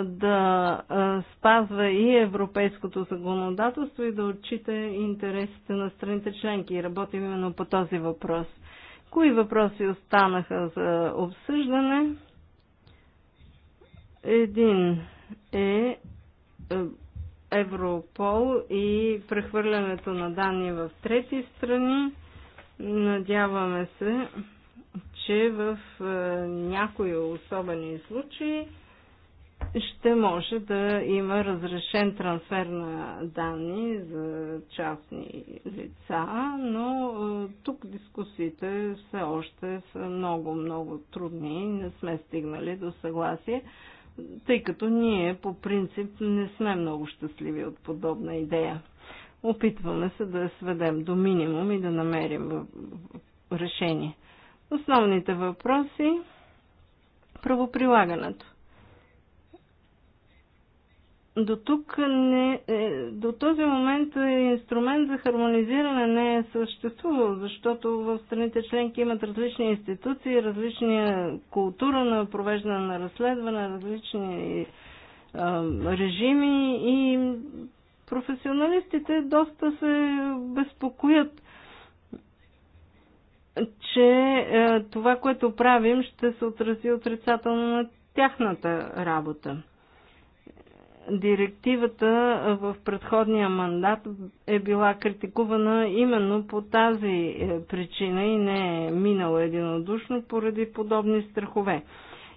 да спазва и европейското законодателство и да отчита интересите на страните членки. И работим именно по този въпрос. Кои въпроси останаха за обсъждане? Един е, е Европол и прехвърлянето на данни в трети страни. Надяваме се, че в е, някои особени случаи ще може да има разрешен трансфер на данни за частни лица, но е, тук дискусиите все още са много, много трудни и не сме стигнали до съгласие тъй като ние по принцип не сме много щастливи от подобна идея. Опитваме се да я сведем до минимум и да намерим решение. Основните въпроси правоприлагането до тук не, е, до този момент е инструмент за хармонизиране не е съществувал, защото в страните членки имат различни институции, различни култура на провеждане на разследване, различни режими и професионалистите доста се безпокоят че е, това, което правим, ще се отрази отрицателно на тяхната работа. Директивата в предходния мандат е била критикувана именно по тази е, причина и не е минала единодушно поради подобни страхове.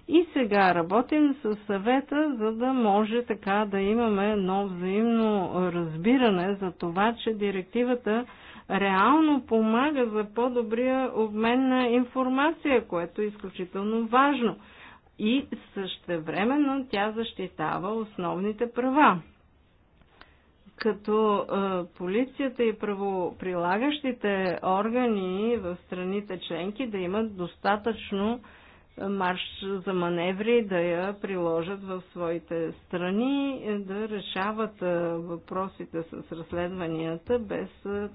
И сега работим с съвета, за да може така да имаме едно взаимно разбиране за това, че директивата реално помага за по-добрия обмен на информация, което е изключително важно – и същевременно тя защитава основните права. Като е, полицията и правоприлагащите органи в страните членки да имат достатъчно е, марш за маневри, да я приложат в своите страни, е, да решават е, въпросите с разследванията, без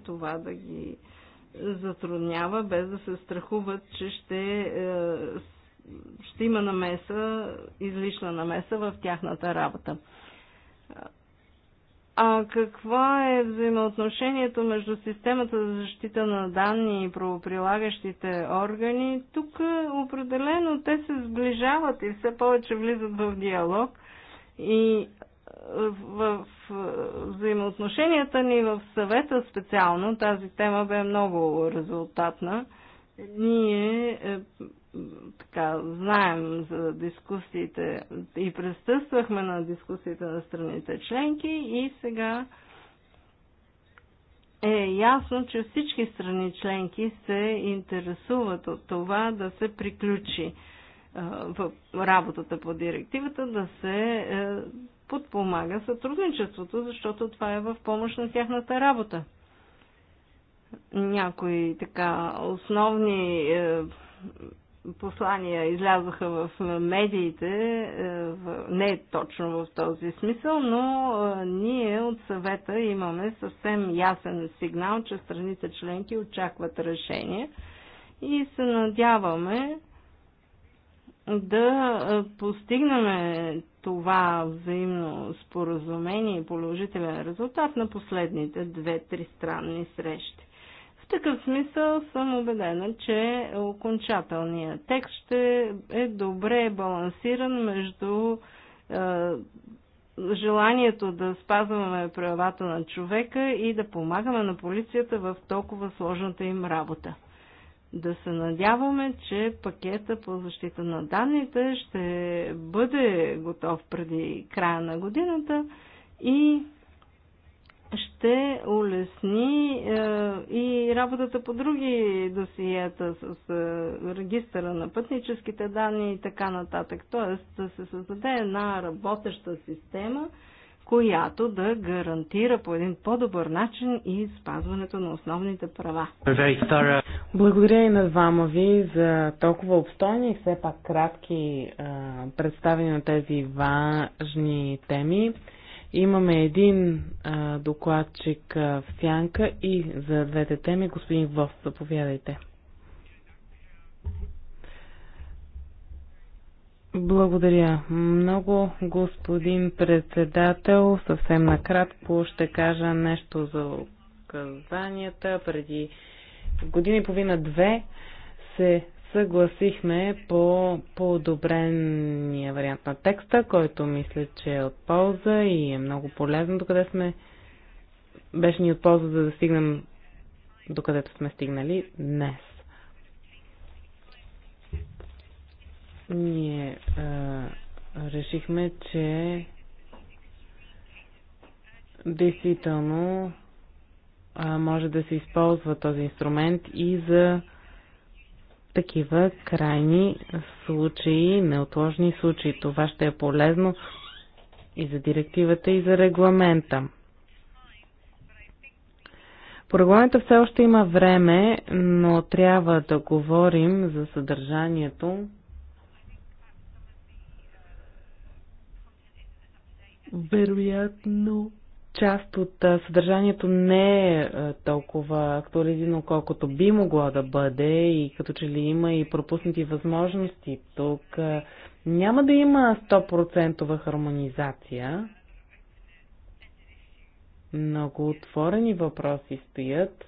това да ги затруднява, без да се страхуват, че ще ще има намеса, излишна намеса в тяхната работа. А какво е взаимоотношението между системата за защита на данни и правоприлагащите органи? Тук определено те се сближават и все повече влизат в диалог и е, в взаимоотношенията ни в съвета специално тази тема бе много резултатна – ние е, така, знаем за дискусиите и присъствахме на дискусиите на страните членки и сега е ясно, че всички страни членки се интересуват от това да се приключи е, в работата по директивата, да се е, подпомага сътрудничеството, защото това е в помощ на тяхната работа. Някои така основни е, послания излязоха в медиите, е, не точно в този смисъл, но е, ние от съвета имаме съвсем ясен сигнал, че страните членки очакват решение и се надяваме да постигнем това взаимно споразумение и положителен резултат на последните две-три странни срещи такъв смисъл съм убедена, че окончателният текст ще е добре балансиран между е, желанието да спазваме правата на човека и да помагаме на полицията в толкова сложната им работа. Да се надяваме, че пакета по защита на данните ще бъде готов преди края на годината и ще улесни е, и работата по други досиета с е, регистъра на пътническите данни и така нататък. Тоест да се създаде една работеща система, която да гарантира по един по-добър начин и спазването на основните права. Благодаря и на двама ви за толкова обстойни и все пак кратки е, представени на тези важни теми. Имаме един а, докладчик а, в сянка и за двете теми господин Вов, заповядайте. Благодаря много, господин председател. Съвсем накратко ще кажа нещо за указанията. Преди година и половина-две се съгласихме по подобрения вариант на текста, който мисля, че е от полза и е много полезно, докъде сме беше ни от полза за да стигнем докъдето сме стигнали днес. Ние е, решихме, че действително може да се използва този инструмент и за такива крайни случаи, неотложни случаи. Това ще е полезно и за директивата, и за регламента. По регламента все още има време, но трябва да говорим за съдържанието. Вероятно част от съдържанието не е толкова актуализирано, колкото би могло да бъде и като че ли има и пропуснати възможности. Тук няма да има 100% хармонизация. Много отворени въпроси стоят.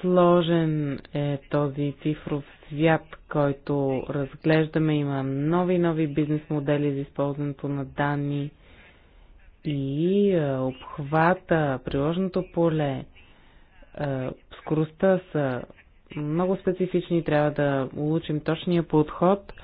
сложен е този цифров свят, който разглеждаме. Има нови нови бизнес модели за използването на данни и обхвата, приложеното поле, скоростта са много специфични. Трябва да улучим точния подход –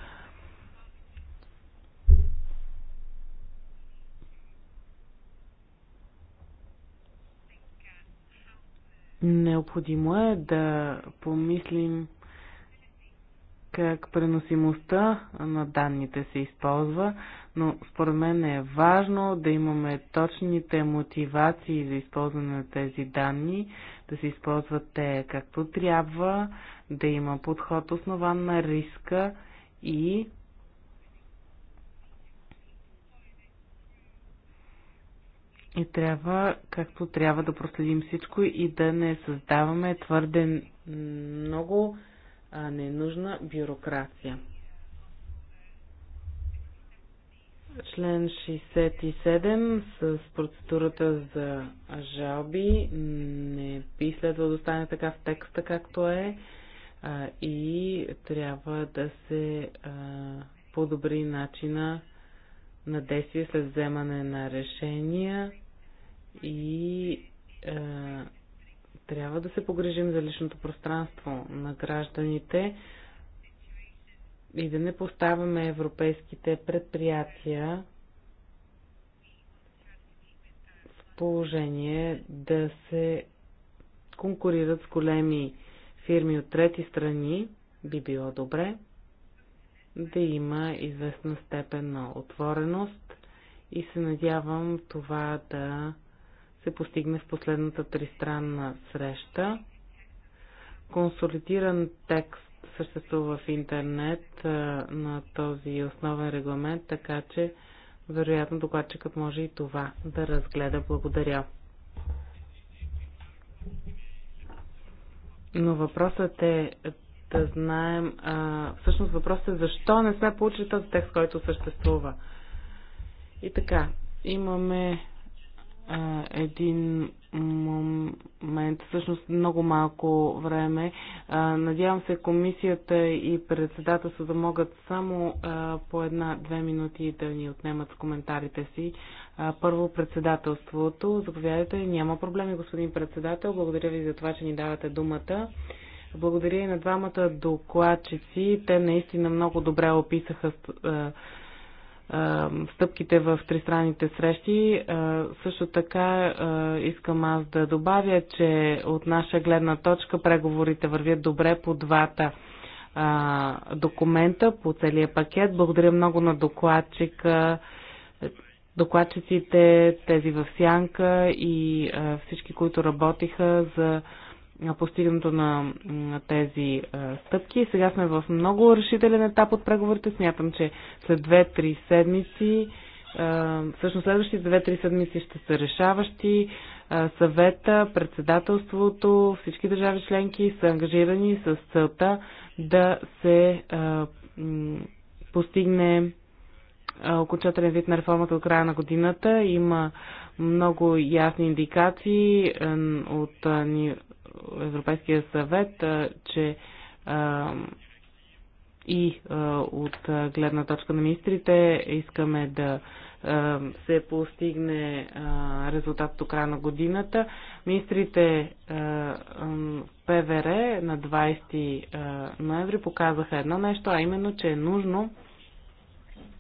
Необходимо е да помислим как преносимостта на данните се използва, но според мен е важно да имаме точните мотивации за използване на тези данни, да се използват те както трябва, да има подход основан на риска и И трябва, както трябва да проследим всичко и да не създаваме твърде много а, ненужна бюрокрация. Член 67 с процедурата за жалби не би следвало да стане така в текста, както е а, и трябва да се а, подобри начина на действие след вземане на решения и е, трябва да се погрежим за личното пространство на гражданите и да не поставяме европейските предприятия в положение да се конкурират с големи фирми от трети страни, би било добре да има известна степен на отвореност и се надявам това да се постигне в последната тристранна среща. Консолидиран текст съществува в интернет на този основен регламент, така че вероятно докладчикът може и това да разгледа. Благодаря. Но въпросът е да знаем, а, всъщност въпросът е защо не сме получили този текст, който съществува. И така, имаме един момент, всъщност много малко време. Надявам се комисията и са да могат само по една-две минути да ни отнемат коментарите си. Първо председателството. Заповядайте, няма проблеми, господин председател. Благодаря ви за това, че ни давате думата. Благодаря и на двамата докладчици. Те наистина много добре описаха стъпките в тристранните срещи. Също така искам аз да добавя, че от наша гледна точка преговорите вървят добре по двата документа, по целия пакет. Благодаря много на докладчика, докладчиците, тези в сянка и всички, които работиха за постигнато на, на тези стъпки. Сега сме в много решителен етап от преговорите. Смятам, че след 2-3 седмици, всъщност следващите 2-3 седмици ще са решаващи. съвета, председателството, всички държави членки са ангажирани с целта да се постигне окончателен вид на реформата от края на годината. Има много ясни индикации от Европейския съвет, че и от гледна точка на министрите искаме да се постигне резултат до края на годината. Министрите ПВР на 20 ноември показаха едно нещо, а именно, че е нужно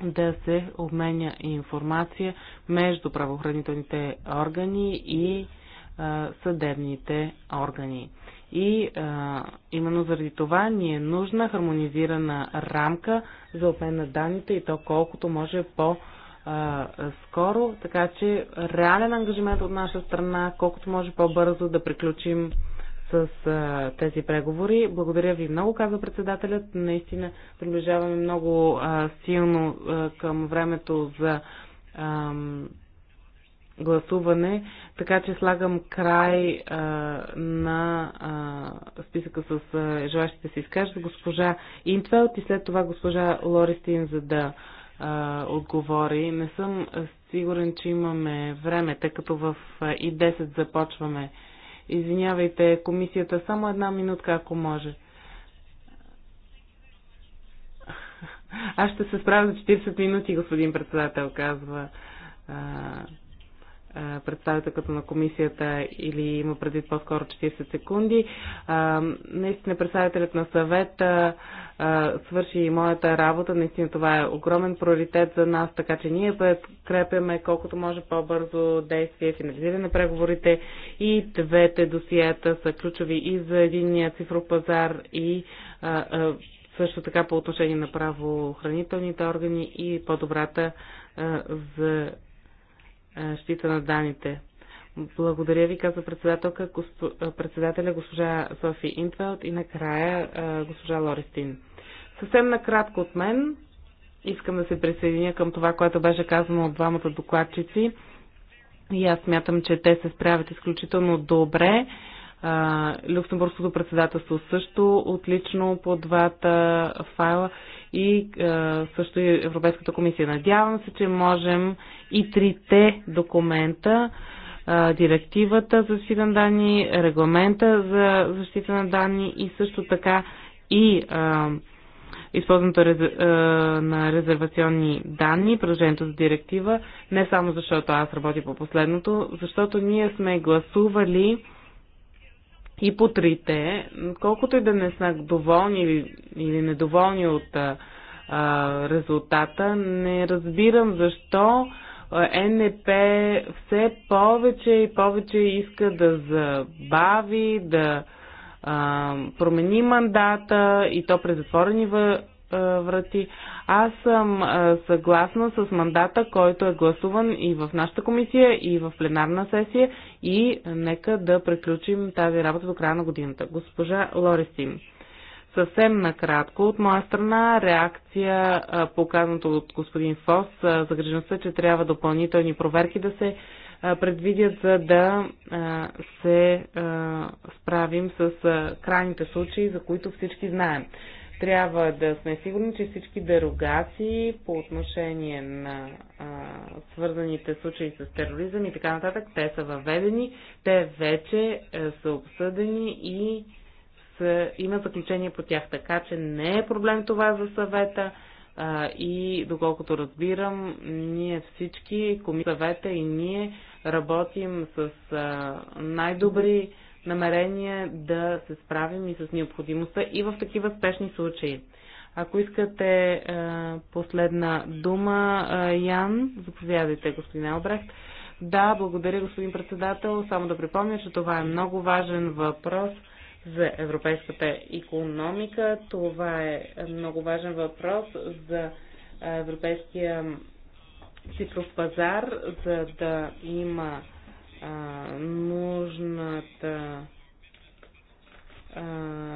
да се обменя информация между правоохранителните органи и съдебните органи. И а, именно заради това ни е нужна хармонизирана рамка за обмен на данните и то колкото може по- скоро, така че реален ангажимент от наша страна, колкото може по-бързо да приключим с а, тези преговори. Благодаря ви много, каза председателят. Наистина приближаваме много а, силно а, към времето за. А, гласуване, така че слагам край а, на а, списъка с а, желащите се изкажат госпожа Интвелт и след това госпожа Лористин, за да а, отговори. Не съм сигурен, че имаме време, тъй като в и 10 започваме. Извинявайте, комисията, само една минутка, ако може. Аз ще се справя за 40 минути, господин председател, казва. А, представителката на комисията или има преди по-скоро 40 секунди. Наистина представителят на съвета свърши и моята работа. Наистина това е огромен приоритет за нас, така че ние подкрепяме колкото може по-бързо действие, финализиране на преговорите и двете досиета са ключови и за единния цифров пазар и също така по отношение на правоохранителните органи и по-добрата за щита на данните. Благодаря ви, каза председателка, госпо, председателя госпожа Софи Интвелд и накрая госпожа Лористин. Съвсем накратко от мен искам да се присъединя към това, което беше казано от двамата докладчици. И аз смятам, че те се справят изключително добре. Люксембургското председателство също отлично по двата файла и а, също и Европейската комисия. Надявам се, че можем и трите документа, а, директивата за защита на данни, регламента за защита на данни и също така и а, използването на резервационни данни, предложението за директива, не само защото аз работя по последното, защото ние сме гласували и по трите, колкото и да не са доволни или, или недоволни от а, резултата, не разбирам защо НП все повече и повече иска да забави, да а, промени мандата и то през затворени врати. Аз съм съгласна с мандата, който е гласуван и в нашата комисия, и в пленарна сесия и нека да приключим тази работа до края на годината. Госпожа Лорисим. Съвсем накратко от моя страна реакция, показаното от господин Фос, загрежността, че трябва допълнителни проверки да се предвидят, за да се справим с крайните случаи, за които всички знаем. Трябва да сме сигурни, че всички дерогации по отношение на а, свързаните случаи с тероризъм и така нататък, те са въведени, те вече а, е, са обсъдени и са, има заключение по тях. Така че не е проблем това за съвета а, и доколкото разбирам, ние всички, комисията и ние работим с а, най-добри намерение да се справим и с необходимостта и в такива спешни случаи. Ако искате е, последна дума, е, Ян, заповядайте, господин Албрехт. Да, благодаря, господин председател. Само да припомня, че това е много важен въпрос за европейската економика. Това е много важен въпрос за е, европейския цифров пазар, за да има а, нужната а,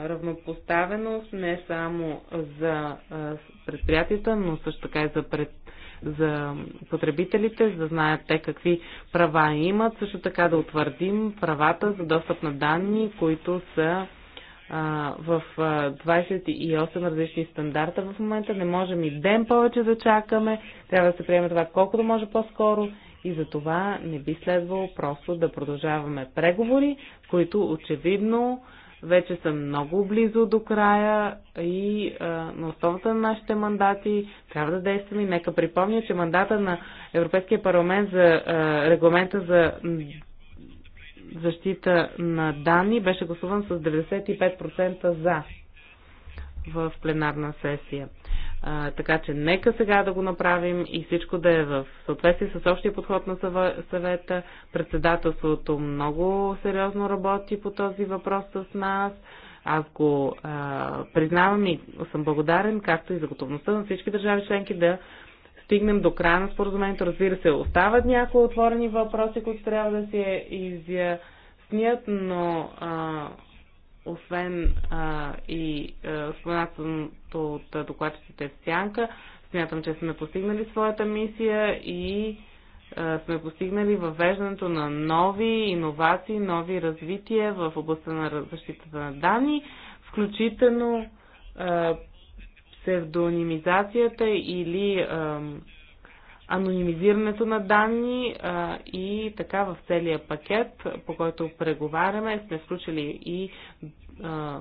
равнопоставеност не само за а, предприятията, но също така и за, пред, за потребителите, за да знаят те какви права имат. Също така да утвърдим правата за достъп на данни, които са в 28 различни стандарта в момента. Не можем и ден повече да чакаме. Трябва да се приеме това колкото може по-скоро и за това не би следвало просто да продължаваме преговори, които очевидно вече са много близо до края и а, на основата на нашите мандати трябва да действаме. Нека припомня, че мандата на Европейския парламент за а, регламента за защита на данни беше гласуван с 95% за в пленарна сесия. А, така че нека сега да го направим и всичко да е в съответствие с общия подход на съвета. Председателството много сериозно работи по този въпрос с нас. Аз го а, признавам и съм благодарен, както и за готовността на всички държави членки да стигнем до края на споразумението. Разбира се, остават някои отворени въпроси, които трябва да се изяснят, но а, освен а, и споменатото от докладчиците в Сянка, смятам, че сме постигнали своята мисия и а, сме постигнали въвеждането на нови иновации, нови развития в областта на защитата на данни, включително а, псевдонимизацията или а, анонимизирането на данни а, и така в целия пакет, по който преговаряме, сме включили и а,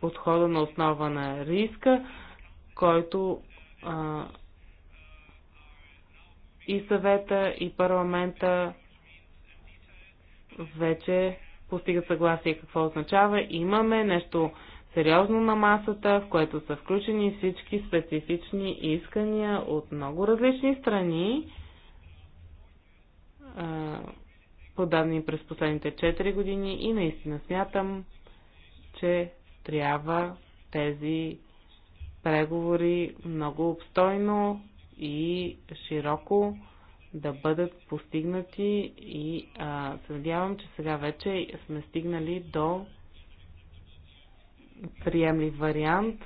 подхода на основа на риска, който а, и съвета, и парламента вече постигат съгласие какво означава. Имаме нещо сериозно на масата, в което са включени всички специфични искания от много различни страни, подадени през последните 4 години и наистина смятам, че трябва тези преговори много обстойно и широко да бъдат постигнати и а, се надявам, че сега вече сме стигнали до приемлив вариант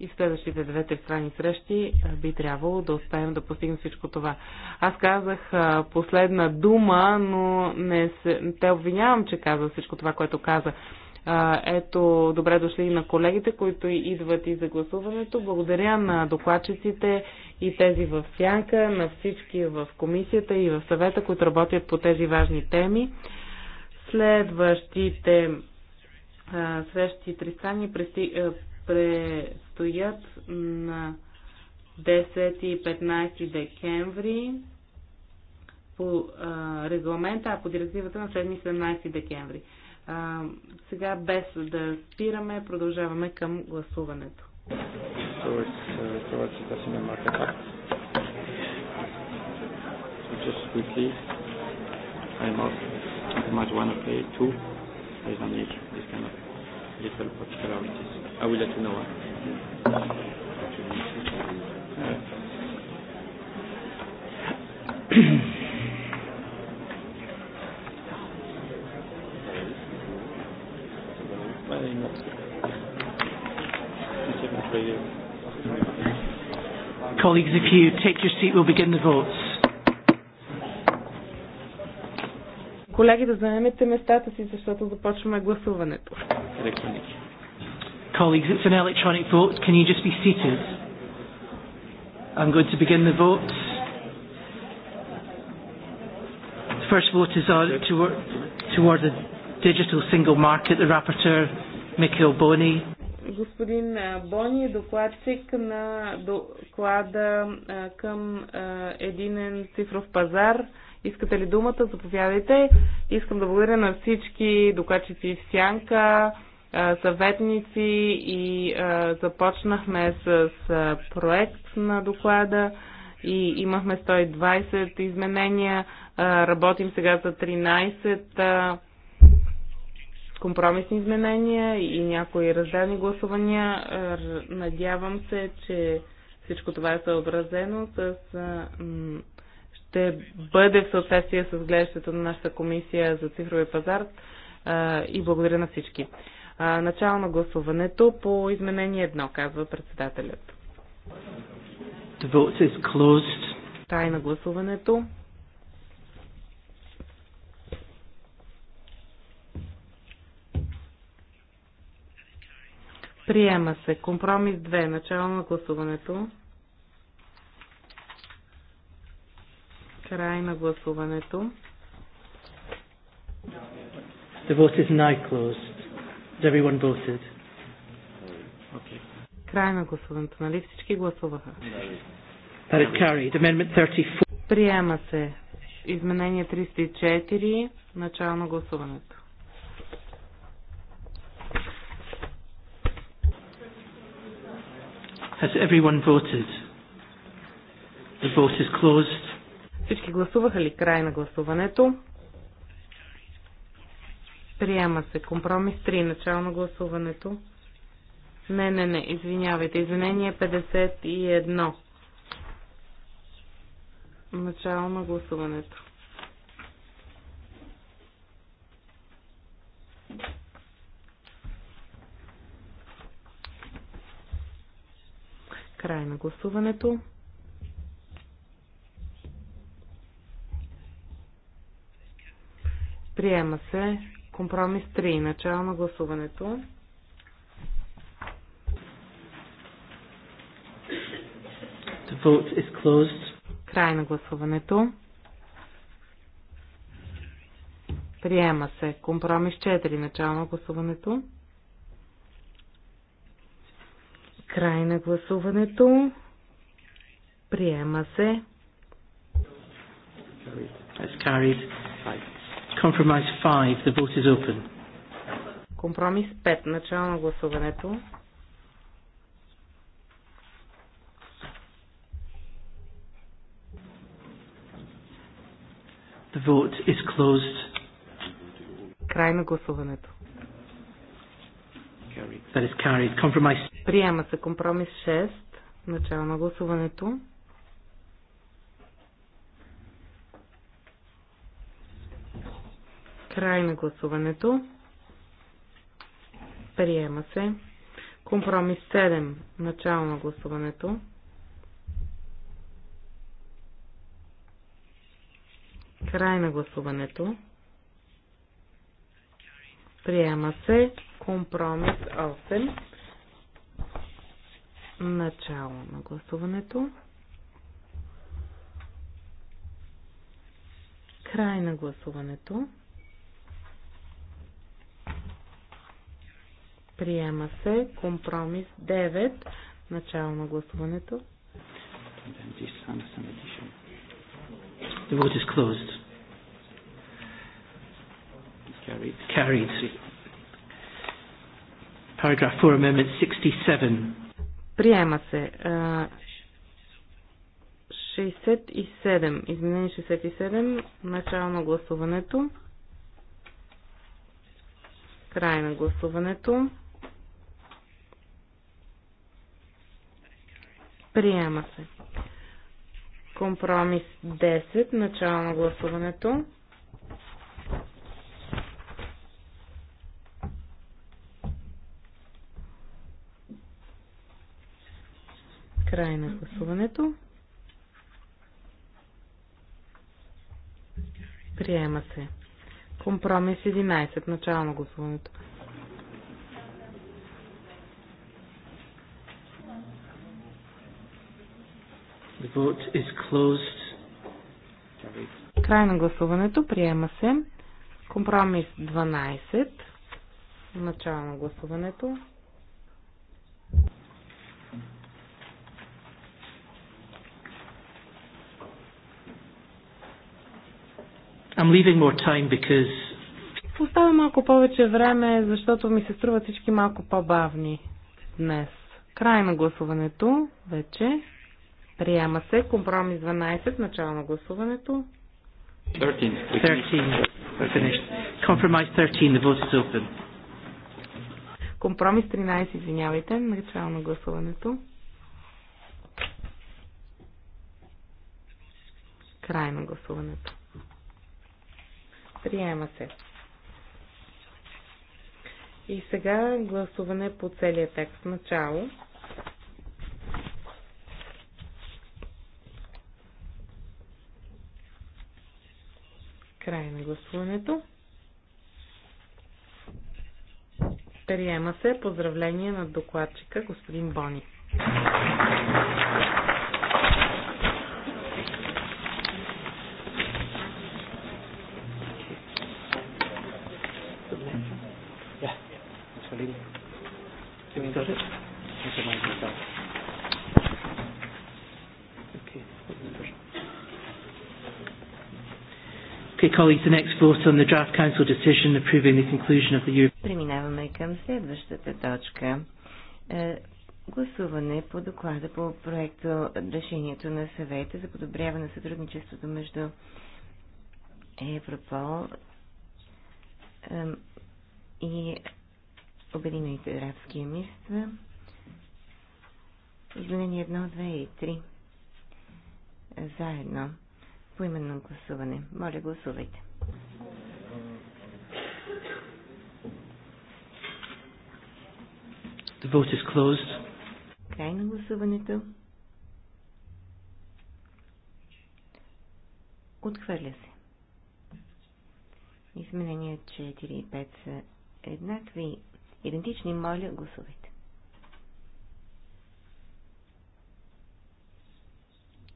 и в следващите две страни срещи би трябвало да успеем да постигнем всичко това. Аз казах последна дума, но не се, те обвинявам, че каза всичко това, което каза. Ето, добре дошли и на колегите, които идват и за гласуването. Благодаря на докладчиците и тези в Сянка, на всички в комисията и в съвета, които работят по тези важни теми. Следващите срещи Тристани предстоят на 10 и 15 декември по а, регламента, а по директивата на 7 и 17 декември. А, сега без да спираме, продължаваме към гласуването. Just quickly, I might want to play two, there's no need. I will let you know. Colleagues, if you take your seat, we'll begin the votes. Колеги, да заемете местата си, защото започваме гласуването. Colleagues, it's an electronic vote. Can you just be seated? I'm going to begin the vote. The first vote is on toward, toward the digital single market. The rapporteur, Mikhail Boni. Господин Бони е докладчик на доклада към единен цифров пазар. Искате ли думата? Заповядайте. Искам да благодаря на всички докачици в сянка, съветници и започнахме с проект на доклада и имахме 120 изменения. Работим сега за 13 компромисни изменения и някои разделни гласувания. Надявам се, че всичко това е съобразено с ще бъде в съответствие с гледащето на нашата комисия за цифрови пазар и благодаря на всички. Начало на гласуването по изменение едно, казва председателят. The vote is closed. Тай на гласуването. Приема се. Компромис 2. Начало на гласуването. Край на гласуването. The vote is now closed. Has everyone voted? Okay. Край на гласуването. Нали всички гласуваха? That is carried. Amendment 34. Приема се. Изменение 304. Начало на гласуването. Has everyone voted? The vote is closed. Всички гласуваха ли край на гласуването? Приема се. Компромис 3. Начало на гласуването. Не, не, не. Извинявайте. Извинение 51. Начало на гласуването. Край на гласуването. Приема се компромис 3. Начало на гласуването. The vote is closed. Край на гласуването. Приема се. Компромис 4. Начало на гласуването. Край на гласуването. Приема се. It's carried. Compromise 5. The vote is open. Компромис 5. Начало на гласуването. The vote is closed. Край на гласуването. That is carried. Compromise. Приема се компромис 6. Начало на гласуването. Край на гласуването. Приема се. Компромис 7. Начало на гласуването. Край на гласуването. Приема се. Компромис 8. Начало на гласуването. Край на гласуването. Приема се компромис 9. Начало на гласуването. The vote is closed. Carried. Carried. Paragraph 4, Amendment 67. Приема се. 67. Изменение 67. Начало на гласуването. Край на гласуването. Приема се. Компромис 10. Начало на гласуването. Край на гласуването. Приема се. Компромис 11. Начало на гласуването. Край на гласуването. Приема се. Компромис 12. Начало на гласуването. I'm leaving more time because... Оставя малко повече време, защото ми се струват всички малко по-бавни днес. Край на гласуването вече. Приема се. Компромис 12. Начало на гласуването. 13. 13. Compromise 13. The vote is open. Компромис 13. Извинявайте. Начало на гласуването. Край на гласуването. Приема се. И сега гласуване по целия текст. Начало. Край на гласуването. Приема се поздравление на докладчика господин Бони. colleagues, the next vote on the draft council decision approving the conclusion of the European... Преминаваме към следващата точка. Е, гласуване по доклада по проекто решението на съвета за подобряване на сътрудничеството между Европол е, и Обединените арабски емирства. Изменение 1, 2 и 3. Заедно по именно гласуване. Моля, гласувайте. The vote is closed. Край на гласуването. Отхвърля се. Изменения 4 и 5 са еднакви, идентични. Моля, гласувайте.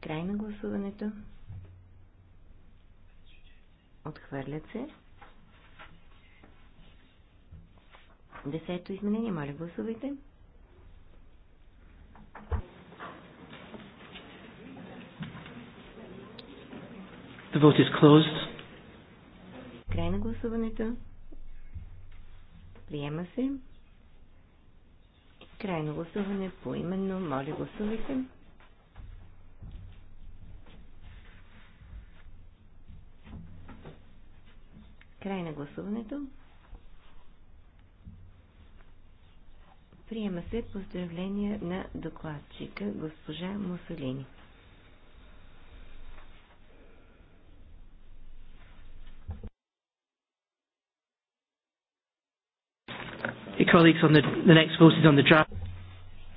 Край на гласуването. Отхвърлят се. Десето изменение, моля гласувайте. The vote is closed. Край на гласуването. Приема се. Крайно гласуване по именно. Моля гласувайте. Край на гласуването. Приема се поздравление на докладчика госпожа Мусолини.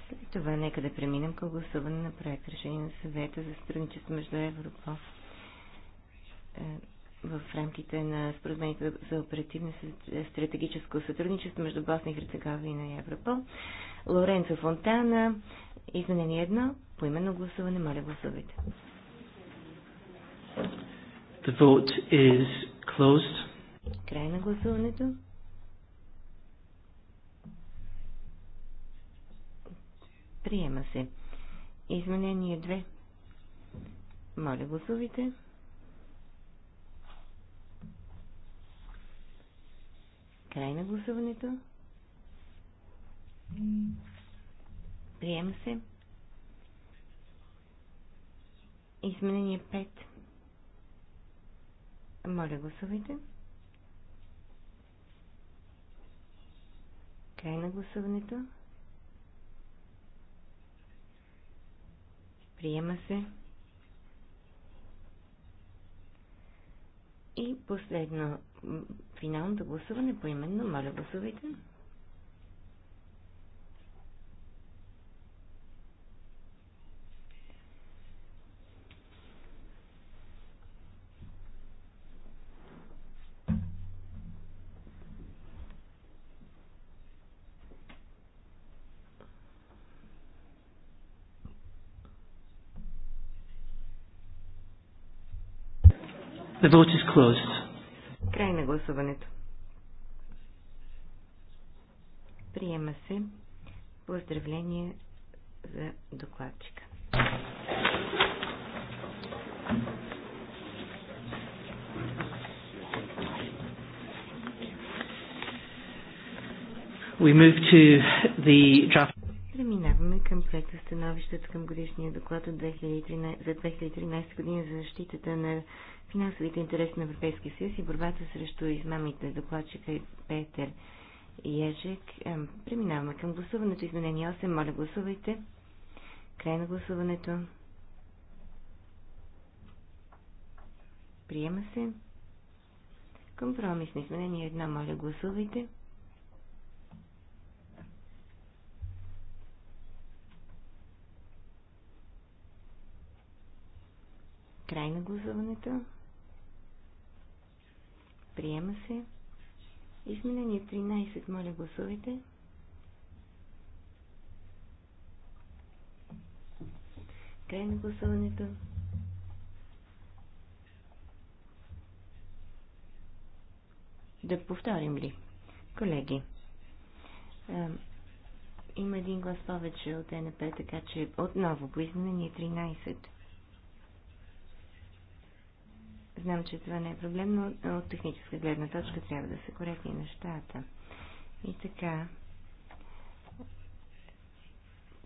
След това нека да преминем към гласуване на проект решение на съвета за сътрудничество между Европол в рамките на споразумението за оперативно стратегическо сътрудничество между Босна и Херцеговина и Европол. Лоренцо Фонтана, изменение едно, поименно гласуване, моля гласувайте. The vote is closed. Край на гласуването. Приема се. Изменение 2. Моля гласувайте. Край на гласуването. Приема се. Изменение 5. Моля, гласувайте. Край на гласуването. Приема се. И последно, финалното гласуване по именно. Моля, гласувайте. vote is closed. Край на гласуването. Приема се. Поздравление за докладчика. We move to the draft Преминаваме към проекта становището към годишния доклад от 2013, за 2013 година за защитата на финансовите интереси на Европейския съюз и борбата срещу измамите. Докладчика е Петър Ежек. Преминаваме към гласуването. Изменение 8. Моля, гласувайте. Край на гласуването. Приема се. Компромисно изменение 1. Моля, гласувайте. Край на гласуването. Приема се. Изменение 13. Моля, гласувайте. Край на гласуването. Да повторим ли? Колеги, е, има един глас повече от НП, така че отново по изменение 13. Знам, че това не е проблем, но от техническа гледна точка трябва да са коректни нещата. И така,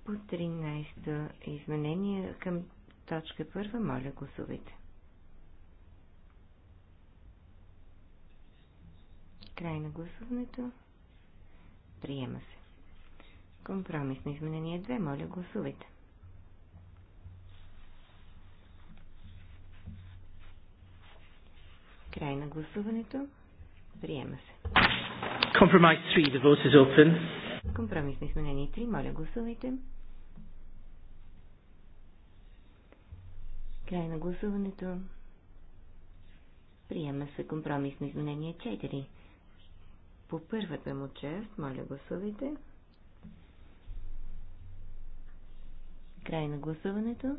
по 13-то изменение към точка първа, моля гласувайте. Край на гласуването. Приема се. Компромисно изменение 2, моля гласувайте. Край на гласуването. Приема се. Compromise 3. The vote is open. Компромисно изменение 3. Моля, гласувайте. Край на гласуването. Приема се компромис на изменение 4. По първата му част, моля, гласувайте. Край на гласуването.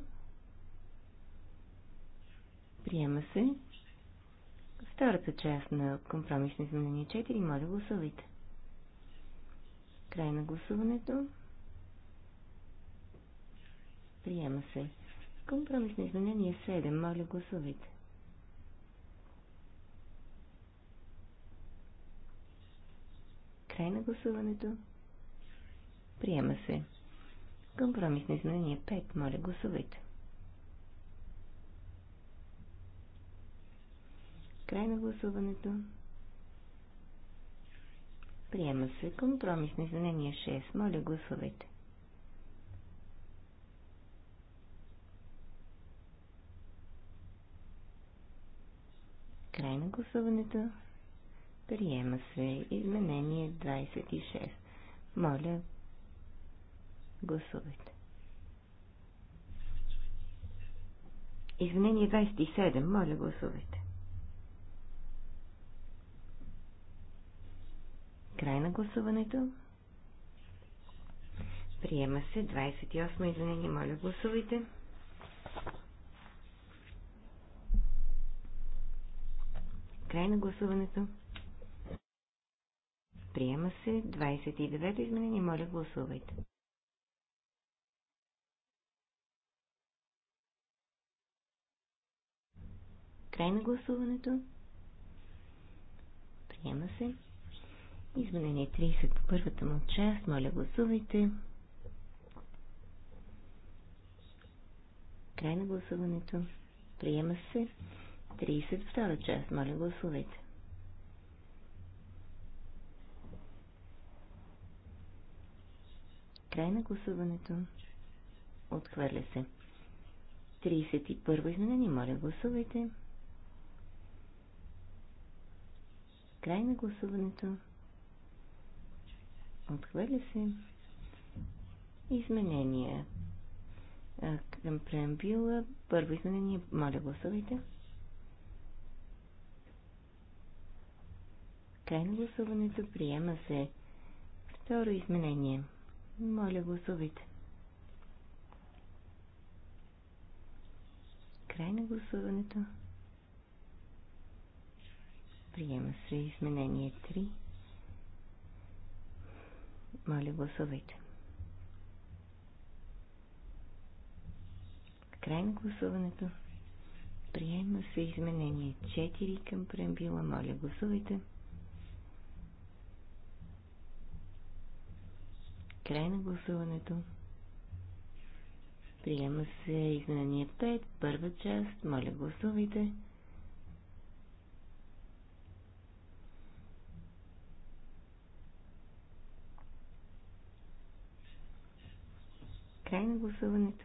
Приема се Втората част на компромисно изменение 4. Моля, гласувайте. Край на гласуването. Приема се. Компромисно изменение 7. Моля, гласувайте. Край на гласуването. Приема се. Компромисно изменение 5. Моля, гласувайте. Край на гласуването. Приема се компромис на изменение 6. Моля, гласувайте. Край на гласуването. Приема се изменение 26. Моля, гласувайте. Изменение 27. Моля, гласувайте. Край на гласуването. Приема се 28 извинение. Моля, гласувайте. Край на гласуването. Приема се 29 изменение. Моля, гласувайте. Край на гласуването. Приема се Изменение 30 по първата му част. Моля, гласувайте. Край на гласуването. Приема се. 30 втора част. Моля, гласувайте. Край на гласуването. Отхвърля се. 31 изменение. Моля, гласувайте. Край на гласуването. Отхвърля се. Изменение. към преамбила. Първо изменение. Моля, гласувайте. Край на гласуването приема се. Второ изменение. Моля, гласувайте. Край на гласуването. Приема се изменение 3. Моля, гласувайте. Край на гласуването. Приема се изменение 4 към преамбила. Моля, гласувайте. Край на гласуването. Приема се изменение 5, първа част. Моля, гласувайте. Край на гласуването.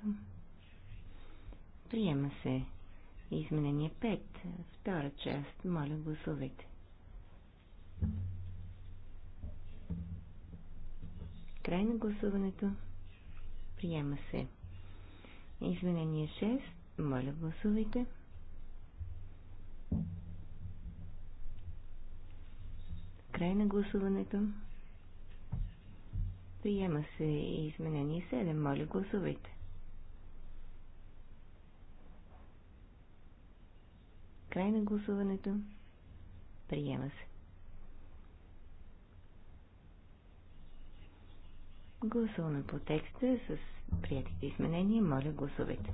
Приема се. Изменение 5. Втора част. Моля, гласувайте. Край на гласуването. Приема се. Изменение 6. Моля, гласувайте. Край на гласуването. Приема се и изменение 7. Моля, гласувайте. Край на гласуването. Приема се. Гласуваме по текста с приятите изменения. Моля, гласувайте.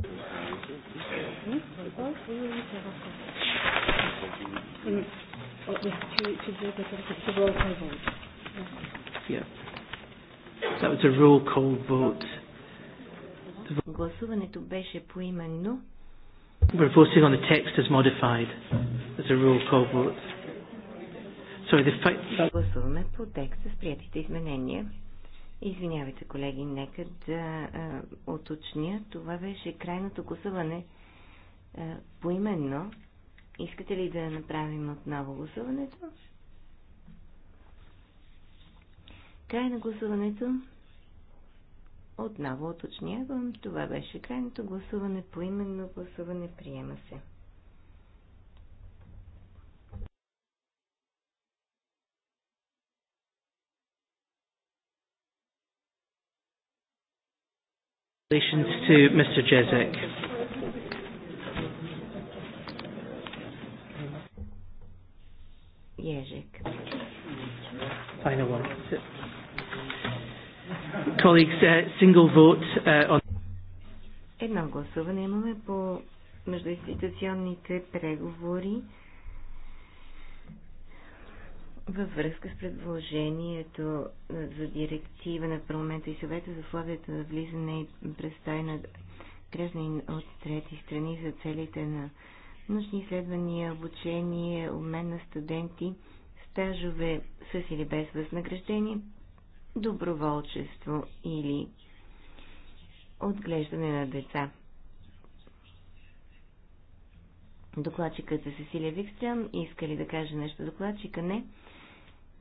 Yeah. That was a roll call vote. Гласуването беше поименно. We're voting on the text as modified. a roll call vote. Sorry, the Гласуваме по текста с приятите изменения. Извинявайте, колеги, нека да а, уточня. Това беше крайното гласуване поименно. Искате ли да направим отново гласуването? Край на гласуването. Отново оточнявам, това беше крайното гласуване, по именно гласуване приема се. Congratulations to Mr. Jezek. Jezek. Final one. Colleagues, uh, single vote, uh, on... Едно гласуване имаме по междуинституционните преговори във връзка с предложението е, за директива на парламента и съвета за условията на влизане и престой на граждани от трети страни за целите на научни изследвания, обучение, обмен на студенти, стажове с или без възнаграждение, доброволчество или отглеждане на деца. Докладчикът е Сесилия Викстрям. Иска ли да каже нещо докладчика? Не.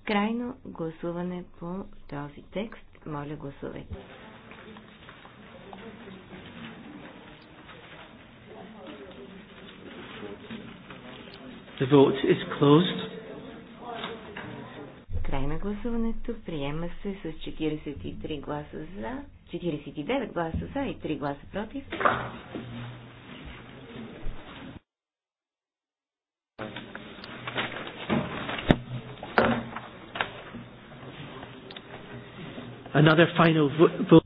Крайно гласуване по този текст. Моля, гласувайте. The vote is closed. Край на гласуването. Приема се с 43 гласа за, 49 гласа за и 3 гласа против. Another final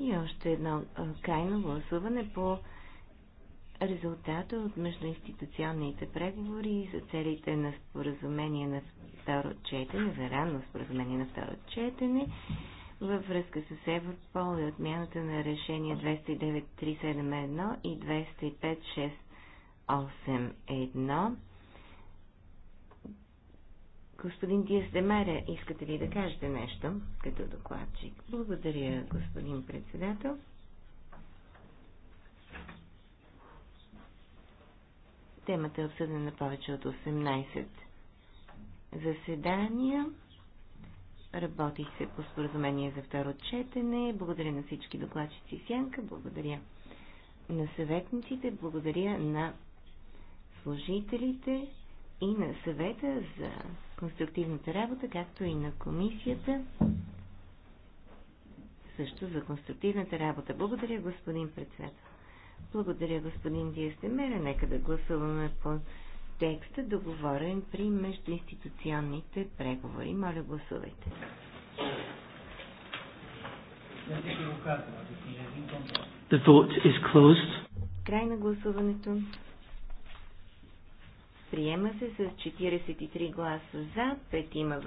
И още едно крайно гласуване по резултата от междуинституционните преговори за целите на споразумение на второ четене, за ранно споразумение на второ четене, във връзка с Европол и отмяната на решения 209-371 и 205-681. Господин Диас Демаре, искате ли да кажете нещо като докладчик? Благодаря, господин председател. Темата е обсъдена повече от 18 заседания. Работих се по споразумение за второ четене. Благодаря на всички докладчици Сянка. Благодаря на съветниците. Благодаря на служителите и на съвета за конструктивната работа, както и на комисията също за конструктивната работа. Благодаря, господин председател. Благодаря, господин Диестемера. Нека да гласуваме по текста, договорен при междуинституционните преговори. Моля, гласувайте. The vote is closed. Край на гласуването. Приема се с 43 гласа за, 5 има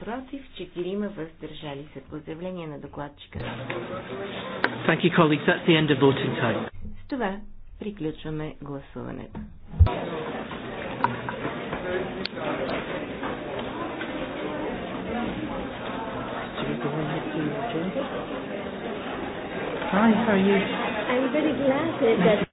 против, 4 има въздържали се. Поздравление на докладчика. Thank you, colleagues. That's the end of voting time това приключваме гласуването. Hi, how are you? I'm very glad that